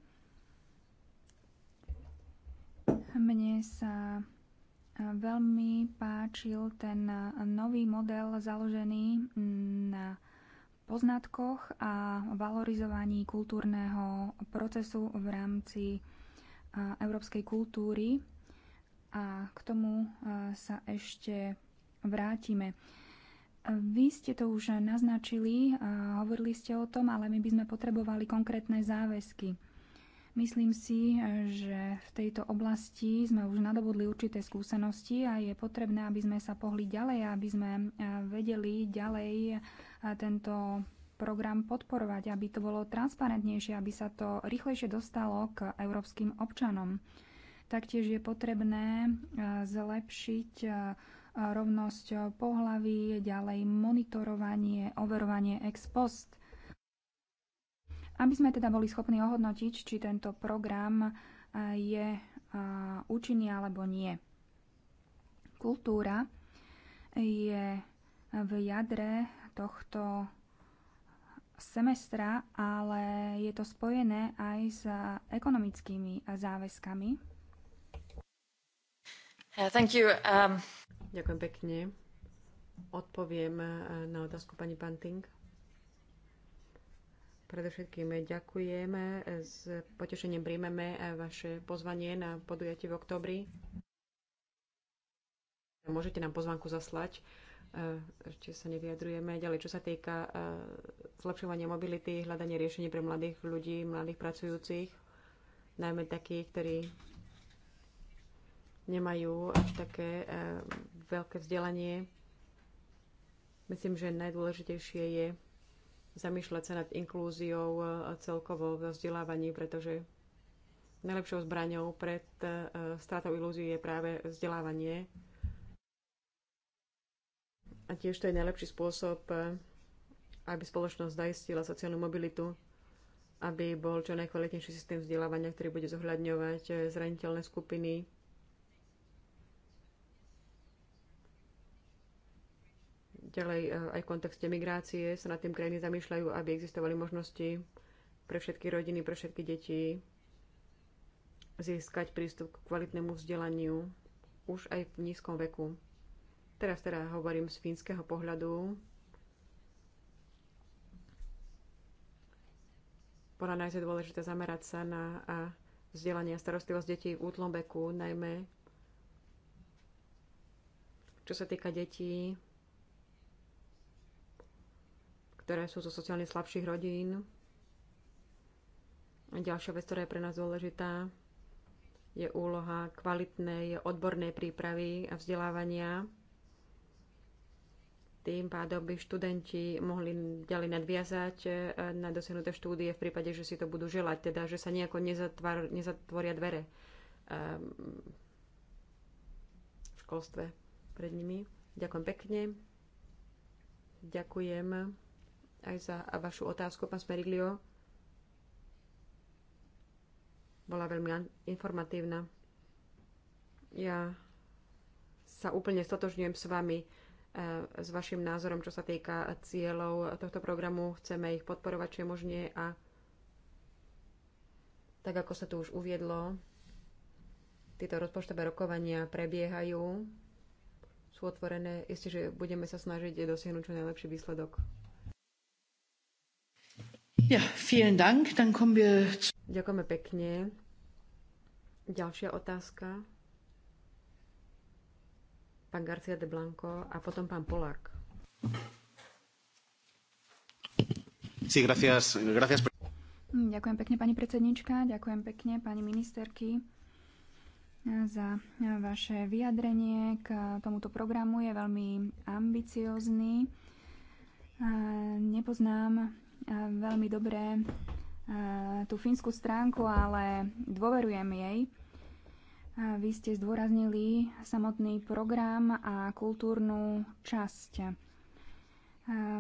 Mne sa e, veľmi páčil ten e, nový model založený na poznatkoch a valorizovaní kultúrneho procesu v rámci európskej kultúry. A k tomu sa ešte vrátime. Vy ste to už naznačili, hovorili ste o tom, ale my by sme potrebovali konkrétne záväzky. Myslím si, že v tejto oblasti sme už nadobudli určité skúsenosti a je potrebné, aby sme sa pohli ďalej, aby sme e, vedeli ďalej e, tento program podporovať, aby to bolo transparentnejšie, aby sa to rýchlejšie dostalo k európskym občanom. Taktiež je potrebné e, zlepšiť rovnosť eh, pohlaví, ďalej monitorovanie, overovanie ex post. Aby sme teda boli schopní ohodnotiť, či tento program eh, je eh, účinný alebo nie. Kultúra je v jadre tohto semestra, ale je to spojené aj s ekonomickými záväzkami. Yeah, uh, thank you. Um... Ďakujem pekne. Odpoviem e, na otázku pani Panting. Predovšetkým ďakujeme. S potešením príjmeme e, vaše pozvanie na podujatie v oktobri. Môžete nám pozvanku zaslať. E, ešte sa nevyjadrujeme. Ďalej, čo sa týka zlepšovania mobility, hľadanie riešení pre mladých ľudí, mladých pracujúcich, najmä takých, ktorí nemajú až také veľké vzdelanie. Myslím, že najdôležitejšie je zamýšľať sa nad inklúziou e, celkovo v vzdelávaní, pretože najlepšou zbraňou pred e, stratou ilúzií je práve vzdelávanie. A tiež to je najlepší spôsob, e, aby spoločnosť zaistila sociálnu mobilitu, aby bol čo najkvalitnejší systém vzdelávania, ktorý bude zohľadňovať zraniteľné skupiny, Ďalej e, aj v kontexte migrácie sa nad tým krajiny zamýšľajú, aby existovali možnosti pre všetky rodiny, pre všetky deti získať prístup k kvalitnému vzdelaniu už aj v nízkom veku. Teraz teda hovorím z fínskeho pohľadu. Podľa nás je dôležité zamerať sa na a vzdelanie a starostlivosť detí v útlom veku, najmä čo sa týka detí ktoré sú zo sociálne slabších rodín. A ďalšia vec, ktorá je pre nás dôležitá, je úloha kvalitnej odbornej prípravy a vzdelávania. Tým pádom by študenti mohli ďalej nadviazať eh, na dosiahnuté štúdie v prípade, že si to budú želať, teda že sa nejako nezatvor, nezatvoria dvere ehm, v školstve pred nimi. Ďakujem pekne. Ďakujem aj za vašu otázku, pán Smeriglio. Bola veľmi informatívna. Ja sa úplne stotožňujem s vami, eh, s vašim názorom, čo sa týka cieľov tohto programu. Chceme ich podporovať, čo je možné a tak ako sa tu už uviedlo, tieto rozpočtové rokovania prebiehajú, sú otvorené. Isté, že budeme sa snažiť dosiahnuť čo najlepší výsledok. Ja, vielen Dank. Dann kommen wir... Ďakujeme pekne. Ďalšia otázka. Pán Garcia de Blanco a potom pán Polák. Sí, gracias, gracias. Ďakujem pekne, pani predsednička, ďakujem pekne, pani ministerky za vaše vyjadrenie k tomuto programu. Je veľmi ambiciózny. Nepoznám veľmi dobre tú fínsku stránku, ale dôverujem jej. Vy ste zdôraznili samotný program a kultúrnu časť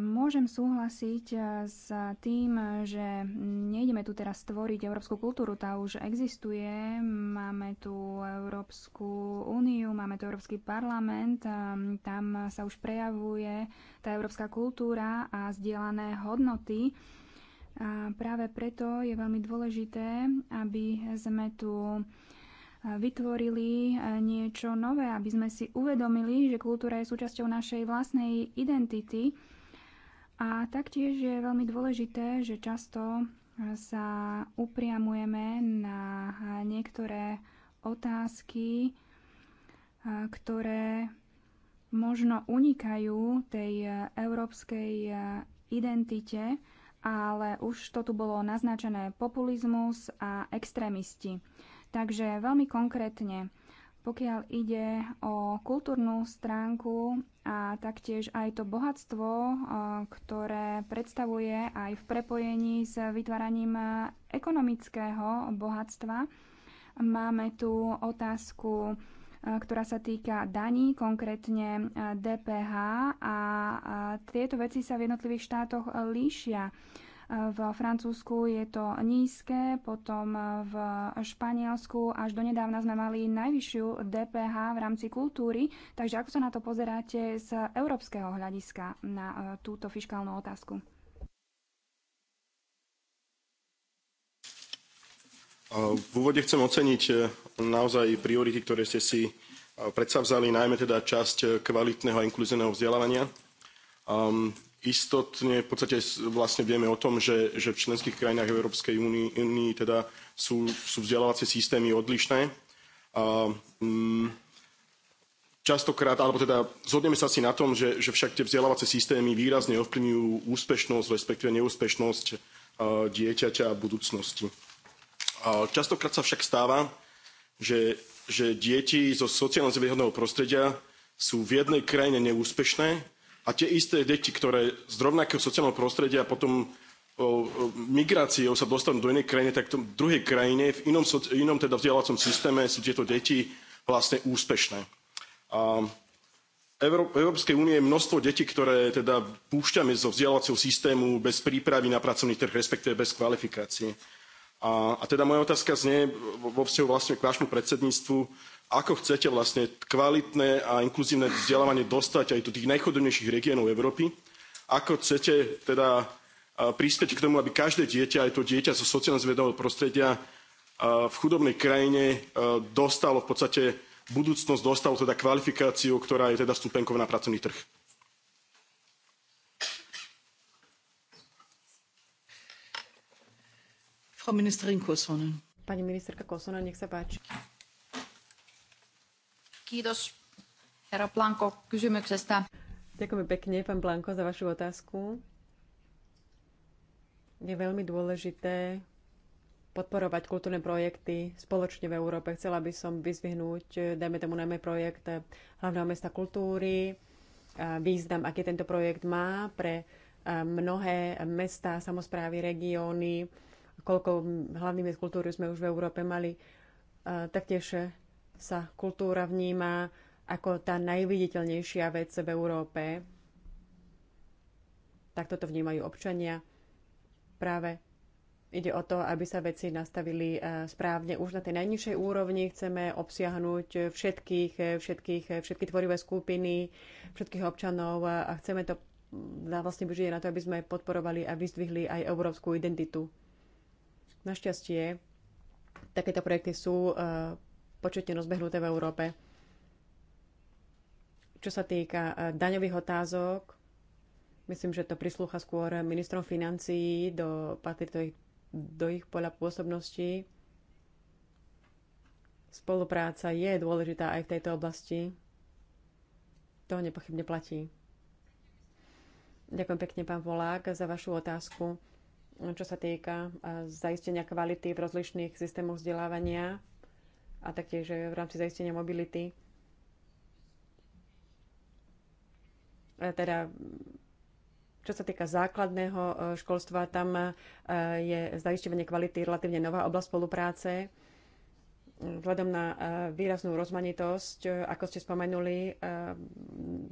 Môžem súhlasiť e, s tým, že nejdeme tu teraz stvoriť európsku kultúru, tá už existuje. Máme tu Európsku úniu, máme tu Európsky parlament, e, tam sa už prejavuje tá európska kultúra a zdieľané hodnoty. A práve preto je veľmi dôležité, aby sme tu e, vytvorili niečo nové, aby sme si uvedomili, že kultúra je súčasťou našej vlastnej identity a taktiež je veľmi dôležité, že často sa upriamujeme na niektoré otázky, ktoré možno unikajú tej európskej identite, ale už to tu bolo naznačené populizmus a extrémisti. Takže veľmi konkrétne, pokiaľ ide o kultúrnu stránku a taktiež aj to bohatstvo, ktoré predstavuje aj v prepojení s vytváraním ekonomického bohatstva. Máme tu otázku, ktorá sa týka daní, konkrétne DPH a tieto veci sa v jednotlivých štátoch líšia. V Francúzsku je to nízke, potom v Španielsku až donedávna sme mali najvyššiu DPH v rámci kultúry. Takže ako sa na to pozeráte z európskeho hľadiska na e, túto fiskálnu otázku? V úvode chcem oceniť e, naozaj priority, ktoré ste si e, predsavzali, najmä teda časť kvalitného a inkluzívneho vzdelávania istotne v podstate vlastne vieme o tom, že, že v členských krajinách Európskej únii teda sú, sú vzdelávacie systémy odlišné. A, mm, častokrát, alebo teda zhodneme sa si na tom, že, že však tie vzdelávacie systémy výrazne ovplyvňujú úspešnosť, respektíve neúspešnosť a, dieťaťa v budúcnosti. A, častokrát sa však stáva, že, že deti zo sociálne zvýhodného prostredia sú v jednej krajine neúspešné a tie isté deti, ktoré z rovnakého sociálneho prostredia potom migráciou sa dostanú do inej krajiny, tak v tom druhej krajine, v inom, inom teda vzdelávacom systéme sú tieto deti vlastne úspešné. A Európskej únie je množstvo detí, ktoré teda púšťame zo vzdelávacieho systému bez prípravy na pracovný trh, respektíve bez kvalifikácie. A, a teda moja otázka znie vo vzťahu vlastne k vášmu predsedníctvu, ako chcete vlastne kvalitné a inkluzívne vzdelávanie dostať aj do tých najchodobnejších regiónov Európy, ako chcete teda prispieť k tomu, aby každé dieťa, aj to dieťa zo sociálne zvedového prostredia v chudobnej krajine dostalo v podstate budúcnosť, dostalo teda kvalifikáciu, ktorá je teda stupenkov na pracovný trh. Frau Ministerin Kosonen. Pani ministerka Kosona, nech sa páči. Kiitos, herra Blanko, kysymyksestä. Ďakujem pekne, pán Blanko, za vašu otázku. Je veľmi dôležité podporovať kultúrne projekty spoločne v Európe. Chcela by som vyzvihnúť, dajme tomu najmä projekt hlavného mesta kultúry, význam, aký tento projekt má pre mnohé mesta, samozprávy, regióny koľko hlavný miest kultúry sme už v Európe mali. Taktiež sa kultúra vníma ako tá najviditeľnejšia vec v Európe. Takto to vnímajú občania. Práve ide o to, aby sa veci nastavili e, správne. Už na tej najnižšej úrovni chceme obsiahnuť všetkých, všetkých, všetky tvorivé skupiny, všetkých občanov a chceme to vlastne využiť na to, aby sme podporovali a vyzdvihli aj európsku identitu. Našťastie, takéto projekty sú e, početne rozbehnuté v Európe. Čo sa týka e, daňových otázok, myslím, že to prislúcha skôr ministrom financií, do, patrí to ich, do ich poľa pôsobnosti. Spolupráca je dôležitá aj v tejto oblasti. To nepochybne platí. Ďakujem pekne, pán Volák, za vašu otázku čo sa týka zaistenia kvality v rozlišných systémoch vzdelávania a taktiež e, v rámci zaistenia mobility. E, teda, čo sa týka základného e, školstva, tam je zaistenie kvality relatívne nová oblasť spolupráce vzhľadom na e, výraznú rozmanitosť, e, ako ste spomenuli, e,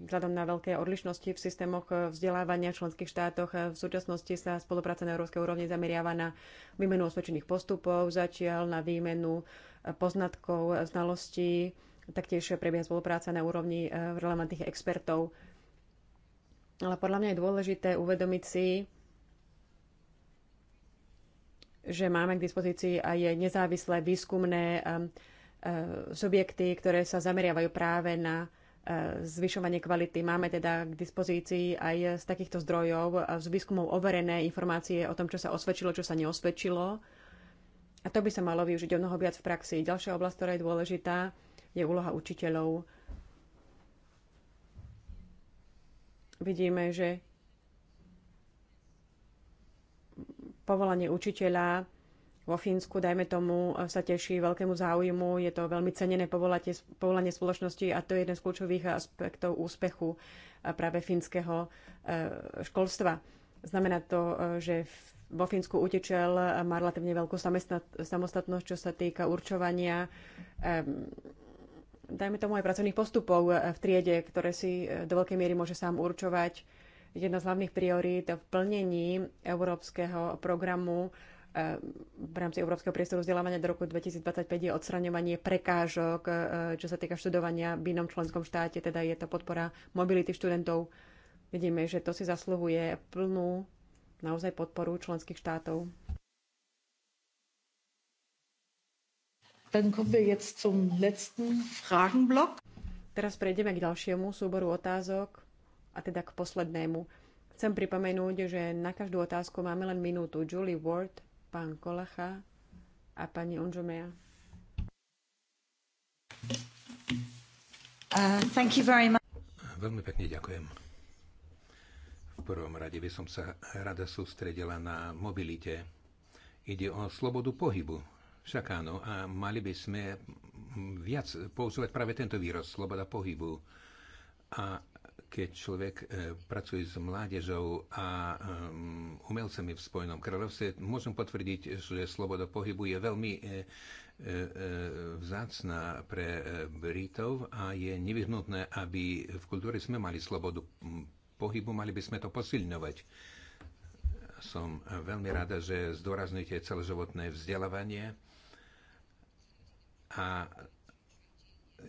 vzhľadom na veľké odlišnosti v systémoch vzdelávania v členských štátoch, v súčasnosti sa spolupráca na európskej úrovni zameriava na výmenu osvedčených postupov, zatiaľ na výmenu poznatkov, znalostí, taktiež prebieha spolupráca na úrovni relevantných expertov. Ale podľa mňa je dôležité uvedomiť si, že máme k dispozícii aj nezávislé výskumné um, uh, subjekty, ktoré sa zameriavajú práve na uh, zvyšovanie kvality. Máme teda k dispozícii aj z takýchto zdrojov uh, z výskumov overené informácie o tom, čo sa osvedčilo, čo sa neosvedčilo. A to by sa malo využiť o mnoho viac v praxi. Ďalšia oblasť, ktorá je dôležitá, je úloha učiteľov. Vidíme, že povolanie učiteľa vo Fínsku, dajme tomu, sa teší veľkému záujmu. Je to veľmi cenené povolanie, povolanie spoločnosti a to je jeden z kľúčových aspektov úspechu eh, práve fínskeho eh, školstva. Znamená to, eh, že vo Fínsku utečel má relatívne veľkú samostatnosť, čo sa týka určovania ehm, dajme tomu aj pracovných postupov v triede, ktoré si do veľkej miery môže sám určovať jedna z hlavných priorít v plnení európskeho programu eh, v rámci Európskeho priestoru vzdelávania do roku 2025 je odstraňovanie prekážok, eh, čo sa týka študovania v inom členskom štáte, teda je to podpora mobility študentov. Vidíme, že to si zasluhuje plnú naozaj podporu členských štátov. Dann kommen wir jetzt zum letzten Fragenblock. Teraz prejdeme k ďalšiemu súboru otázok. A teda k poslednému. Chcem pripomenúť, že na každú otázku máme len minútu. Julie Ward, pán Kolacha a pani Onžomea. Uh, thank you very much. Veľmi pekne ďakujem. V prvom rade by som sa rada sústredila na mobilite. Ide o slobodu pohybu. Však áno, a mali by sme viac používať práve tento výraz, sloboda pohybu. A keď človek e, pracuje s mládežou a e, umelcami v Spojenom kráľovstve, môžem potvrdiť, že sloboda pohybu je veľmi e, vzácna pre Britov a je nevyhnutné, aby v kultúre sme mali slobodu pohybu, mali by sme to posilňovať. Som veľmi rada, že zdôrazňujete celoživotné vzdelávanie a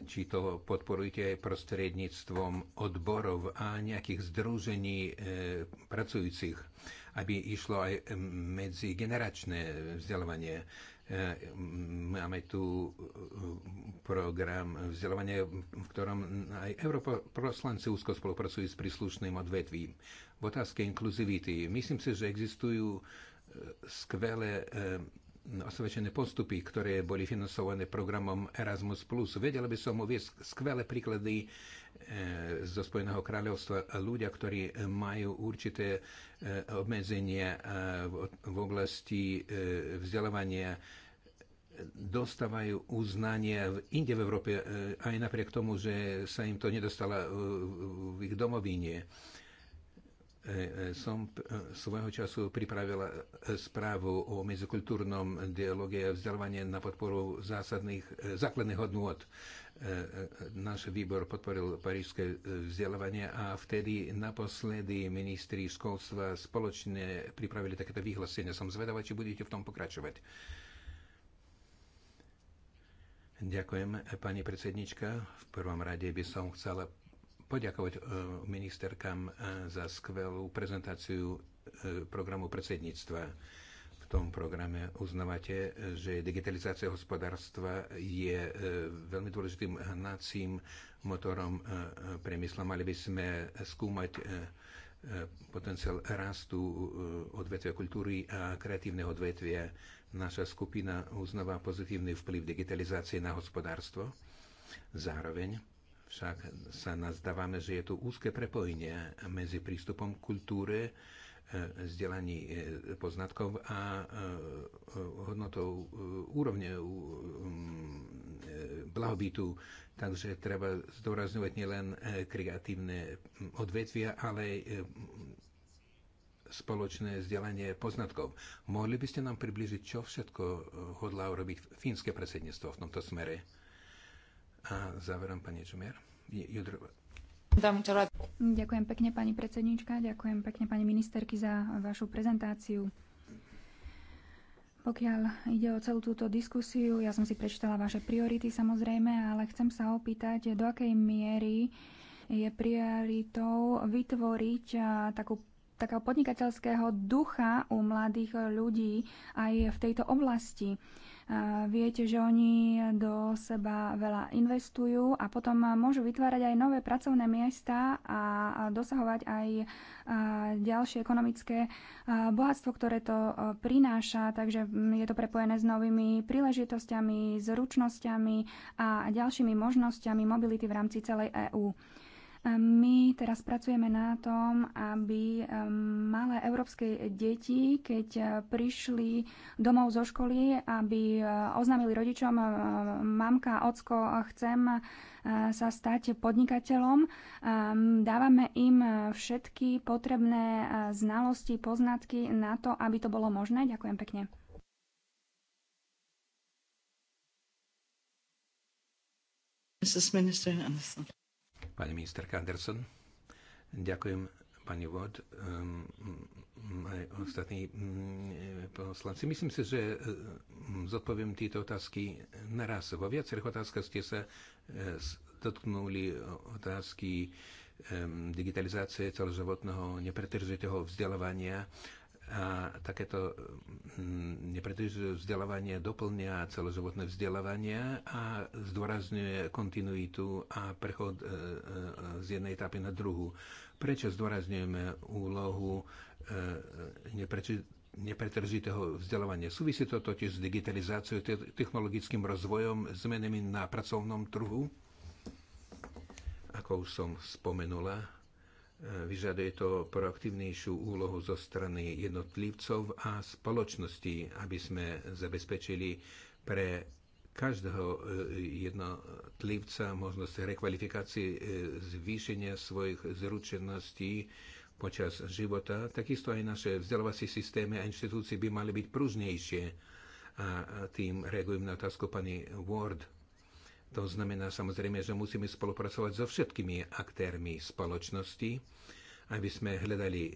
či to podporujete aj prostredníctvom odborov a nejakých združení e, pracujúcich, aby išlo aj medzigeneračné vzdelávanie. E, Máme tu e, program vzdelávania, v ktorom aj europoslanci úzko spolupracujú s príslušným odvetvím. V otázke inkluzivity myslím si, že existujú e, skvelé e, osvedčené postupy, ktoré boli financované programom Erasmus+. Vedela by som uviezť skvelé príklady e, zo Spojeného kráľovstva. Ľudia, ktorí majú určité e, obmedzenie v oblasti e, vzdelávania, dostávajú uznanie v inde v Európe, aj napriek tomu, že sa im to nedostalo v ich domovine E, e, som e, svojho času pripravila správu o medzikultúrnom dialoge a vzdelávanie na podporu zásadných, základných hodnôt. Náš výbor podporil parížske vzdelávanie a vtedy naposledy ministri školstva spoločne pripravili takéto vyhlásenie. Som zvedavá, či budete v tom pokračovať. Ďakujem, pani predsednička. V prvom rade by som chcela poďakovať e, ministerkám e, za skvelú prezentáciu e, programu predsedníctva. V tom programe uznávate, že digitalizácia hospodárstva je veľmi dôležitým hnacím motorom priemysla. Mali by sme skúmať potenciál rastu odvetvia kultúry a kreatívneho odvetvia. Naša skupina uznáva pozitívny vplyv digitalizácie na hospodárstvo. Zároveň však sa nazdávame, že je tu úzke prepojenie medzi prístupom k kultúre, e, vzdelaní e, poznatkov a e, hodnotou úrovne blahobytu. Takže treba zdôrazňovať nielen kreatívne odvetvia, ale aj spoločné vzdelanie poznatkov. Mohli by ste nám približiť, čo všetko hodlá urobiť fínske predsedníctvo v tomto smere? A záverom pani Žumier. Judrova. Ďakujem pekne, pani predsednička. Ďakujem pekne, pani ministerky, za vašu prezentáciu. Pokiaľ ide o celú túto diskusiu, ja som si prečítala vaše priority samozrejme, ale chcem sa opýtať, do akej miery je prioritou vytvoriť takú takého podnikateľského ducha u mladých ľudí aj v tejto oblasti. Viete, že oni do seba veľa investujú a potom môžu vytvárať aj nové pracovné miesta a dosahovať aj ďalšie ekonomické bohatstvo, ktoré to prináša. Takže je to prepojené s novými príležitosťami, zručnosťami a ďalšími možnosťami mobility v rámci celej EÚ. My teraz pracujeme na tom, aby ehm, malé európske deti, keď eh, prišli domov zo školy, aby eh, oznámili rodičom, eh, mamka, ocko, chcem sa stať podnikateľom. Ehm, dávame im všetky potrebné znalosti, poznatky na to, aby to bolo možné. Ďakujem pekne. Mrs. Minister Anderson pani ministerka Anderson. Ďakujem pani Vod, ehm, aj ostatní poslanci. Myslím si, že ehm, zodpoviem tieto otázky naraz. Vo viacerých otázkach ste sa e, dotknuli otázky ehm, digitalizácie celoživotného nepretržitého vzdelávania takéto mm, nepretržité vzdelávanie doplňa celoživotné vzdelávanie a zdôrazňuje kontinuitu a prechod e, e, z jednej etapy na druhú. Prečo zdôrazňujeme úlohu e, nepretržitého vzdelávania? Súvisí to totiž s digitalizáciou, technologickým rozvojom, zmenami na pracovnom trhu? Ako už som spomenula, Vyžaduje to proaktívnejšiu úlohu zo strany jednotlivcov a spoločnosti, aby sme zabezpečili pre každého e, jednotlivca možnosť rekvalifikácie, e, zvýšenia svojich zručeností počas života. Takisto aj naše vzdelávacie systémy a inštitúcie by mali byť pružnejšie. A tým reagujem na otázku pani Ward to znamená samozrejme, že musíme spolupracovať so všetkými aktérmi spoločnosti, aby sme hľadali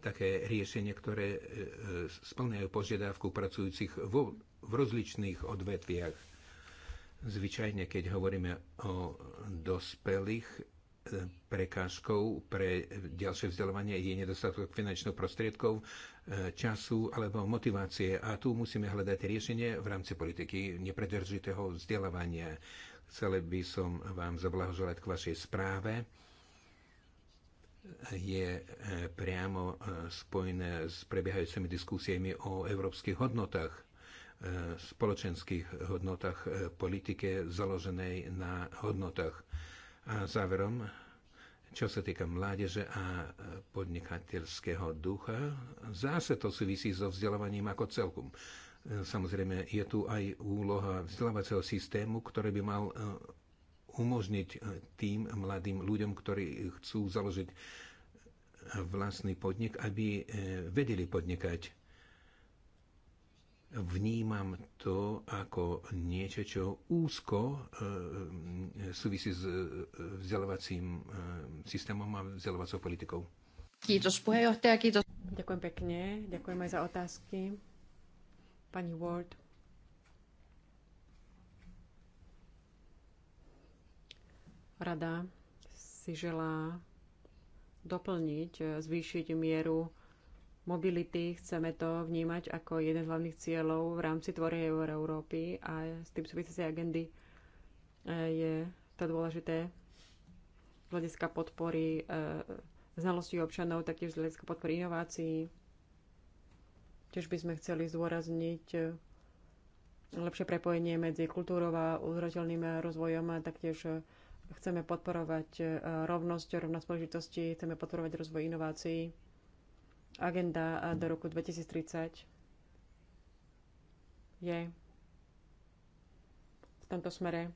také riešenie, ktoré e, e, splňajú požiadavku pracujúcich vo, v rozličných odvetviach. Zvyčajne, keď hovoríme o dospelých, prekážkou pre ďalšie vzdelávanie je nedostatok finančných prostriedkov, e, času alebo motivácie. A tu musíme hľadať riešenie v rámci politiky nepredržitého vzdelávania. Chcel by som vám zablahoželať k vašej správe je e, priamo e, spojené s prebiehajúcimi diskusiami o európskych hodnotách, spoločenských hodnotách, politike založenej na hodnotách. A záverom, čo sa týka mládeže a podnikateľského ducha, zase to súvisí so vzdelávaním ako celkom. Samozrejme, je tu aj úloha vzdelávacieho systému, ktorý by mal e, umožniť e, tým mladým ľuďom, ktorí chcú založiť e, vlastný podnik, aby vedeli podnikať vnímam to ako niečo, čo úzko eh, súvisí s eh, vzdelávacím eh, systémom a vzdelávacou politikou. Kiitos puheenjohtaja, kiitos. Ďakujem pekne, ďakujem aj za otázky. Pani Ward. Rada si želá doplniť, zvýšiť mieru mobility. Chceme to vnímať ako jeden z hlavných cieľov v rámci tvorenia Európy a s tým súvisiacej agendy e, je to dôležité z hľadiska podpory e, znalostí občanov, taktiež z hľadiska podpory inovácií. Tiež by sme chceli zdôrazniť e, lepšie prepojenie medzi kultúrou a udržateľným rozvojom a taktiež chceme podporovať rovnosť, rovnosť príležitosti, chceme podporovať rozvoj inovácií agenda do roku 2030 je v tomto smere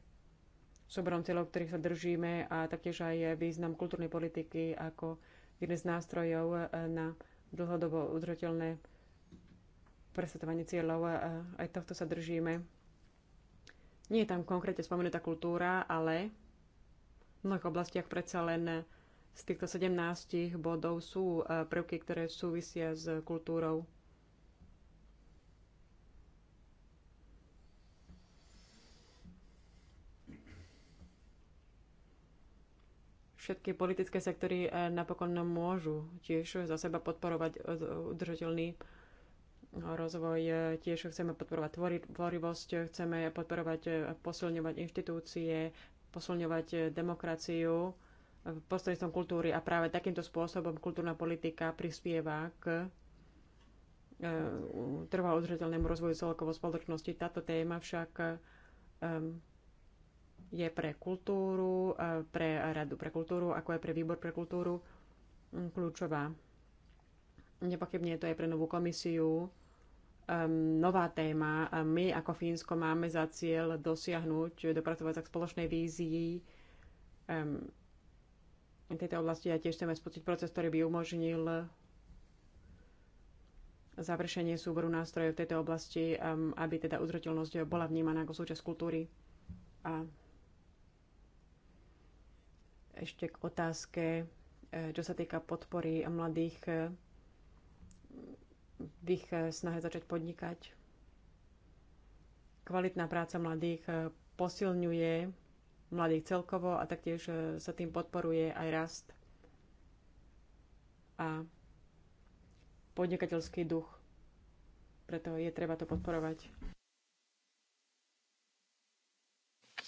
súborom cieľov, ktorých sa držíme a taktiež aj význam kultúrnej politiky ako jeden z nástrojov e, na dlhodobo udržateľné presetovanie cieľov. E, aj tohto sa držíme. Nie je tam konkrétne spomenutá kultúra, ale v mnohých oblastiach predsa len z týchto 17 bodov sú e, prvky, ktoré súvisia s kultúrou. Všetky politické sektory e, napokon môžu tiež za seba podporovať e, udržateľný rozvoj. Tiež chceme podporovať tvorivosť, chceme podporovať, posilňovať inštitúcie, posilňovať demokraciu prostredníctvom kultúry a práve takýmto spôsobom kultúrna politika prispieva k e, trvá udržateľnému rozvoju celkovo spoločnosti. Táto téma však e, je pre kultúru, e, pre Radu pre kultúru, ako aj pre Výbor pre kultúru kľúčová. Nepochybne je to aj pre novú komisiu nová téma. My ako Fínsko máme za cieľ dosiahnuť, dopracovať sa k spoločnej vízii v tejto oblasti a tiež chceme spustiť proces, ktorý by umožnil završenie súboru nástrojov v tejto oblasti, um, aby teda udržateľnosť bola vnímaná ako súčasť kultúry. A ešte k otázke, eh, čo sa týka podpory mladých eh, v ich eh, snahe začať podnikať. Kvalitná práca mladých posilňuje mladých celkovo a taktiež e, sa tým podporuje aj rast a podnikateľský duch. Preto je treba to podporovať.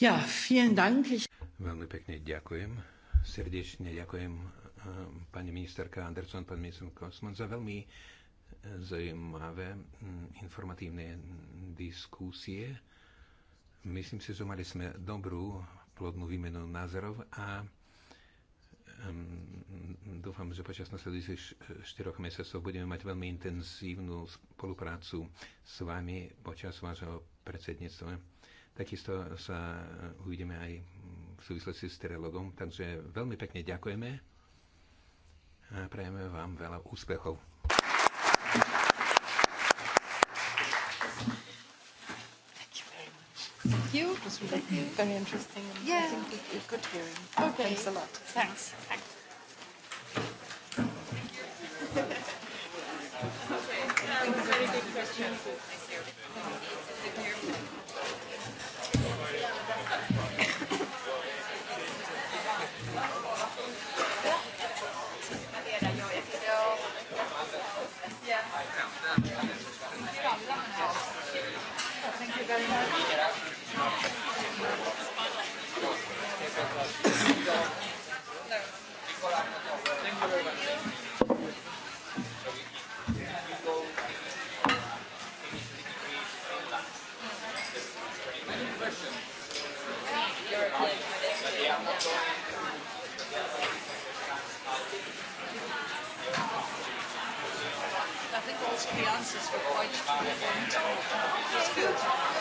Ja, vielen Dank. Veľmi pekne ďakujem. Srdečne ďakujem e, pani ministerka Anderson, pán minister Kosman za veľmi e, zaujímavé informatívne diskusie. Myslím si, že mali sme dobrú plodnú výmenu názorov a dúfam, že počas nasledujúcich štyroch mesiacov budeme mať veľmi intenzívnu spoluprácu s vami počas vášho predsedníctva. Takisto sa uvidíme aj v súvislosti s trilogom, takže veľmi pekne ďakujeme a prajeme vám veľa úspechov. thank you. It was really very interesting. And yeah. I think it, it good hearing. Okay. Thanks a lot. Thanks. Thanks. Thank you very much. I think also the answers were quite to It's good.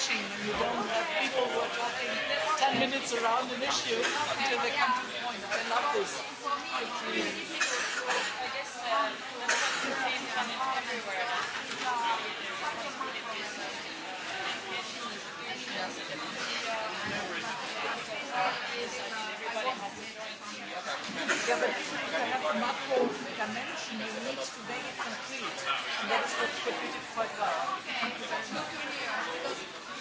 refreshing when you don't have people who are talking 10 minutes around an issue until they come to the point. I love this. I guess Yeah, but to have a macro dimension, you need to make it complete. And that's what we did quite well. Okay.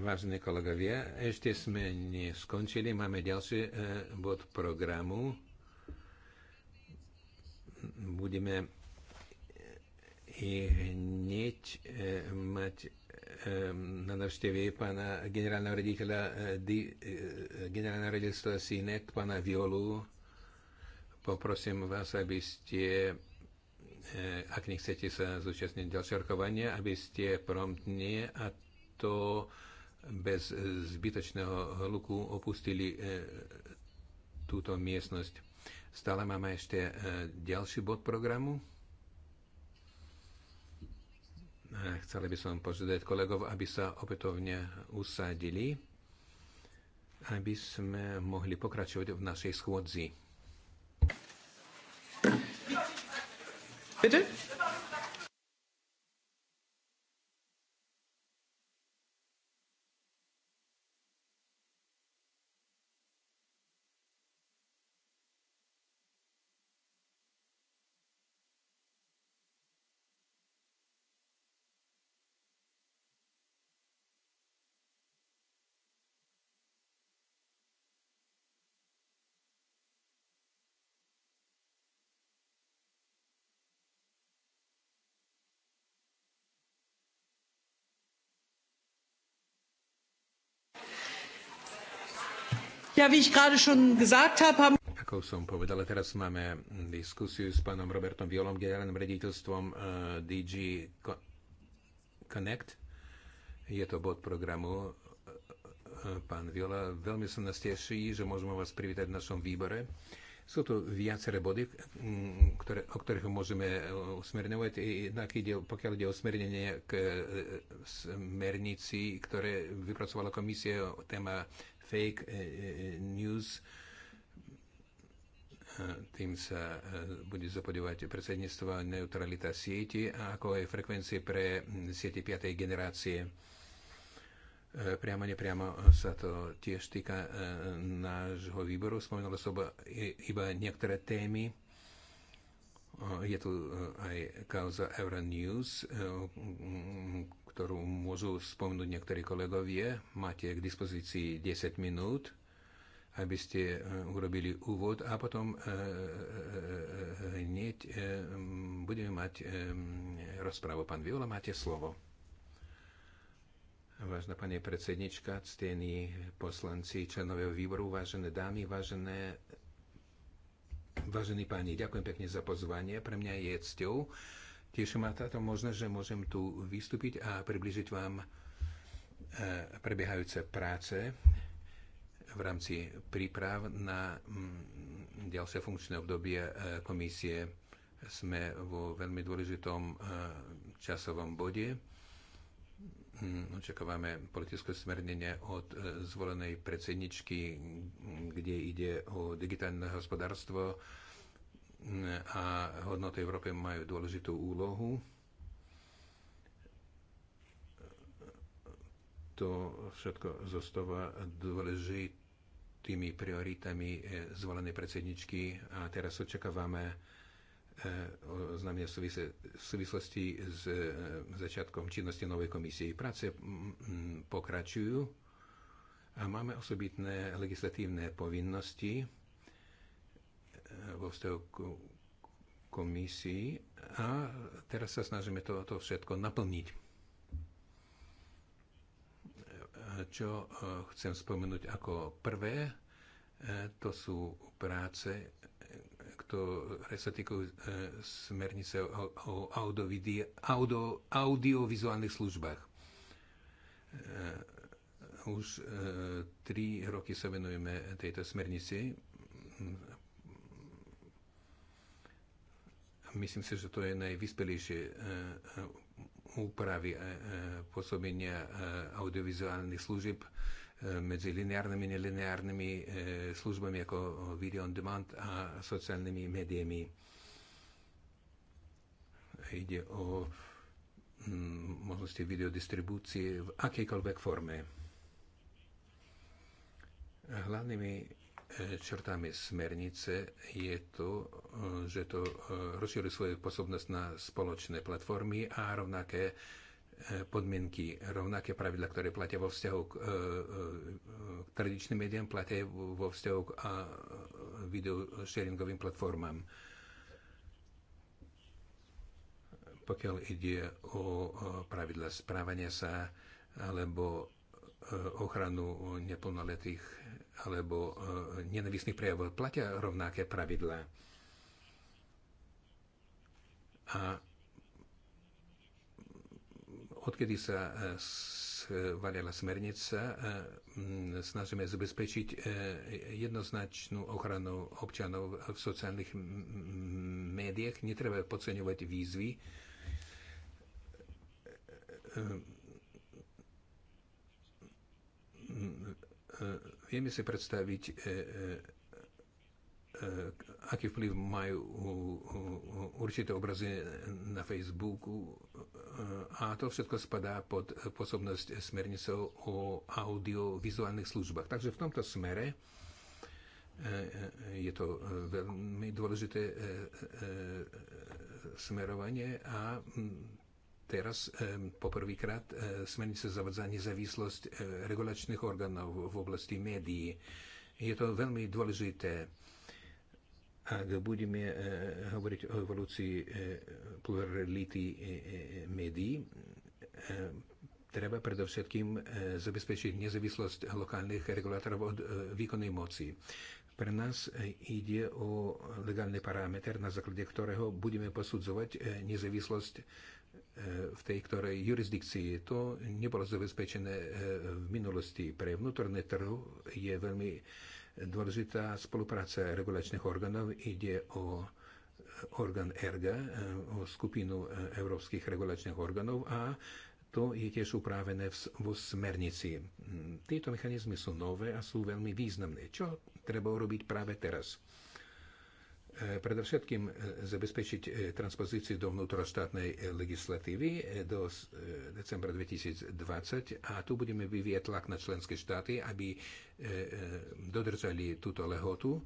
Vážení kolegovia, ešte sme neskončili. Máme ďalší e, bod programu. Budeme hneď e, mať e, na návšteve pána generálneho rediteľa generálneho rediteľstva SINET, pána Violu. Poprosím vás, aby ste ak nechcete sa zúčastniť ďalšie rokovania, aby ste promptne a to bez eh, zbytočného hluku opustili eh, túto miestnosť. Stále máme ešte eh, ďalší bod programu. Chceli by som požiadať kolegov, aby sa opätovne usadili, aby sme mohli pokračovať v našej schôdzi. Bitte? Ja, wie ich gerade schon gesagt habe, haben ako som povedala, teraz máme diskusiu s pánom Robertom Violom, generálnym rediteľstvom eh, DG Connect. Je to bod programu. Eh, eh, pán Viola, veľmi som nás teší, že môžeme vás privítať v našom výbore. Sú tu viaceré body, ktoré, o ktorých môžeme usmerňovať. Jednak ide, pokiaľ ide o smernenie k smernici, ktoré vypracovala komisia, téma fake eh, eh, eh, news. Tým sa bude zapodívať predsedníctvo neutralita sieti a ako aj frekvencie pre hm, siete 5. generácie. Priamo, nepriamo sa to tiež týka nášho výboru. Spomenula som iba niektoré témy. Je tu aj kauza Euronews, ktorú môžu spomenúť niektorí kolegovie. Máte k dispozícii 10 minút, aby ste e, urobili úvod a potom e, e, hneď budeme mať rozprávu. Pán Viola, máte slovo. Vážna pani predsednička, ctení poslanci, členového výboru, vážené dámy, vážené Vážení páni, ďakujem pekne za pozvanie. Pre mňa je cťou Teší ma táto možnosť, že môžem tu vystúpiť a približiť vám e, prebiehajúce práce v rámci príprav na mm, ďalšie funkčné obdobie e, komisie. Sme vo veľmi dôležitom e, časovom bode. Mm, očakávame politické smernenie od zvolenej predsedničky, kde ide o digitálne hospodárstvo, a hodnoty Európe majú dôležitú úlohu. To všetko zostáva dôležitými prioritami e, zvolenej predsedničky a teraz očakávame e, oznámenie v súvislosti s e, začiatkom činnosti novej komisie. Práce pokračujú a máme osobitné legislatívne povinnosti vo vzťahu k komisii a teraz sa snažíme to, to všetko naplniť. Čo e, chcem spomenúť ako prvé, e, to sú práce, ktoré sa týkajú e, smernice o audio, audiovizuálnych službách. Už tri roky sa venujeme tejto smernici Myslím si, že to je najvyspelejšie e, e, úpravy e, pôsobenia audiovizuálnych služieb medzi lineárnymi a nelineárnymi službami ako video on demand a sociálnymi médiami. Ide o mm, možnosti videodistribúcie v akejkoľvek forme. Hlavnými črtami smernice je to, že to e, rozšíri svoju pôsobnosť na spoločné platformy a rovnaké e, podmienky, rovnaké pravidla, ktoré platia vo vzťahu k, e, k tradičným médiám, platia vo vzťahu k video sharingovým platformám. Pokiaľ ide o pravidla správania sa alebo ochranu neplnoletých alebo e, nenavistných prejavov platia rovnaké pravidlá. A odkedy sa e, schválila smernica, e, snažíme zabezpečiť jednoznačnú ochranu občanov v sociálnych médiách. Netreba podceňovať výzvy. Uh, Vieme si predstaviť, e, e, e, aký vplyv majú určité obrazy na Facebooku a to všetko spadá pod pôsobnosť smernicov o audiovizuálnych službách. Takže v tomto smere je to veľmi dôležité smerovanie a teraz eh, poprvýkrát eh, smernica zavádza nezávislosť eh, regulačných orgánov v oblasti médií. Je to veľmi dôležité. Ak budeme hovoriť o evolúcii plurality médií, treba predovšetkým zabezpečiť nezávislosť lokálnych regulátorov od výkonnej moci. Pre nás ide o legálny parameter, na základe ktorého budeme posudzovať nezávislosť v tej ktorej jurisdikcii. To nebolo zabezpečené eh, v minulosti. Pre vnútorné trhu je veľmi dôležitá spolupráca regulačných orgánov. Ide o eh, orgán ERGA, eh, o skupinu európskych regulačných orgánov a to je tiež upravené vo smernici. Hm, tieto mechanizmy sú nové a sú veľmi významné. Čo treba urobiť práve teraz? E, predovšetkým e, zabezpečiť e, transpozíciu do vnútroštátnej legislatívy do decembra 2020 a tu budeme vyvieť tlak na členské štáty, aby dodržali túto lehotu.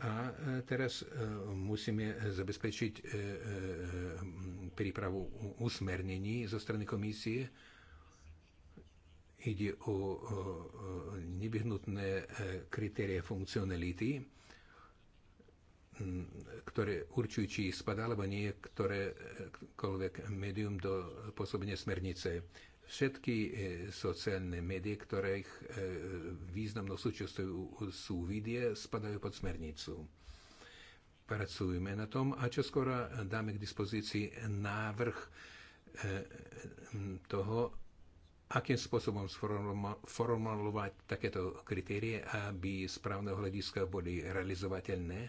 A teraz musíme zabezpečiť prípravu usmernení zo strany komisie. Ide o nevyhnutné kritérie funkcionality ktoré určujú, či ich spadá alebo nie e, ktorékoľvek médium do pôsobenia smernice. Všetky e, sociálne médie, ktorých e, významnou súčasťou sú vidie, spadajú pod smernicu. Pracujeme na tom a čoskoro dáme k dispozícii návrh toho, akým spôsobom sformulovať takéto kritérie, aby správne hľadiska boli realizovateľné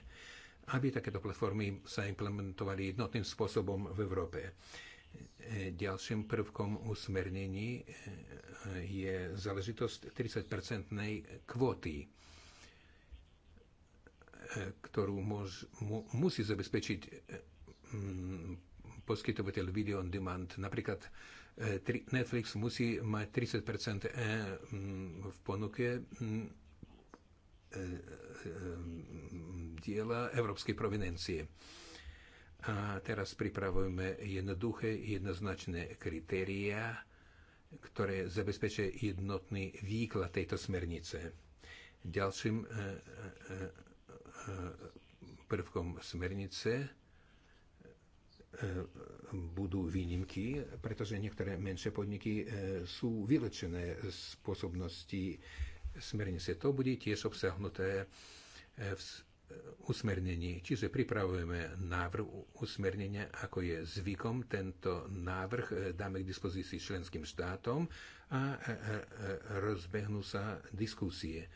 aby takéto platformy sa implementovali jednotným spôsobom v Európe. Ďalším prvkom usmernení eh, je záležitosť 30-percentnej kvóty, eh, ktorú môž, mu, musí zabezpečiť eh, mm, poskytovateľ video on demand. Napríklad Netflix musí mať 30 mm, v ponuke mm, E, e, e, diela európskej provenencie. A teraz pripravujeme jednoduché, jednoznačné kritéria, ktoré zabezpečia jednotný výklad tejto smernice. Ďalším prvkom smernice budú výnimky, pretože niektoré menšie podniky sú vylečené z pôsobnosti smernice. To bude tiež obsahnuté e, v e, usmernení, čiže pripravujeme návrh usmernenia, ako je zvykom. Tento návrh e, dáme k dispozícii členským štátom a rozbehnú sa diskusie.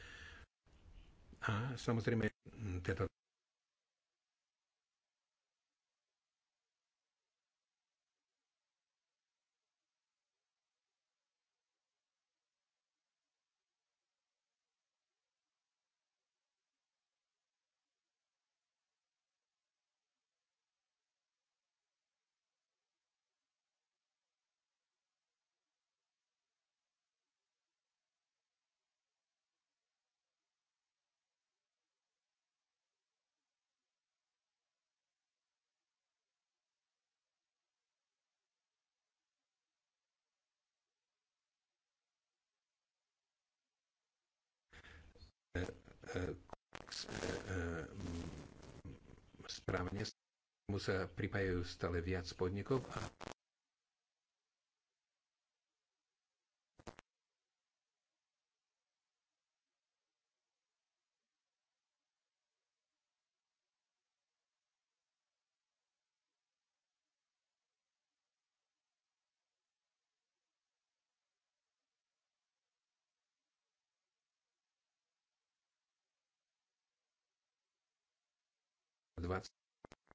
A samozrejme, tento správne sa pripájajú stále viac podnikov a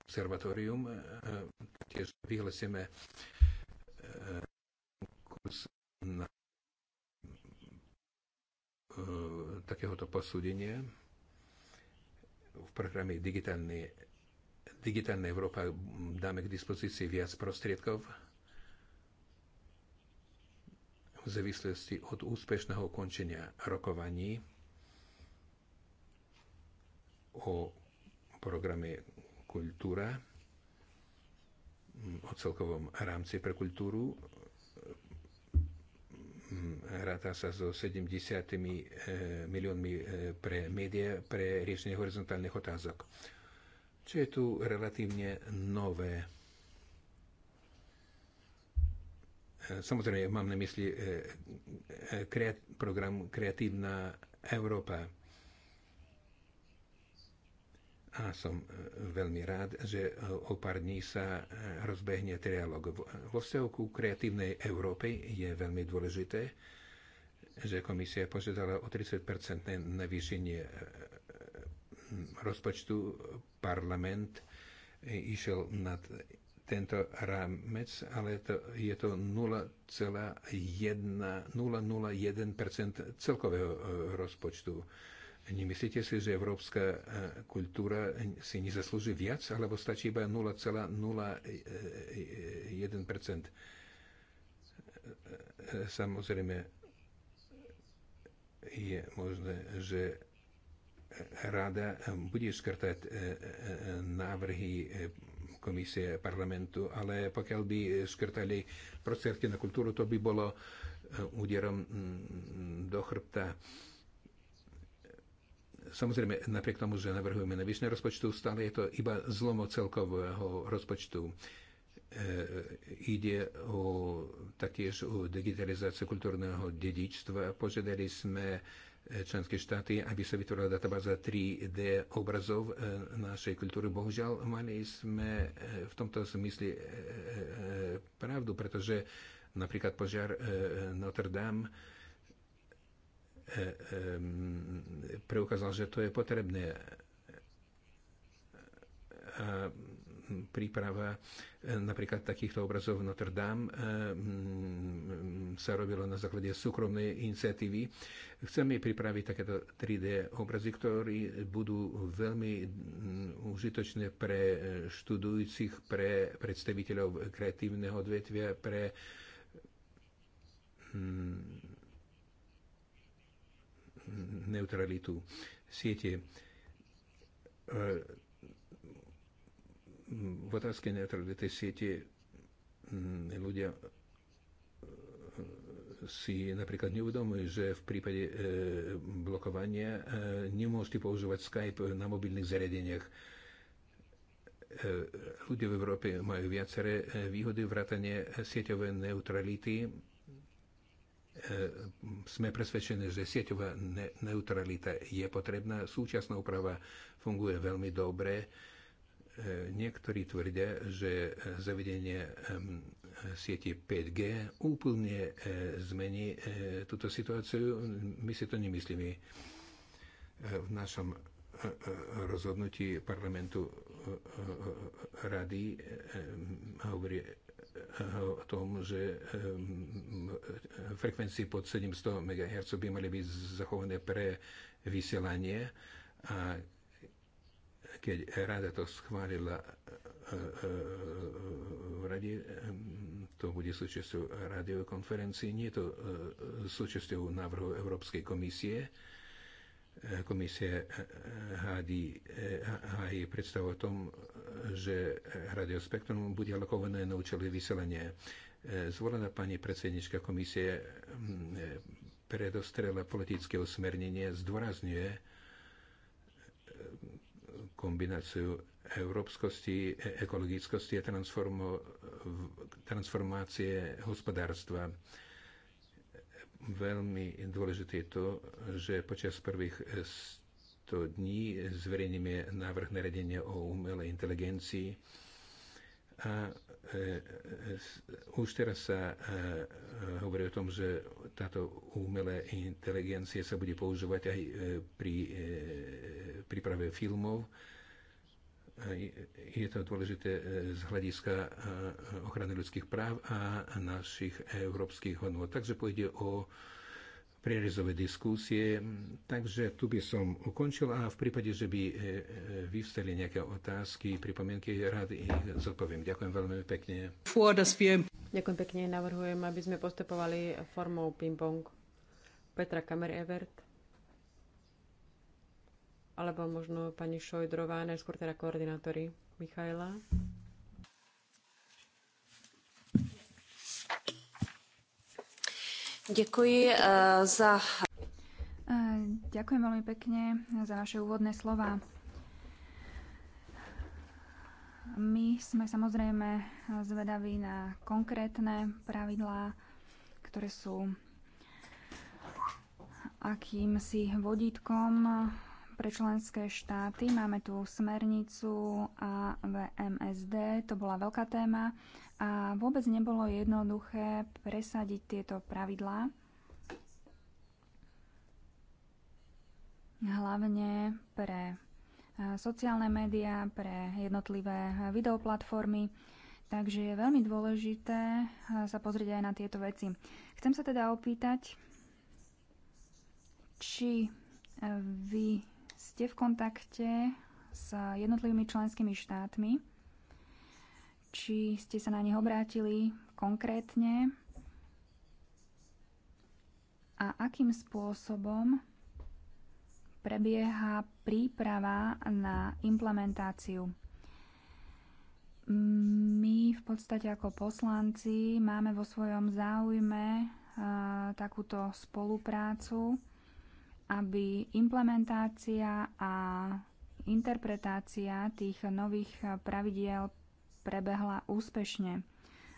observatórium. E, e, tiež vyhlasíme e, kurz na takéhoto posúdenia v programe Digitálne, Digitálna Európa dáme k dispozícii viac prostriedkov v závislosti od úspešného ukončenia rokovaní o programe kultúra mm, o celkovom rámci pre kultúru mm, ráta sa so 70 eh, miliónmi eh, pre médiá pre riešenie horizontálnych otázok. Čo je tu relatívne nové? Eh, samozrejme, mám na mysli program Kreatívna Európa a som e, veľmi rád, že e, o pár dní sa e, rozbehne trialog. Vo vzťahu ku kreatívnej Európe je veľmi dôležité, že komisia požiadala o 30-percentné navýšenie rozpočtu. Parlament išiel nad tento rámec, ale to, je to 0,001% celkového rozpočtu Nemyslíte si, že európska e, kultúra si nezaslúži viac, alebo stačí iba 0,01%? E, e, samozrejme, je možné, že rada bude škrtať návrhy komisie parlamentu, ale pokiaľ by škrtali prostriedky na kultúru, to by bolo úderom do chrbta Samozrejme, napriek tomu, že navrhujeme navýšenie rozpočtu, stále je to iba zlomo celkového rozpočtu. E, ide o, taktiež o digitalizáciu kultúrneho dedičstva. Požiadali sme e, členské štáty, aby sa vytvorila databáza 3D obrazov e, našej kultúry. Bohužiaľ, mali sme e, v tomto zmysle pravdu, pretože napríklad požiar Notre Dame E, e, preukázal, že to je potrebné. E, príprava napríklad takýchto obrazov v Notre Dame sa robila na základe súkromnej iniciatívy. Chceme pripraviť takéto 3D obrazy, ktoré budú veľmi užitočné pre študujúcich, pre predstaviteľov kreatívneho odvetvia, pre neutralitu siete. E, v otázke neutrality siete mm, ľudia e, si napríklad neuvedomujú, že v prípade e, blokovania nemôžete používať Skype na mobilných zariadeniach. ľudia v Európe majú viaceré výhody vrátane sieťovej neutrality sme presvedčení, že sieťová neutralita je potrebná. Súčasná úprava funguje veľmi dobre. E, niektorí tvrdia, že e, zavedenie e, siete 5G úplne zmení túto situáciu. My si to nemyslíme. V našom rozhodnutí parlamentu rady hovorí Eh, o tom, že eh, frekvencie pod 700 MHz by mali byť zachované pre vysielanie a keď rada to schválila eh, v rade, to bude súčasťou radiokonferencie, nie je to súčasťou návrhu Európskej komisie, komisie hádi, hájí predstavu o tom, že radiospektrum bude alokované na účely vyselenia. Zvolená pani predsednička komisie predostrela politické usmernenie, zdôrazňuje kombináciu európskosti, ekologickosti a transformácie hospodárstva. Veľmi dôležité je to, že počas prvých 100 eh, dní zverejníme návrh naredenia o umelej inteligencii a eh, eh, už teraz sa hovorí o tom, že táto umelá inteligencia sa bude používať aj pri príprave filmov je to dôležité e, z hľadiska e, ochrany ľudských práv a našich európskych hodnot. Takže pôjde o prierezové diskusie. Takže tu by som ukončil a v prípade, že by e, vyvstali nejaké otázky, pripomienky, rád ich zodpoviem. Ďakujem veľmi pekne. Ďakujem pekne. Navrhujem, aby sme postupovali formou ping-pong. Petra Kamer-Evert alebo možno pani Šojdrová, najskôr teda koordinátori Michaela. Ďakujem eh, za... Eh, ďakujem veľmi pekne za vaše úvodné slova. My sme samozrejme zvedaví na konkrétne pravidlá, ktoré sú akýmsi vodítkom pre členské štáty. Máme tu smernicu a VMSD, to bola veľká téma a vôbec nebolo jednoduché presadiť tieto pravidlá. Hlavne pre eh, sociálne médiá, pre jednotlivé eh, videoplatformy. Takže je veľmi dôležité eh, sa pozrieť aj na tieto veci. Chcem sa teda opýtať, či vy ste v kontakte s jednotlivými členskými štátmi? Či ste sa na nich obrátili konkrétne? A akým spôsobom prebieha príprava na implementáciu? My v podstate ako poslanci máme vo svojom záujme takúto spoluprácu aby implementácia a interpretácia tých nových pravidiel prebehla úspešne,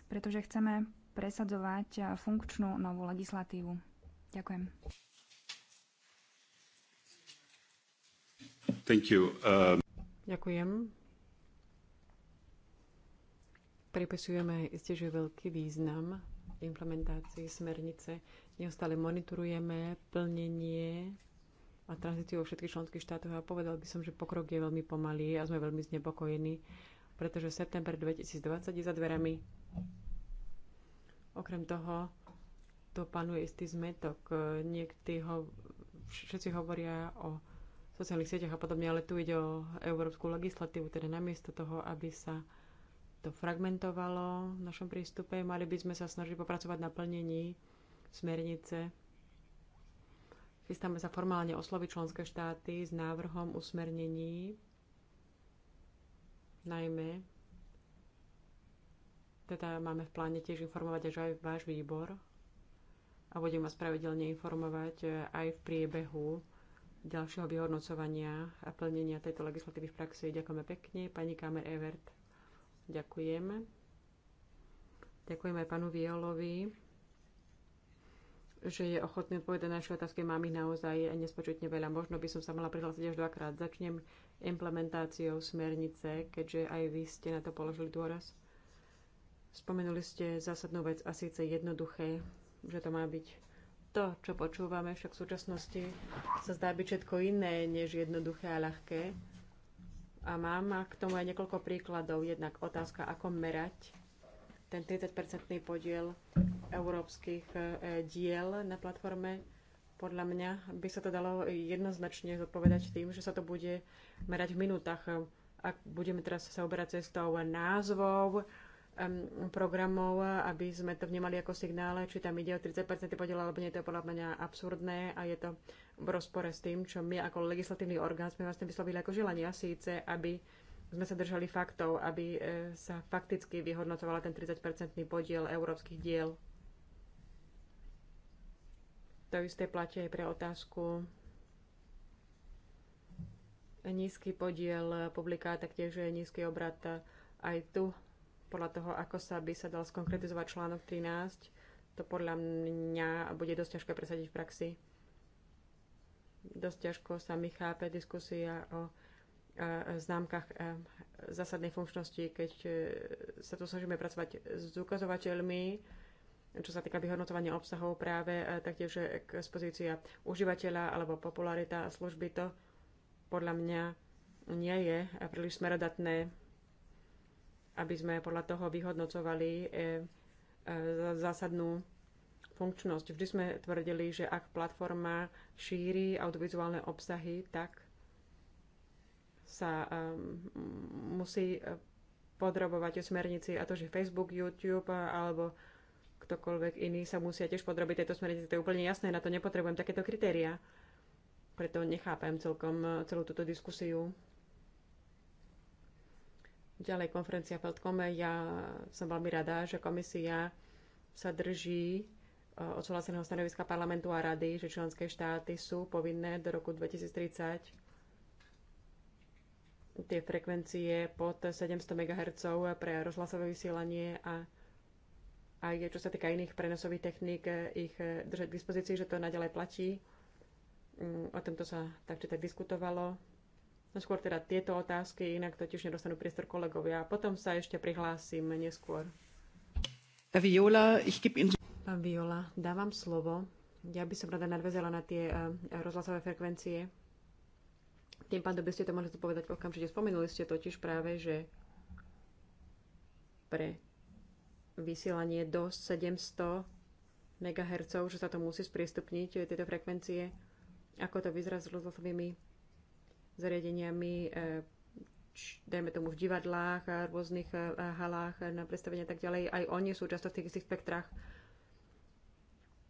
pretože chceme presadzovať funkčnú novú legislatívu. Ďakujem. Thank you. Um... Ďakujem. Pripisujeme isté, že veľký význam implementácii smernice Neustále monitorujeme plnenie a tranzíciu vo všetkých členských štátoch a povedal by som, že pokrok je veľmi pomalý a sme veľmi znepokojení, pretože september 2020 je za dverami. Okrem toho, to panuje istý zmetok. Niekdy ho, všetci hovoria o sociálnych sieťach a podobne, ale tu ide o európsku legislatívu, teda namiesto toho, aby sa to fragmentovalo v našom prístupe, mali by sme sa snažiť popracovať na plnení smernice. Chystáme sa formálne osloviť členské štáty s návrhom usmernení, najmä teda máme v pláne tiež informovať až aj váš výbor a budem vás pravidelne informovať aj v priebehu ďalšieho vyhodnocovania a plnenia tejto legislatívy v praxi. Ďakujeme pekne, pani Kamer Evert. Ďakujem. Ďakujem aj panu Violovi že je ochotný odpovedať na naše otázky. Mám ich naozaj nespočetne veľa. Možno by som sa mala prihlásiť až dvakrát. Začnem implementáciou smernice, keďže aj vy ste na to položili dôraz. Spomenuli ste zásadnú vec a síce jednoduché, že to má byť to, čo počúvame, však v súčasnosti sa zdá byť všetko iné, než jednoduché a ľahké. A mám k tomu aj niekoľko príkladov. Jednak otázka, ako merať ten 30-percentný podiel európskych e, diel na platforme. Podľa mňa by sa to dalo jednoznačne zodpovedať tým, že sa to bude merať v minútach. Ak budeme teraz sa oberať cestou názvov, programov, aby sme to vnímali ako signále, či tam ide o 30% podiel alebo nie, to je podľa mňa absurdné a je to v rozpore s tým, čo my ako legislatívny orgán sme vlastne vyslovili ako želania, síce aby sme sa držali faktov, aby e, sa fakticky vyhodnotovala ten 30-percentný podiel európskych diel. To isté platí aj pre otázku nízky podiel publiká, taktiež je nízky obrat aj tu, podľa toho, ako sa by sa dal skonkretizovať článok 13, to podľa mňa bude dosť ťažké presadiť v praxi. Dosť ťažko sa mi chápe diskusia o známkach zásadnej funkčnosti, keď e, sa tu snažíme pracovať s ukazovateľmi, čo sa týka vyhodnotovania obsahov práve, taktiež e, expozícia užívateľa alebo popularita služby, to podľa mňa nie je príliš smerodatné, aby sme podľa toho vyhodnocovali e, zásadnú funkčnosť. Vždy sme tvrdili, že ak platforma šíri audiovizuálne obsahy, tak sa ehm, musí e, podrobovať o smernici a to, že Facebook, YouTube alebo ktokoľvek iný sa musia tiež podrobiť tejto smernici, to je úplne jasné, na to nepotrebujem takéto kritéria. Preto nechápem celkom e, celú túto diskusiu. Ďalej konferencia Feldkome. Ja som veľmi rada, že komisia sa drží e, odsúhlaseného stanoviska parlamentu a rady, že členské štáty sú povinné do roku 2030 tie frekvencie pod 700 MHz pre rozhlasové vysielanie a aj čo sa týka iných prenosových techník, ich držať k dispozícii, že to naďalej platí. Mm, o tomto sa tak či tak diskutovalo. No skôr teda tieto otázky, inak totiž nedostanú priestor kolegovia. A potom sa ešte prihlásim neskôr. Viola, ich gebe Pán Viola, dávam slovo. Ja by som rada nadvezala na tie eh, rozhlasové frekvencie. Tým pádom by ste to mohli povedať okamžite. Spomenuli ste totiž práve, že pre vysielanie do 700 MHz, že sa to musí sprístupniť, eh, tieto frekvencie. Ako to vyzerá s rozhlasovými zariadeniami, eh, dajme tomu v divadlách, a eh, rôznych halách na predstavenia a tak ďalej. Aj oni sú často v tých istých spektrách.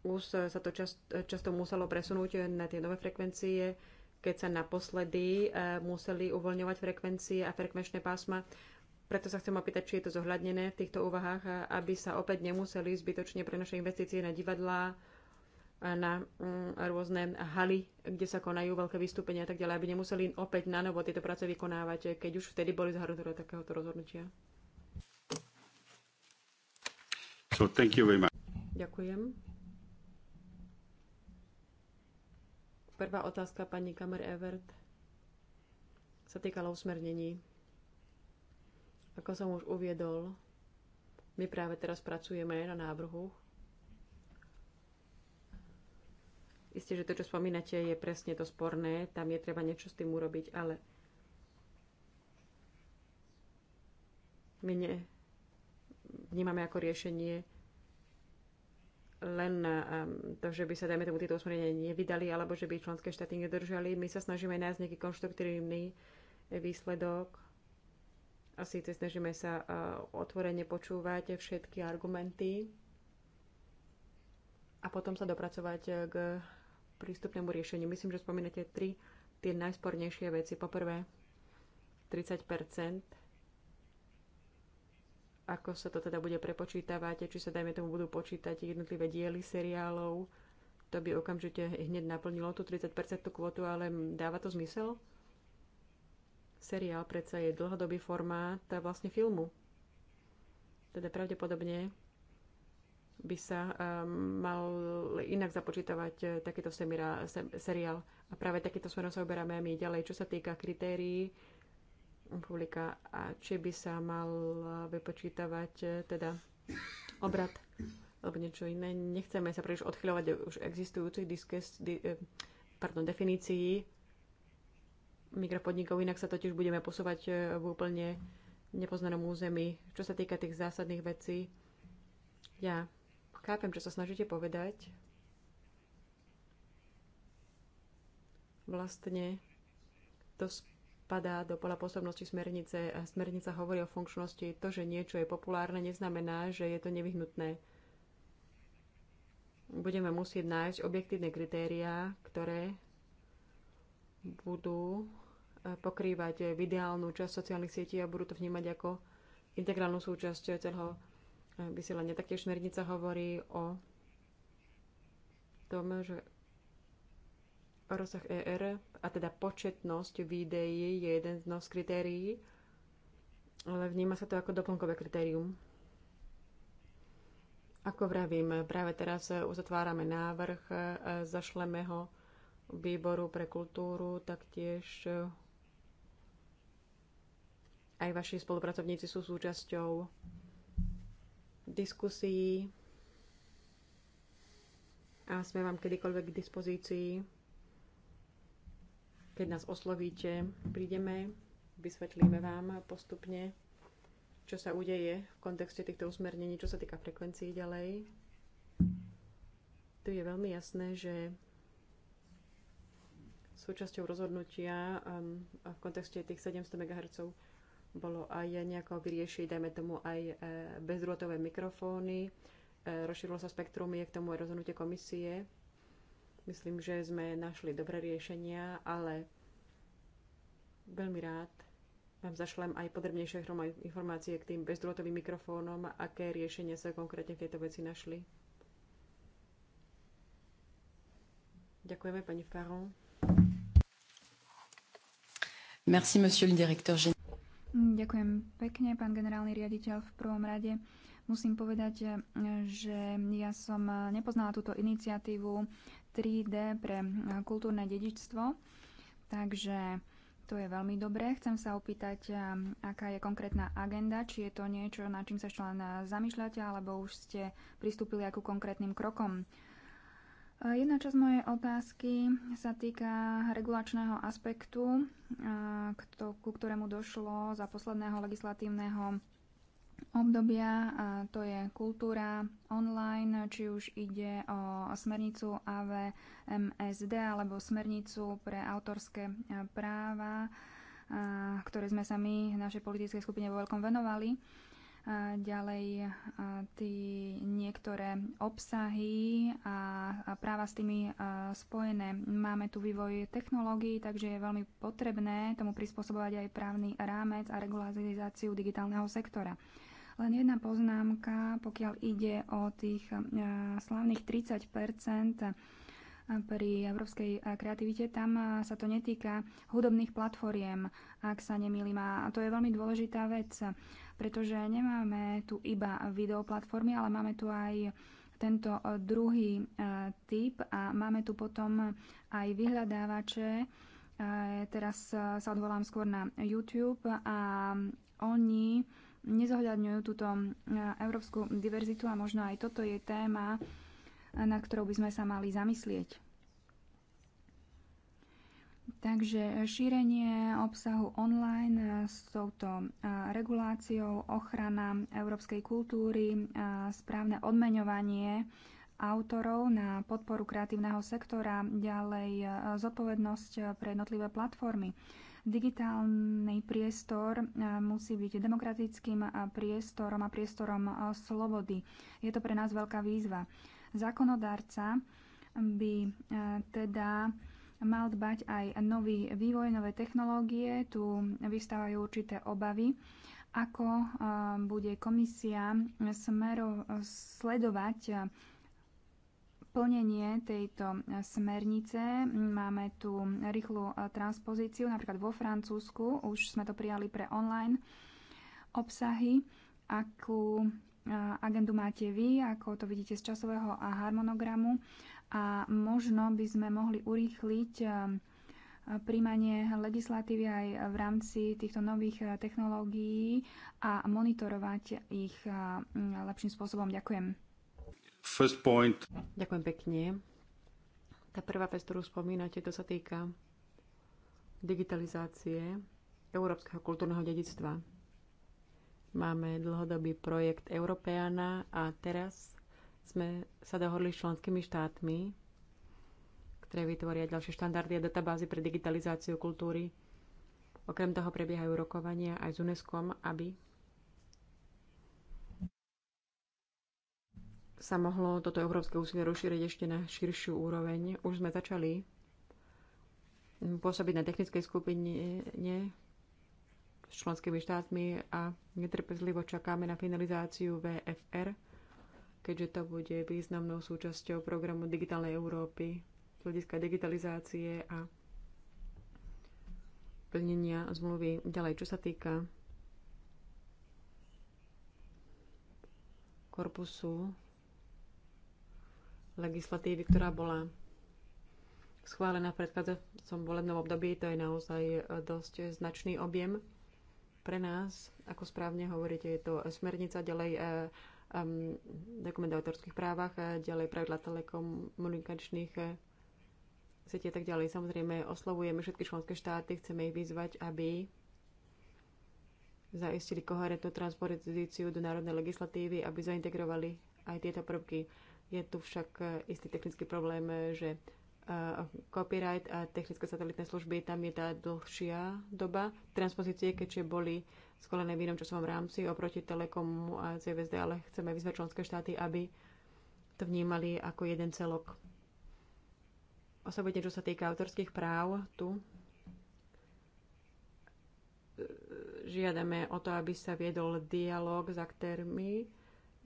Už sa to často, často muselo presunúť na tie nové frekvencie keď sa naposledy eh, museli uvoľňovať frekvencie a frekvenčné pásma. Preto sa chcem opýtať, či je to zohľadnené v týchto úvahách, eh, aby sa opäť nemuseli zbytočne naše investície na divadlá, eh, na mm, rôzne haly, kde sa konajú veľké vystúpenia a tak ďalej, aby nemuseli opäť na novo tieto práce vykonávať, keď už vtedy boli zahrnuté do takéhoto rozhodnutia. So thank you very much. Ďakujem. Prvá otázka pani Kamer Evert sa týkala usmernení. Ako som už uviedol, my práve teraz pracujeme na návrhu. Isté, že to, čo spomínate, je presne to sporné. Tam je treba niečo s tým urobiť, ale my ne, vnímame ako riešenie len ehm, to, že by sa, dajme tomu, tieto usmerenia nevydali, alebo že by členské štáty nedržali. My sa snažíme nájsť nejaký konštruktívny výsledok a síce snažíme sa eh, otvorene počúvať všetky argumenty a potom sa dopracovať eh, k prístupnému riešeniu. Myslím, že spomínate tri tie najspornejšie veci. Poprvé, 30 ako sa to teda bude prepočítavať, či sa dajme tomu budú počítať jednotlivé diely seriálov. To by okamžite hneď naplnilo tú 30% kvotu, ale dáva to zmysel? Seriál predsa je dlhodobý formát vlastne filmu. Teda pravdepodobne by sa um, mal inak započítavať eh, takýto semira, se, seriál. A práve takýto smerom sa oberáme my ďalej. Čo sa týka kritérií, publika a či by sa mal vypočítavať eh, teda obrad alebo niečo iné. Nechceme sa príliš odchyľovať do už existujúcich diskus, di, eh, pardon, definícií mikropodnikov, inak sa totiž budeme posúvať eh, v úplne nepoznanom území. Čo sa týka tých zásadných vecí, ja chápem, čo sa snažíte povedať. Vlastne to spadá do pola pôsobnosti smernice. A smernica hovorí o funkčnosti. To, že niečo je populárne, neznamená, že je to nevyhnutné. Budeme musieť nájsť objektívne kritériá, ktoré budú eh, pokrývať eh, ideálnu časť sociálnych sietí a budú to vnímať ako integrálnu súčasť celého eh, vysielania. Taktiež smernica hovorí o tom, že Rozsah ER, a teda početnosť videí, je jeden z nos kritérií, ale vníma sa to ako doplnkové kritérium. Ako vravím, práve teraz uzatvárame návrh, zašleme ho výboru pre kultúru, taktiež aj vaši spolupracovníci sú súčasťou diskusií a sme vám kedykoľvek k dispozícii. Keď nás oslovíte, prídeme, vysvetlíme vám postupne, čo sa udeje v kontexte týchto usmernení, čo sa týka frekvencií ďalej. Tu je veľmi jasné, že súčasťou rozhodnutia um, v kontexte tých 700 MHz bolo aj nejako vyriešiť, dajme tomu, aj e, bezdrôtové mikrofóny. E, rozšírilo sa spektrum, je k tomu aj rozhodnutie komisie Myslím, že sme našli dobré riešenia, ale veľmi rád vám zašlem aj podrobnejšie informácie k tým bezdrôtovým mikrofónom, aké riešenia sa konkrétne v tejto veci našli. Ďakujeme, pani Faron. Merci, monsieur le directeur Ďakujem pekne, pán generálny riaditeľ. V prvom rade musím povedať, že ja som nepoznala túto iniciatívu 3D pre eh, kultúrne dedičstvo. Takže to je veľmi dobré. Chcem sa opýtať, eh, aká je konkrétna agenda, či je to niečo, na čím sa ešte len eh, zamýšľate, alebo už ste pristúpili ako konkrétnym krokom. Jedna časť mojej otázky sa týka regulačného aspektu, ku ktorému došlo za posledného legislatívneho obdobia a to je kultúra online, či už ide o smernicu AVMSD alebo smernicu pre autorské e, práva, ktoré sme sa my v našej politickej skupine vo veľkom venovali. A ďalej e, tí niektoré obsahy a, a práva s tými e, spojené. Máme tu vývoj technológií, takže je veľmi potrebné tomu prispôsobovať aj právny rámec a regularizáciu digitálneho sektora. Len jedna poznámka, pokiaľ ide o tých e, slavných 30 e, pri európskej e, kreativite, tam sa to netýka hudobných platformiem, ak sa nemýlim. A to je veľmi dôležitá vec, pretože nemáme tu iba videoplatformy, ale máme tu aj tento druhý typ a máme tu potom aj vyhľadávače. Teraz sa odvolám skôr na YouTube a oni nezohľadňujú túto e, európsku diverzitu a možno aj toto je téma, e, na ktorou by sme sa mali zamyslieť. Takže šírenie obsahu online s touto e, reguláciou, ochrana európskej kultúry, správne odmeňovanie autorov na podporu kreatívneho sektora, ďalej zodpovednosť pre jednotlivé platformy. Digitálny priestor e, musí byť demokratickým e, priestorom a priestorom e, slobody. Je to pre nás veľká výzva. Zákonodárca by teda mal dbať aj nový vývoj, nové technológie. Tu vystávajú určité obavy, ako bude komisia smero sledovať plnenie tejto e, smernice. Máme tu rýchlu e, transpozíciu, napríklad vo Francúzsku, už sme to prijali pre online obsahy. Akú e, agendu máte vy, ako to vidíte z časového a harmonogramu a možno by sme mohli urýchliť príjmanie legislatívy aj v rámci týchto nových technológií a monitorovať ich lepším spôsobom. Ďakujem. First point. Ďakujem pekne. Tá prvá vec, ktorú spomínate, to sa týka digitalizácie európskeho kultúrneho dedictva. Máme dlhodobý projekt Európeana a teraz sme sa dohodli s členskými štátmi, ktoré vytvoria ďalšie štandardy a databázy pre digitalizáciu kultúry. Okrem toho prebiehajú rokovania aj s UNESCO, aby sa mohlo toto európske úsilie rozšíriť ešte na širšiu úroveň. Už sme začali pôsobiť na technickej skupine s členskými štátmi a netrpezlivo čakáme na finalizáciu VFR, keďže to bude významnou súčasťou programu Digitálnej Európy z hľadiska digitalizácie a plnenia zmluvy. Ďalej, čo sa týka korpusu legislatívy, ktorá bola schválená v predchádzajúcom volebnom období. To je naozaj e, dosť značný objem pre nás. Ako správne hovoríte, je to smernica, ďalej um, dokument o autorských právach, e, ďalej pravidla telekomunikačných sietí a tak ďalej. Samozrejme, oslovujeme všetky členské štáty, chceme ich vyzvať, aby zaistili koherentnú transpozíciu do národnej legislatívy, aby zaintegrovali aj tieto prvky je tu však e, istý technický problém, e, že e, copyright a technické satelitné služby, tam je tá dlhšia doba transpozície, keďže boli skolené v inom časovom rámci oproti Telekomu a CVSD, ale chceme vyzvať členské štáty, aby to vnímali ako jeden celok. Osobitne, čo sa týka autorských práv, tu žiadame o to, aby sa viedol dialog s aktérmi,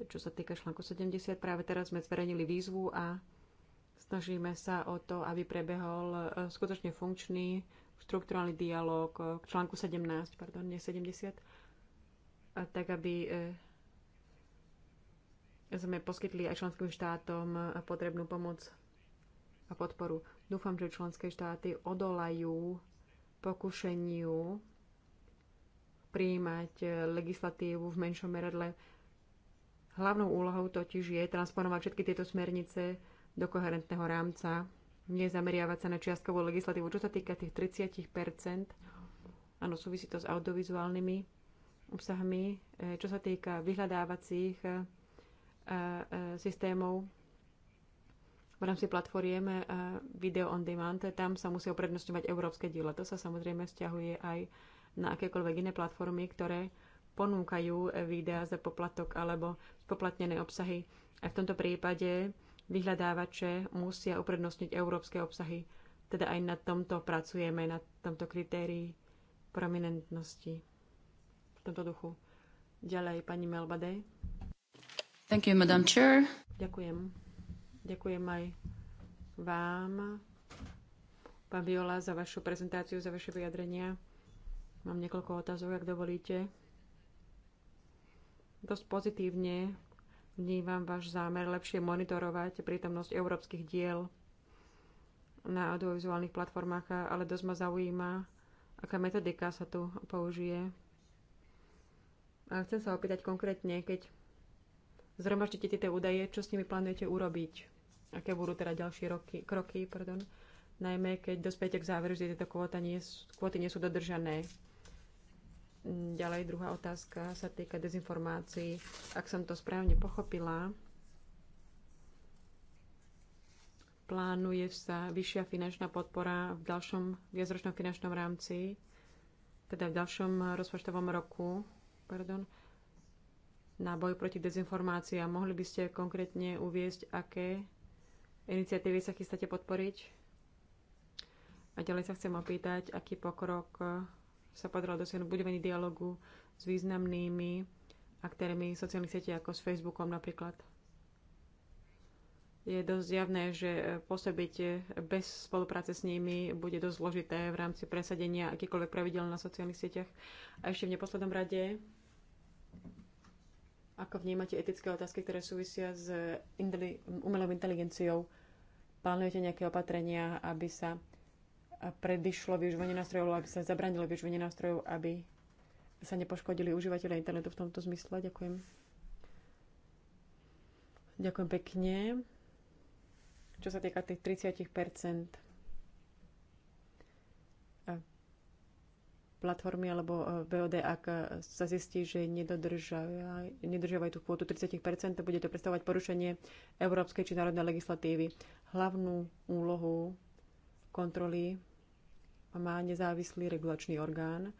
čo sa týka článku 70. Práve teraz sme zverejnili výzvu a snažíme sa o to, aby prebehol e, skutočne funkčný štruktúrálny dialog e, k článku 17, pardon, nie 70, a tak aby e, sme poskytli aj členským štátom potrebnú pomoc a podporu. Dúfam, že členské štáty odolajú pokušeniu príjmať legislatívu v menšom meradle Hlavnou úlohou totiž je transponovať všetky tieto smernice do koherentného rámca, nezameriavať sa na čiastkovú legislatívu. Čo sa týka tých 30 áno, súvisí to s audiovizuálnymi obsahmi. E, čo sa týka vyhľadávacích e, e, systémov v rámci platformiem Video on Demand, tam sa musí oprednostňovať európske diela. To sa samozrejme vzťahuje aj na akékoľvek iné platformy, ktoré ponúkajú eh, videá za poplatok alebo poplatnené obsahy. A v tomto prípade vyhľadávače musia uprednostniť európske obsahy. Teda aj na tomto pracujeme, na tomto kritérii prominentnosti. V tomto duchu. Ďalej pani Melbade. Thank you, Madam Chair. Ďakujem. Ďakujem aj vám, pán Viola, za vašu prezentáciu, za vaše vyjadrenia. Mám niekoľko otázok, ak dovolíte dosť pozitívne vnímam váš zámer lepšie monitorovať prítomnosť európskych diel na audiovizuálnych platformách, ale dosť ma zaujíma, aká metodika sa tu použije. A chcem sa opýtať konkrétne, keď zhromaždíte tieto údaje, čo s nimi plánujete urobiť? Aké budú teda ďalšie roky, kroky, pardon, najmä keď dospiete k záveru, že tieto kvóty nie, kvóty nie sú dodržané. Ďalej druhá otázka sa týka dezinformácií. Ak som to správne pochopila, plánuje sa vyššia finančná podpora v ďalšom viacročnom finančnom rámci, teda v ďalšom rozpočtovom roku, pardon, na boj proti dezinformáciám. Mohli by ste konkrétne uviesť, aké iniciatívy sa chystáte podporiť? A ďalej sa chcem opýtať, aký pokrok sa podarilo dosiahnuť budovanie dialogu s významnými aktérmi sociálnych sietí ako s Facebookom napríklad. Je dosť javné, že pôsobiť bez spolupráce s nimi bude dosť zložité v rámci presadenia akýkoľvek pravidel na sociálnych sieťach. A ešte v neposlednom rade, ako vnímate etické otázky, ktoré súvisia s umelou inteligenciou? Plánujete nejaké opatrenia, aby sa predišlo využívanie nástrojov, aby sa zabranilo využívanie nástrojov, aby sa nepoškodili užívateľe internetu v tomto zmysle. Ďakujem. Ďakujem pekne. Čo sa týka tých 30 platformy alebo e, VOD, ak e, sa zistí, že nedodržajú, nedodržiavajú tú kvotu 30 to bude to predstavovať porušenie európskej či národnej legislatívy. Hlavnú úlohu kontroly má nezávislý regulačný orgán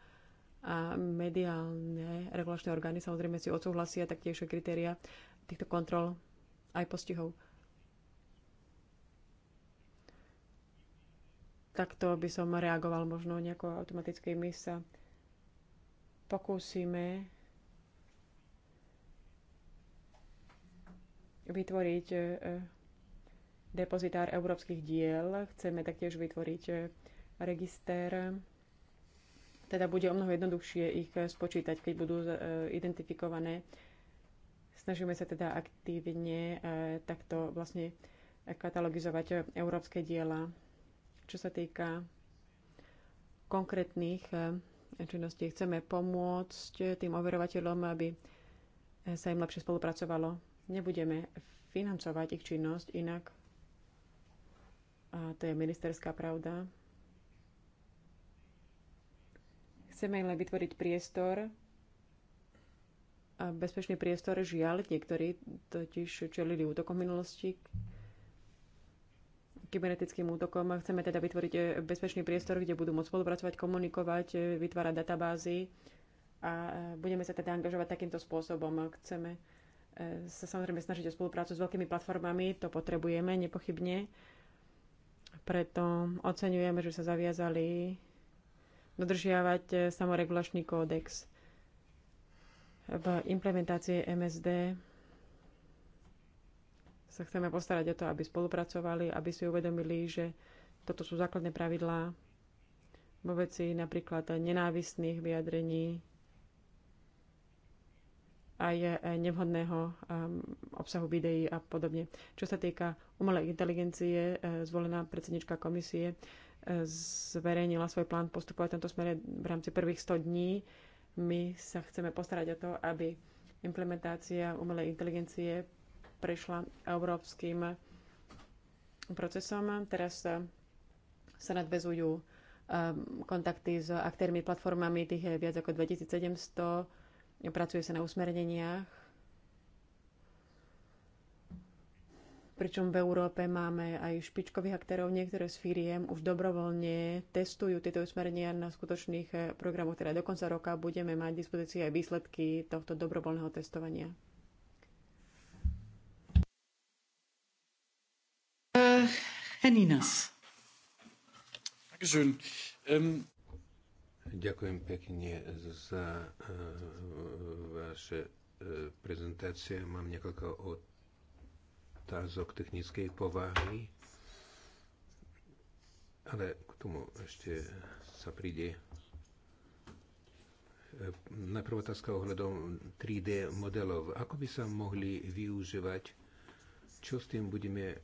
a mediálne regulačné orgány samozrejme si odsúhlasia taktiež kritéria týchto kontrol aj postihov. Takto by som reagoval možno nejako automaticky. My sa pokúsime vytvoriť eh, depozitár európskych diel. Chceme taktiež vytvoriť eh, register. Teda bude o mnoho jednoduchšie ich eh, spočítať, keď budú eh, identifikované. Snažíme sa teda aktívne eh, takto vlastne katalogizovať európske diela. Čo sa týka konkrétnych činností, chceme pomôcť tým overovateľom, aby sa im lepšie spolupracovalo. Nebudeme financovať ich činnosť inak. A to je ministerská pravda. Chceme len vytvoriť priestor, a bezpečný priestor žiaľ, niektorí totiž čelili útokom minulosti, kybernetickým útokom. Chceme teda vytvoriť eh, bezpečný priestor, kde budú môcť spolupracovať, komunikovať, eh, vytvárať databázy a eh, budeme sa teda angažovať takýmto spôsobom. Chceme sa samozrejme snažiť o spoluprácu s veľkými platformami, to potrebujeme nepochybne. Preto oceňujeme, že sa zaviazali dodržiavať e, samoregulačný kódex. V implementácii MSD sa chceme postarať o to, aby spolupracovali, aby si uvedomili, že toto sú základné pravidlá vo veci napríklad nenávistných vyjadrení aj e, nevhodného ehm, obsahu videí a podobne. Čo sa týka umelej inteligencie, e, zvolená predsednička komisie zverejnila svoj plán postupovať v tomto smere v rámci prvých 100 dní. My sa chceme postarať o to, aby implementácia umelej inteligencie prešla európskym procesom. Teraz eh, sa nadvezujú eh, kontakty s aktérmi, platformami, tých je viac ako 2700. Pracuje sa na usmerneniach pričom v Európe máme aj špičkových aktérov. Niektoré z firiem už dobrovoľne testujú tieto usmerenia na skutočných eh, programoch, teda do konca roka budeme mať v dispozícii aj výsledky tohto dobrovoľného testovania. Uh, eh, Eninas. Dankeschön. Ähm, Ďakujem pekne za eh, vaše prezentácie. Mám niekoľko od otázok technickej povahy, ale k tomu ešte sa príde. Najprv otázka ohľadom 3D modelov. Ako by sa mohli využívať? Čo s tým budeme e,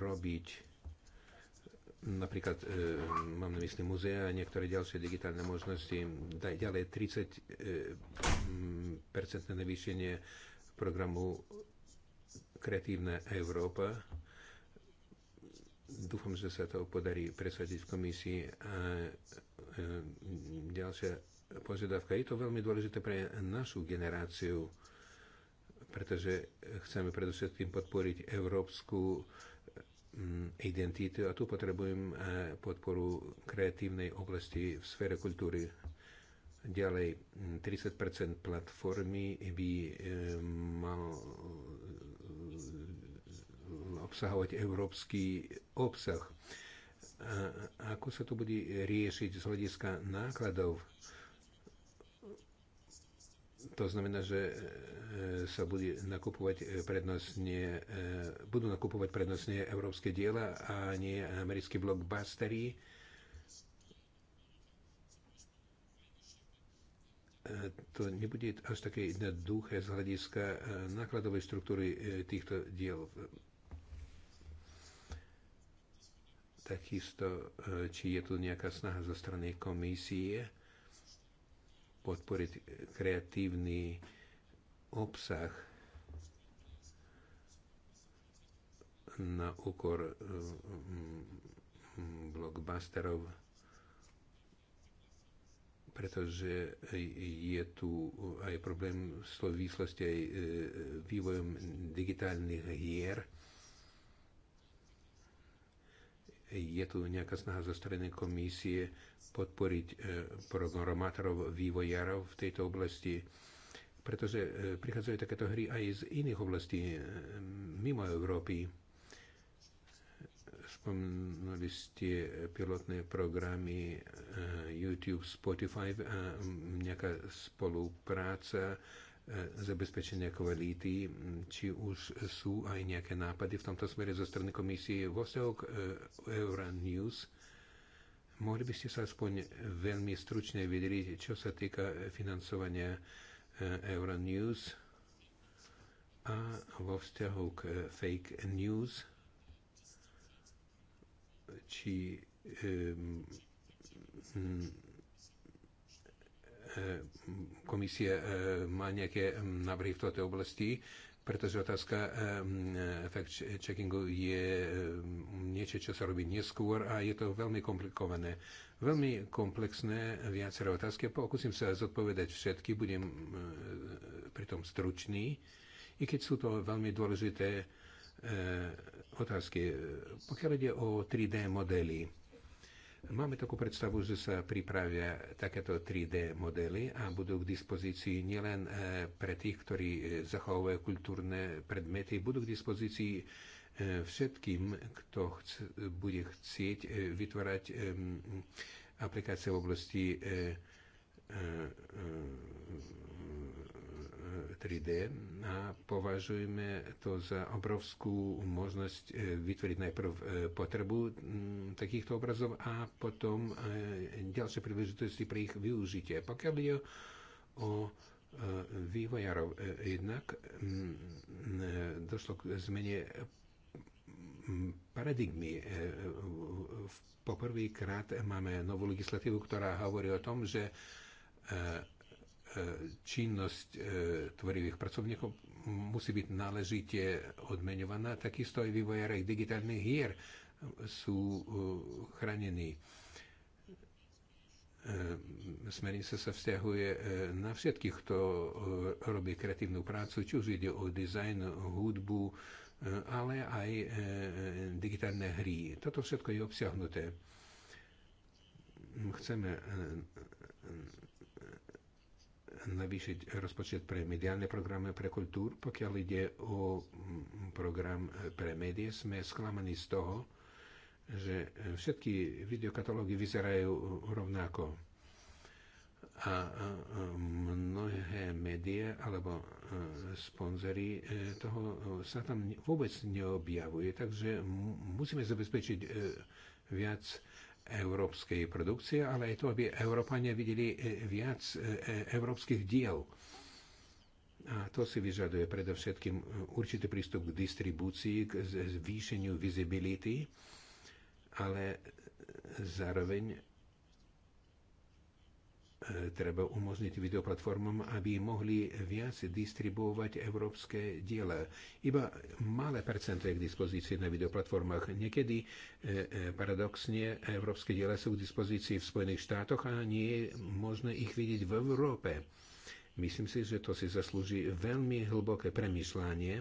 robiť? napríklad e, mám na mysli muzea a niektoré ďalšie digitálne možnosti, daj ďalej 30 e, percentné navýšenie programu Kreatívna Európa. Dúfam, že sa to podarí presadiť v komisii. A e, ďalšia požiadavka. Je to veľmi dôležité pre našu generáciu, pretože chceme predovšetkým podporiť európsku mm, identitu a tu potrebujem e, podporu kreatívnej oblasti v sfére kultúry. Ďalej, 30 mm, platformy by e, mal obsahovať európsky obsah. A ako sa to bude riešiť z hľadiska nákladov? To znamená, že e, sa bude nakupovať prednostne, e, budú nakupovať prednostne európske diela a nie americký blockbustery. E, to nebude až také jednoduché z hľadiska nákladovej štruktúry týchto diel. takisto, e, či je tu nejaká snaha zo strany komisie podporiť kreatívny obsah na úkor e, blockbusterov, pretože je tu aj problém v súvislosti aj e, vývojom digitálnych hier, Je tu nejaká snaha zo strany komisie podporiť e, programátorov, vývojárov v tejto oblasti, pretože e, prichádzajú takéto hry aj z iných oblastí e, mimo Európy. Spomnali ste pilotné programy YouTube, Spotify, a nejaká spolupráca E, zabezpečenia kvality, či už sú aj nejaké nápady v tomto smere zo strany komisie vo vzťahu k e, Euronews. Mohli by ste sa aspoň veľmi stručne vydriť, čo sa týka financovania e, Euronews a vo vzťahu k fake news, či um, E, komisie e, má nejaké návrhy v tejto oblasti, pretože otázka e, fact checkingu je niečo, čo sa robí neskôr a je to veľmi komplikované. Veľmi komplexné viaceré otázky. Pokúsim sa zodpovedať všetky, budem pritom stručný. I keď sú to veľmi dôležité otázky, pokiaľ ide o 3D modely, Máme takú predstavu, že sa pripravia takéto 3D modely a budú k dispozícii nielen e, pre tých, ktorí e, zachovajú kultúrne predmety, budú k dispozícii e, všetkým, kto chc bude chcieť vytvárať aplikácie v oblasti 3D a považujeme to za obrovskú možnosť e, vytvoriť najprv e, potrebu takýchto obrazov a potom e, ďalšie príležitosti pre ich využitie. Pokiaľ je o vývojárov, jednak došlo k zmene paradigmy. Poprvýkrát máme novú legislatívu, ktorá hovorí o tom, že E, činnosť e, tvorivých pracovníkov musí byť náležite odmenovaná, takisto aj vývojári digitálnych hier sú e, chránení. Smernica sa vzťahuje na všetkých, kto robí kreatívnu prácu, či už ide o dizajn, hudbu, ale aj digitálne hry. Toto všetko je obsiahnuté. Chceme navýšiť rozpočet pre mediálne programy pre kultúru. Pokiaľ ide o mm, program e, pre médiá, sme sklamaní z toho, že e, všetky videokatalógy vyzerajú e, rovnako. A mnohé médiá alebo sponzory toho sa tam vôbec neobjavuje, takže musíme zabezpečiť viac európskej produkcie, ale aj to, aby Európania videli e, viac e, e, európskych diel. A to si vyžaduje predovšetkým určitý prístup k distribúcii, k zvýšeniu visibility, ale zároveň treba umožniť videoplatformom, aby mohli viac distribuovať európske diela. Iba malé percento je k dispozícii na videoplatformách. Niekedy e, e, paradoxne európske diela sú k dispozícii v Spojených štátoch a nie je možné ich vidieť v Európe. Myslím si, že to si zaslúži veľmi hlboké premyšľanie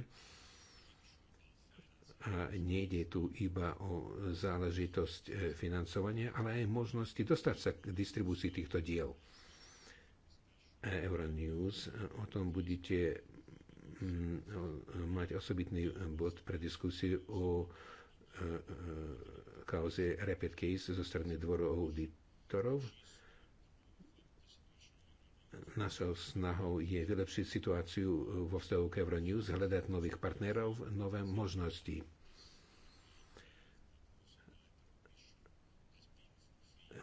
a nejde tu iba o záležitosť e, financovania, ale aj možnosti dostať sa k distribúcii týchto diel. Euronews. O tom budete mm, mať osobitný bod pre diskusiu o e, e, kauze Rapid Case zo strany dvoru auditorov. Našou snahou je vylepšiť situáciu vo vzťahu k Euronews, hľadať nových partnerov, nové možnosti.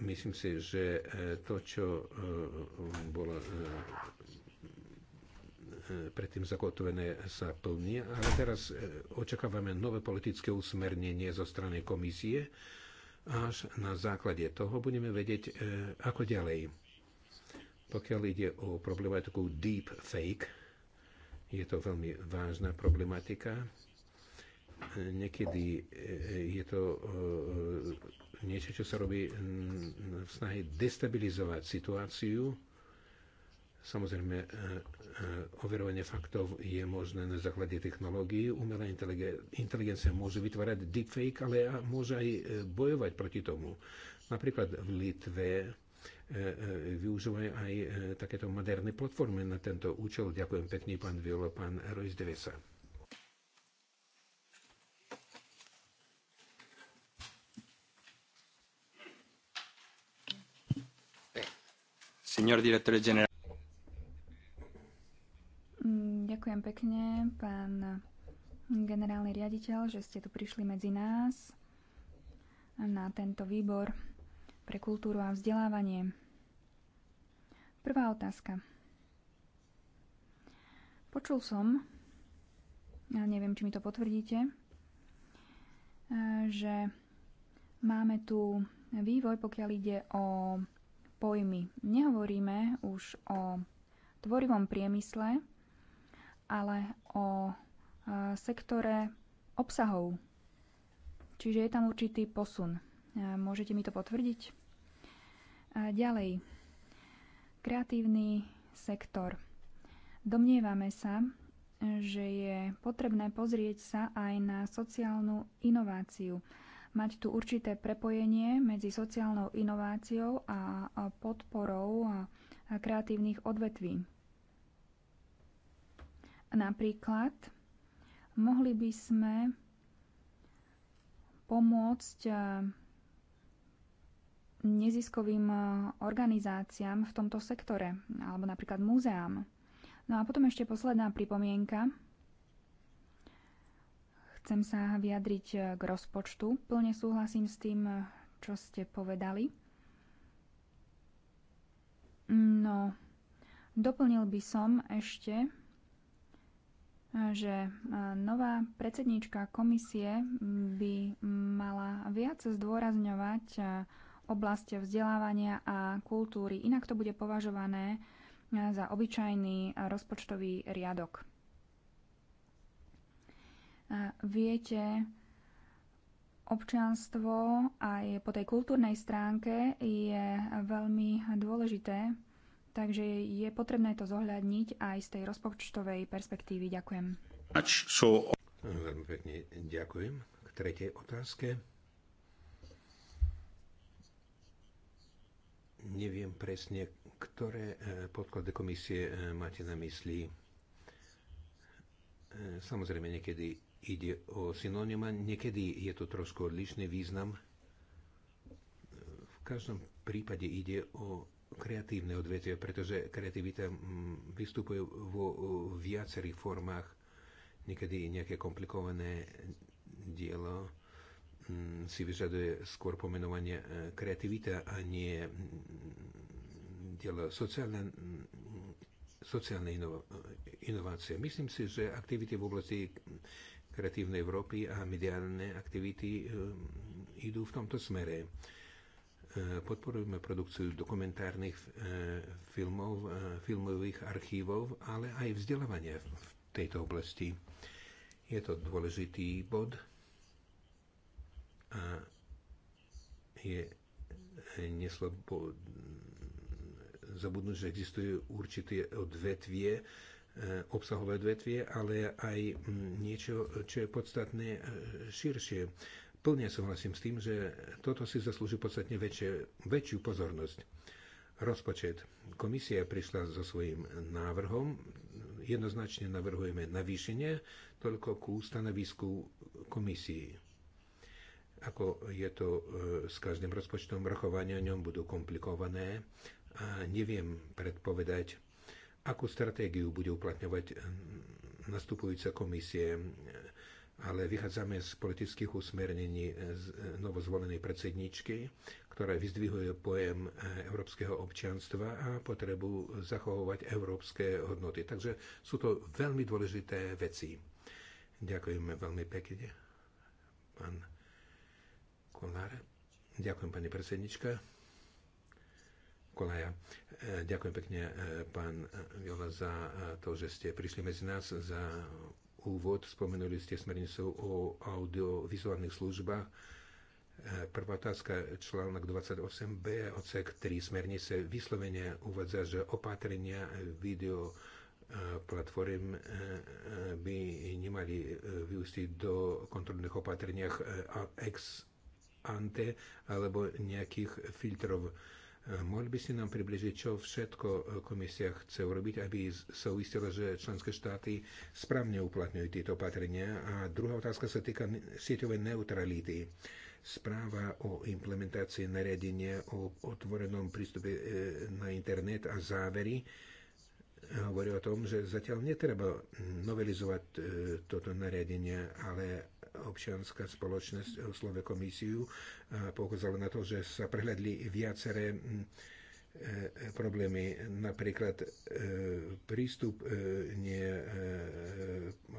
Myslím si, že e, to, čo e, bolo e, predtým zakotvené sa plní, ale teraz očakávame nové politické usmernenie zo strany komisie až na základe toho budeme vedieť, ako ďalej. Pokiaľ ide o problematiku deep fake, je to veľmi vážna problematika. Niekedy je to niečo, čo sa robí mm, v snahe destabilizovať situáciu. Samozrejme, e, e, overovanie faktov je možné na základe technológií. Umelá inteligencia môže vytvárať deepfake, ale môže aj e, bojovať proti tomu. Napríklad v Litve využívajú aj takéto moderné platformy na tento účel. Ďakujem pekne, pán Viola, pán Rojs Devesa. Signor direttore generale. Mm, ďakujem pekne, pán generálny riaditeľ, že ste tu prišli medzi nás na tento výbor pre kultúru a vzdelávanie. Prvá otázka. Počul som, ja neviem, či mi to potvrdíte, e, že máme tu vývoj, pokiaľ ide o pojmy. Nehovoríme už o tvorivom priemysle, ale o e, sektore obsahov. Čiže je tam určitý posun. E, môžete mi to potvrdiť? E, ďalej. Kreatívny sektor. Domnievame sa, že je potrebné pozrieť sa aj na sociálnu inováciu mať tu určité prepojenie medzi sociálnou inováciou a podporou kreatívnych odvetví. Napríklad mohli by sme pomôcť e, neziskovým e, organizáciám v tomto sektore, alebo napríklad múzeám. No a potom ešte posledná pripomienka. Chcem sa vyjadriť e, k rozpočtu. Plne súhlasím s tým, e, čo ste povedali. No, doplnil by som ešte, e, že nová predsedníčka komisie by mala viac zdôrazňovať oblasť vzdelávania a kultúry. Inak to bude považované za obyčajný rozpočtový riadok viete, občianstvo aj po tej kultúrnej stránke je veľmi dôležité, takže je potrebné to zohľadniť aj z tej rozpočtovej perspektívy. Ďakujem. Veľmi pekne ďakujem. K tretej otázke. Neviem presne, ktoré e, podklady komisie e, máte na mysli. E, samozrejme, niekedy ide o synonyma, niekedy je to trošku odlišný význam. V každom prípade ide o kreatívne odvetvie, pretože kreativita vystupuje vo viacerých formách. Niekedy nejaké komplikované dielo si vyžaduje skôr pomenovanie e, kreativita a nie dielo sociálne sociálne e, inovácie. Myslím si, že aktivity v oblasti kreatívnej Európy a mediálne aktivity e, idú v tomto smere. E, podporujeme produkciu dokumentárnych e, filmov, filmových archívov, ale aj vzdelávanie v tejto oblasti. Je to dôležitý bod a je neslobo zabudnúť, že existujú určité odvetvie, E, obsahové odvetvie, ale aj mm, niečo, čo je podstatné e, širšie. Plne súhlasím s tým, že toto si zaslúži podstatne väčšie, väčšiu pozornosť. Rozpočet. Komisia prišla so svojím návrhom. Jednoznačne navrhujeme navýšenie toľko ku stanovisku komisii. Ako je to e, s každým rozpočtom, rokovania o ňom budú komplikované a neviem predpovedať, Akú stratégiu bude uplatňovať eh, nastupujúca komisie? ale vychádzame z politických usmernení eh, z eh, novozvolenej predsedničky, ktorá vyzdvihuje pojem európskeho občianstva a potrebu zachovovať európske hodnoty. Takže sú to veľmi dôležité veci. Ďakujeme veľmi pekne, pán Koláre. Ďakujem, pani predsednička. Kolaja. E, ďakujem pekne, e, pán Viola, za e, to, že ste prišli medzi nás, za úvod. Spomenuli ste smernicu o audiovizuálnych službách. Prvá otázka, článok 28b, odsek 3 smernice vyslovene uvádza, že opatrenia video platform by nemali vyústiť do kontrolných opatreniach ex ante alebo nejakých filtrov Eh, mohli by si nám približiť, čo všetko eh, komisia chce urobiť, aby sa uistilo, že členské štáty správne uplatňujú tieto opatrenia? A druhá otázka sa týka sieťovej neutrality. Správa o implementácii nariadenia o otvorenom prístupe eh, na internet a závery hovorí o tom, že zatiaľ netreba novelizovať toto nariadenie, ale občianská spoločnosť eh, oslove komisiu a poukázala na to, že sa prehľadli viaceré mm, eh, eh, problémy, napríklad prístup nie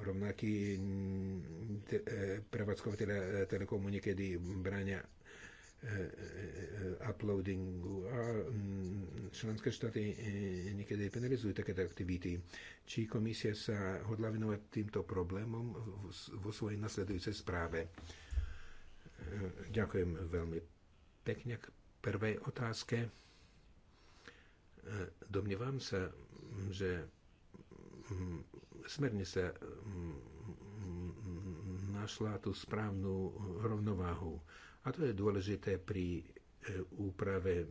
rovnaký prevádzkovateľa telekomu niekedy brania Eh, eh, eh, uploadingu a mm, členské štáty niekedy penalizujú takéto aktivity. Či komisia sa hodla venovať týmto problémom vo svojej nasledujúcej správe? Ďakujem veľmi pekne k prvej otázke. Domnievam sa, mm, že mm, smerne sa našla tú správnu rovnováhu a to je dôležité pri e, úprave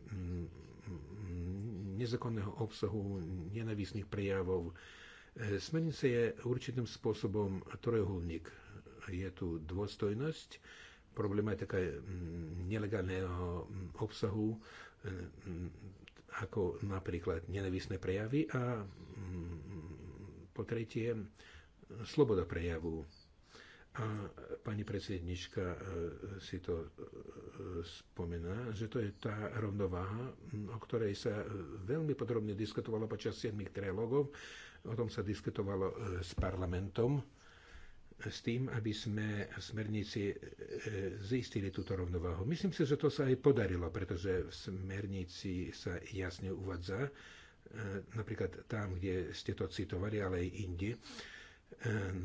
nezákonného obsahu, nenavisných prejavov. E, smernica je určitým spôsobom trojuholník. Je tu dôstojnosť, problematika nelegálneho obsahu, e, ako napríklad nenavisné prejavy a po tretie sloboda prejavu a pani predsednička e, si to e, spomená, že to je tá rovnováha, o ktorej sa e, veľmi podrobne diskutovalo počas 7 trilogov. O tom sa diskutovalo s parlamentom s tým, aby sme v smernici zistili túto rovnováhu. Myslím si, že to sa aj podarilo, pretože v smernici sa jasne uvádza, napríklad tam, kde ste to citovali, ale aj inde,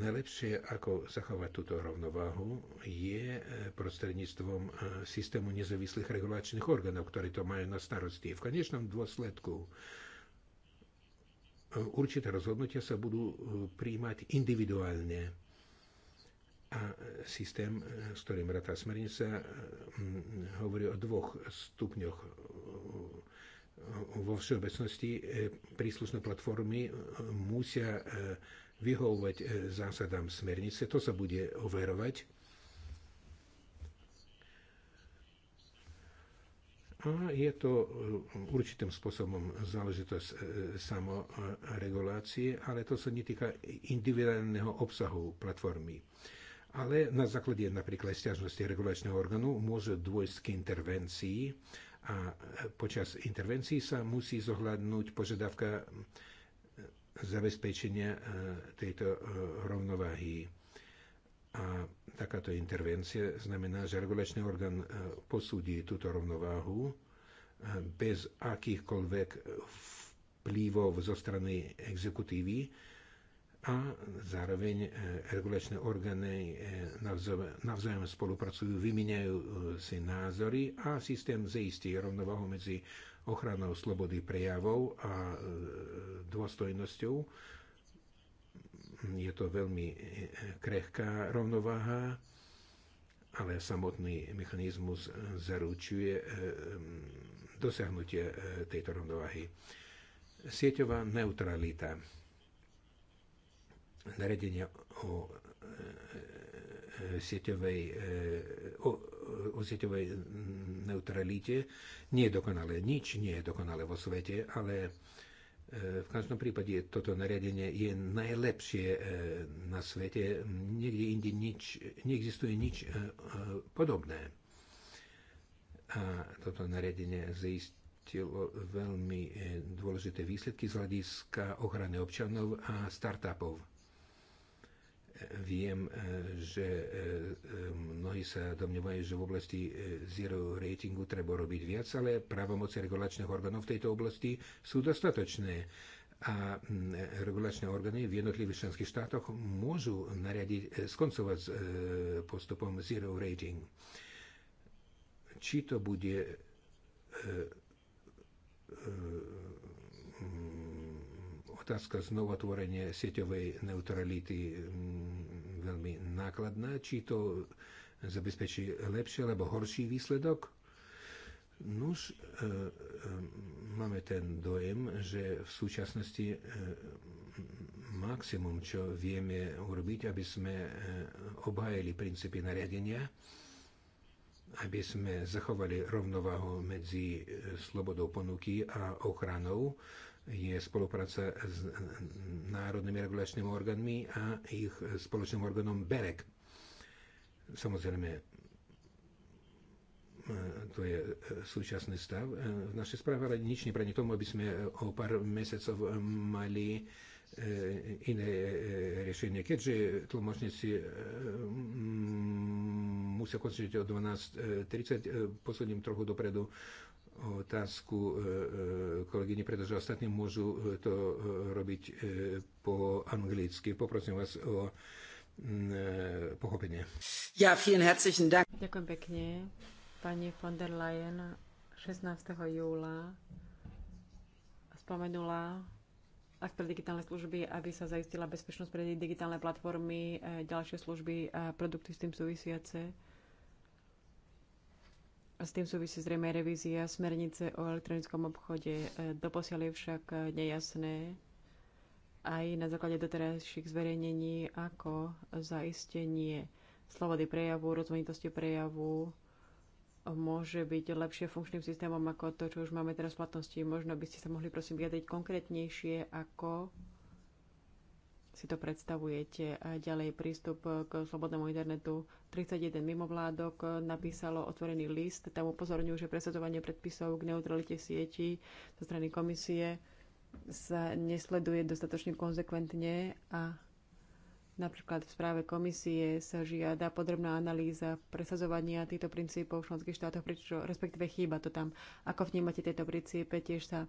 Najlepšie, ako zachovať túto rovnováhu, je e, prostredníctvom e, systému nezávislých regulačných orgánov, ktorí to majú na starosti. V konečnom dôsledku e, určité rozhodnutia sa budú príjmať individuálne a systém, s ktorým rata smernica, hovorí o dvoch stupňoch vo všeobecnosti príslušné platformy musia vyhovovať e, zásadám smernice. To sa bude overovať. A je to e, určitým spôsobom záležitosť e, samoregulácie, ale to sa netýka individuálneho obsahu platformy. Ale na základe napríklad stiažnosti regulačného orgánu môže dôjsť k intervencii a počas intervencií sa musí zohľadnúť požiadavka zabezpečenia e, tejto e, rovnováhy. A takáto intervencia znamená, že regulačný orgán e, posúdi túto rovnováhu bez akýchkoľvek vplyvov zo strany exekutívy a zároveň regulačné orgány navzájom spolupracujú, vymieňajú si názory a systém zaistí rovnováhu medzi ochranou slobody prejavov a e, dôstojnosťou. Je to veľmi e, krehká rovnováha, ale samotný mechanizmus zaručuje e, dosiahnutie tejto rovnováhy. Sieťová neutralita. Naredenie o E, sieťovej, e, o, o sieťovej neutralite. Nie je dokonalé, nič nie je dokonalé vo svete, ale e, v každom prípade toto nariadenie je najlepšie na svete. Niekde inde nič, neexistuje nič podobné. A toto nariadenie zistilo veľmi dôležité výsledky z hľadiska ochrany občanov a startupov Viem, e, že e, e, mnohí sa domnievajú, že v oblasti zero ratingu treba robiť viac, ale právomoci regulačných orgánov v tejto oblasti sú dostatočné a regulačné orgány v jednotlivých členských štátoch môžu nariadiť, skoncovať s postupom zero rating. Či to bude otázka znova sieťovej neutrality mm, veľmi nákladná. Či to zabezpečí lepší alebo horší výsledok? Nuž, e, e, máme ten dojem, že v súčasnosti e, maximum, čo vieme urobiť, aby sme e, obhajili princípy nariadenia, aby sme zachovali rovnováhu medzi e, slobodou ponuky a ochranou, e, je spolupráca s národnými regulačnými orgánmi a ich spoločným orgánom BEREK. Samozrejme, to je súčasný stav. Eh, v našej správe ale nič nepranie tomu, aby sme eh, o pár mesiacov eh, mali iné riešenie. Keďže tlmočníci musia končiť o 12.30, posuniem trochu dopredu otázku e, e, kolegyne, pretože ostatní môžu e, to robiť po anglicky. Poprosím vás o pochopenie. Ja, vielen herzlichen Dank. Ďakujem pekne. Pani von der Leyen 16. júla spomenula ak pre digitálne služby, aby sa zaistila bezpečnosť pre digitálne platformy, ďalšie služby a produkty s tým súvisiace s tým súvisí zrejme revízia smernice o elektronickom obchode. E, doposiaľ je však e, nejasné aj na základe doterajších zverejnení, ako zaistenie slobody prejavu, rozmanitosti prejavu môže byť lepšie funkčným systémom ako to, čo už máme teraz v platnosti. Možno by ste sa mohli prosím vyjadriť konkrétnejšie, ako si to predstavujete. A ďalej prístup k slobodnému internetu. 31 mimovládok napísalo otvorený list. Tam upozorňujú, že presadzovanie predpisov k neutralite sieti zo strany komisie sa nesleduje dostatočne konzekventne a Napríklad v správe komisie sa žiada podrobná analýza presazovania týchto princípov v členských štátoch, prečo, respektíve chýba to tam. Ako vnímate tieto princípe, tiež sa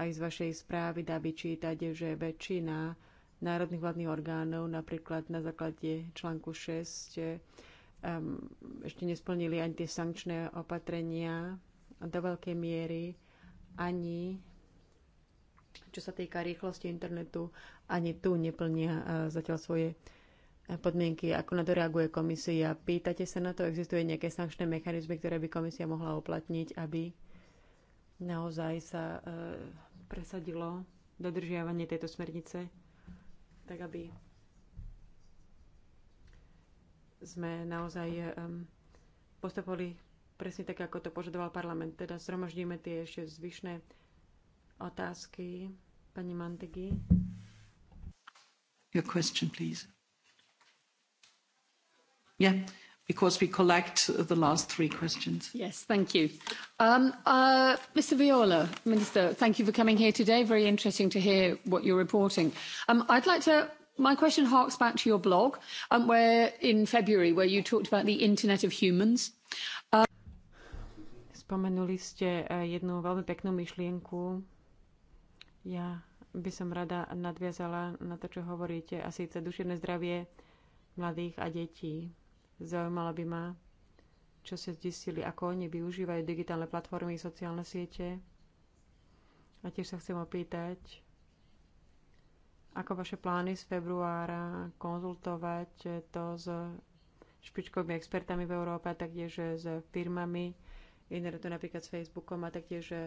aj z vašej správy dá vyčítať, že väčšina národných vládnych orgánov, napríklad na základe článku 6, um, eh, ešte nesplnili ani tie sankčné opatrenia do veľkej miery, ani čo sa týka rýchlosti internetu, ani tu neplnia eh, zatiaľ svoje eh, podmienky, ako na to reaguje komisia. Pýtate sa na to, existuje nejaké sankčné mechanizmy, ktoré by komisia mohla uplatniť, aby naozaj sa presadilo dodržiavanie tejto smernice? tak aby sme naozaj postupovali presne tak, ako to požadoval parlament. Teda zhromaždíme tie ešte zvyšné otázky. Pani Mantegi. Your question, please. Yeah because we collect the last three questions. Yes, thank you. Um, uh, Mr Viola, Minister, thank you for coming here today. Very interesting to hear what you're reporting. Um, I'd like to my question harks back to your blog, um, where in February, where you talked about the Internet of Humans. Um... Spomenuli ste uh, jednu veľmi peknú myšlienku. Ja by som rada nadviazala na to, čo hovoríte, a síce duševné zdravie mladých a detí. Zaujímalo by ma, čo ste zistili, ako oni využívajú digitálne platformy, sociálne siete. A tiež sa chcem opýtať, ako vaše plány z februára konzultovať to s špičkovými expertami v Európe, taktiež s firmami to napríklad s Facebookom a taktiež e,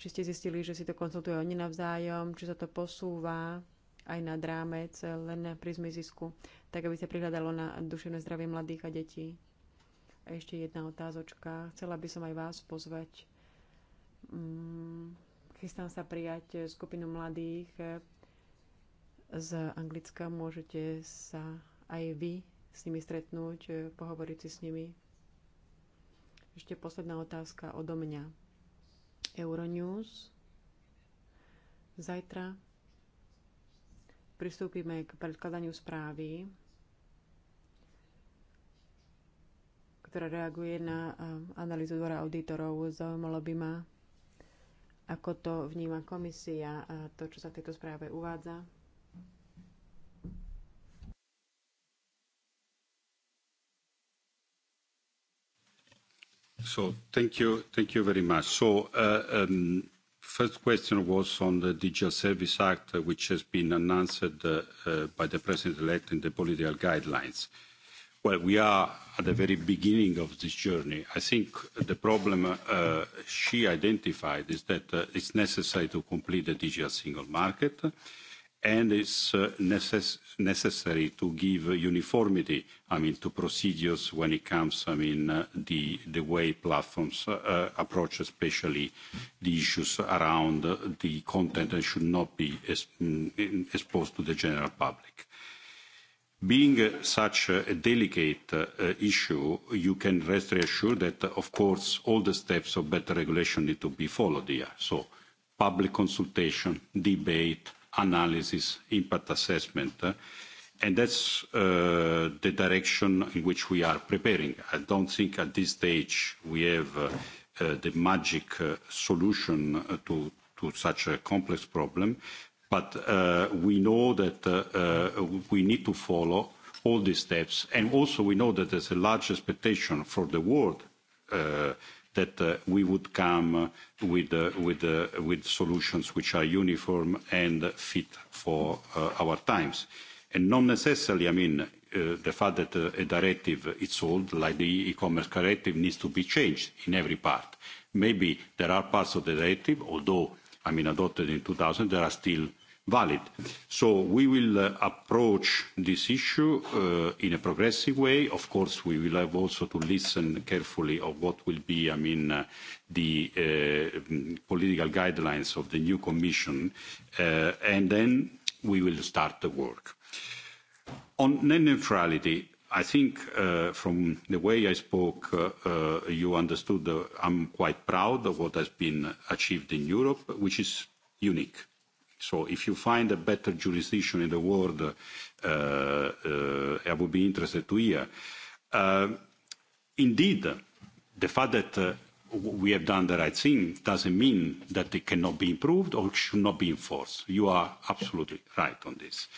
či ste zistili, že si to konzultujú oni navzájom, či sa to posúva aj na drámec, eh, len na prizmy zisku, tak aby sa prihľadalo na duševné zdravie mladých a detí. A ešte jedna otázočka. Chcela by som aj vás pozvať. Mm, chystám sa prijať eh, skupinu mladých eh, z Anglicka. Môžete sa aj vy s nimi stretnúť, pohovoriť si s nimi. Ešte posledná otázka odo mňa. Euronews. Zajtra pristúpime k predkladaniu správy, ktorá reaguje na analýzu dvora auditorov. Zaujímalo by ma, ako to vníma komisia a to, čo sa v tejto správe uvádza. So, thank you, thank you very much. So, uh, um, first question was on the Digital Service Act, uh, which has been announced uh, uh, by the President-elect in the political guidelines. Well, we are at the very beginning of this journey. I think the problem she identified is that it's necessary to complete the digital single market and it's uh, necessary to give uniformity, I mean, to procedures when it comes, I mean, uh, the, the way platforms uh, uh approach especially the issues around uh, the content that should not be mm, exposed to the general public. Being uh, such a delicate uh, issue, you can rest reassured that, uh, of course, all the steps of better regulation need to be followed here. So public consultation, debate, analysis, impact assessment. and that's uh, the direction in which we are preparing. I don't think at this stage we have uh, uh, the magic uh, solution uh, to, to such a complex problem, but uh, we know that uh, uh, we need to follow all these steps, and also we know that there's a large expectation for the world uh, that uh, we would come with, uh, with, uh, with solutions which are uniform and fit for uh, our times. And not necessarily, I mean, uh, the fact that uh, a directive is old, like the e-commerce directive, needs to be changed in every part. Maybe there are parts of the directive, although, I mean, adopted in 2000, there are still valid. So we will uh, approach this issue uh, in a progressive way. Of course, we will have also to listen carefully of what will be, I mean, uh, the uh, political guidelines of the new commission, uh, and then we will start the work. On net neutrality, I think uh, from the way I spoke, uh, uh, you understood that I'm quite proud of what has been achieved in Europe, which is unique so if you find a better jurisdiction in the world, uh, uh, I would be interested to hear. Uh, indeed, the fact that uh, we have done the right thing doesn't mean that it cannot be improved or should not be enforced. You are absolutely right on this.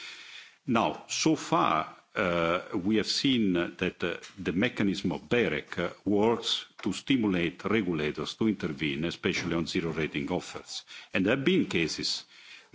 Now, so far, uh, we have seen that uh, the mechanism of BEREC uh, works to stimulate regulators to intervene, especially on zero rating offers. And there have been cases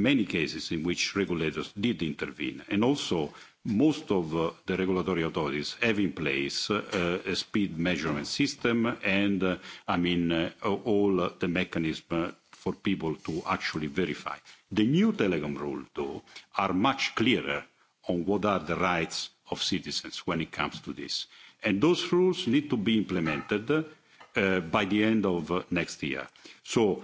many cases in which regulators did intervene. And also, most of uh, the regulatory authorities have in place uh, a speed measurement system and, uh, I mean, uh, all the mechanism for people to actually verify. The new telecom rules, though, are much clearer on what are the rights of citizens when it comes to this. And those rules need to be implemented uh, by the end of uh, next year. So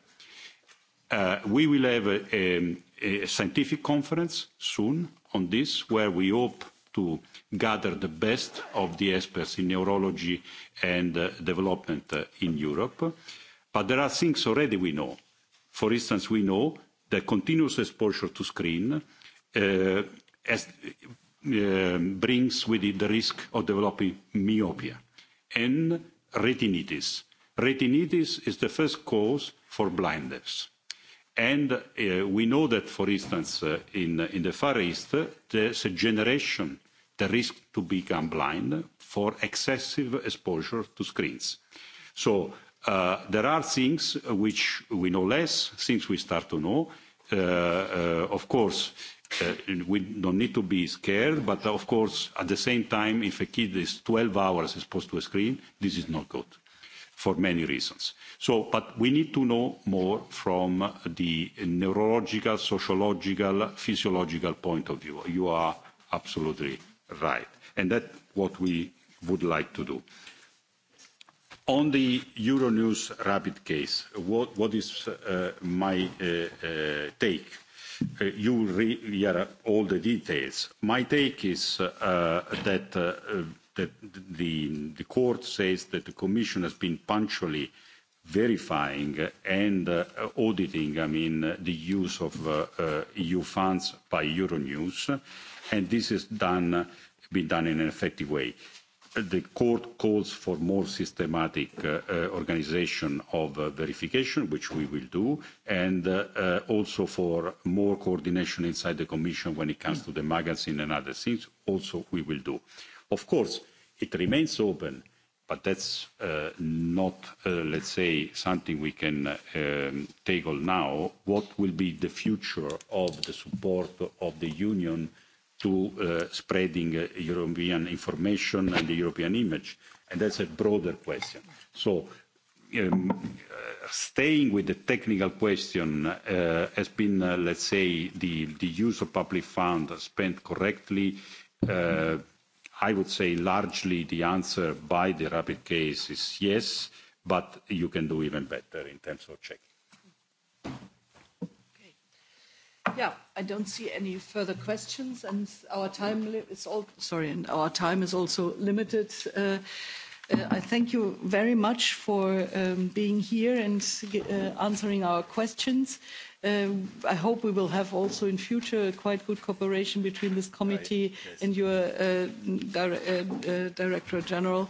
Uh, we will have a, scientific conference soon on this, where we hope to gather the best of the experts in neurology and uh, development uh, in Europe. But there are things already we know. For instance, we know that continuous exposure to screen um, brings with it the risk of developing myopia and retinitis. Retinitis is the first cause for blindness And uh, we know that, for instance, uh, in, uh, in the Far East, uh, there's a generation that risk to become blind for excessive exposure to screens. So uh, there are things which we know less, things we start to know. Uh, uh, of course, uh, we don't need to be scared, but of course, at the same time, if a kid is 12 hours exposed to a screen, this is not good for many reasons. So, but we need to know more from the neurological, sociological, physiological point of view. You are absolutely right. And that's what we would like to do. On the Euronews Rapid case, what, what is uh, my uh, uh, take? Uh, you re- hear all the details. My take is uh, that uh, that the, the court says that the commission has been punctually verifying and uh, auditing, I mean, uh, the use of uh, uh, EU funds by Euronews, and this has done, been done in an effective way. The court calls for more systematic uh, uh, organization of uh, verification, which we will do, and uh, uh, also for more coordination inside the Commission when it comes to the magazine and other things, also we will do. Of course, it remains open, but that's uh, not, uh, let's say, something we can uh, um, table now. What will be the future of the support of the Union to uh, spreading uh, European information and the European image? And that's a broader question. So um, uh, staying with the technical question uh, has been, uh, let's say, the, the use of public funds spent correctly, uh, i would say largely the answer by the rapid case is yes, but you can do even better in terms of checking. Okay. Yeah, I don't see any further questions, and our time is all sorry, and our time is also limited. Uh, uh, I thank you very much for um, being here and uh, answering our questions. Um, I hope we will have also in future quite good cooperation between this committee and your uh, directorate uh, uh, Director General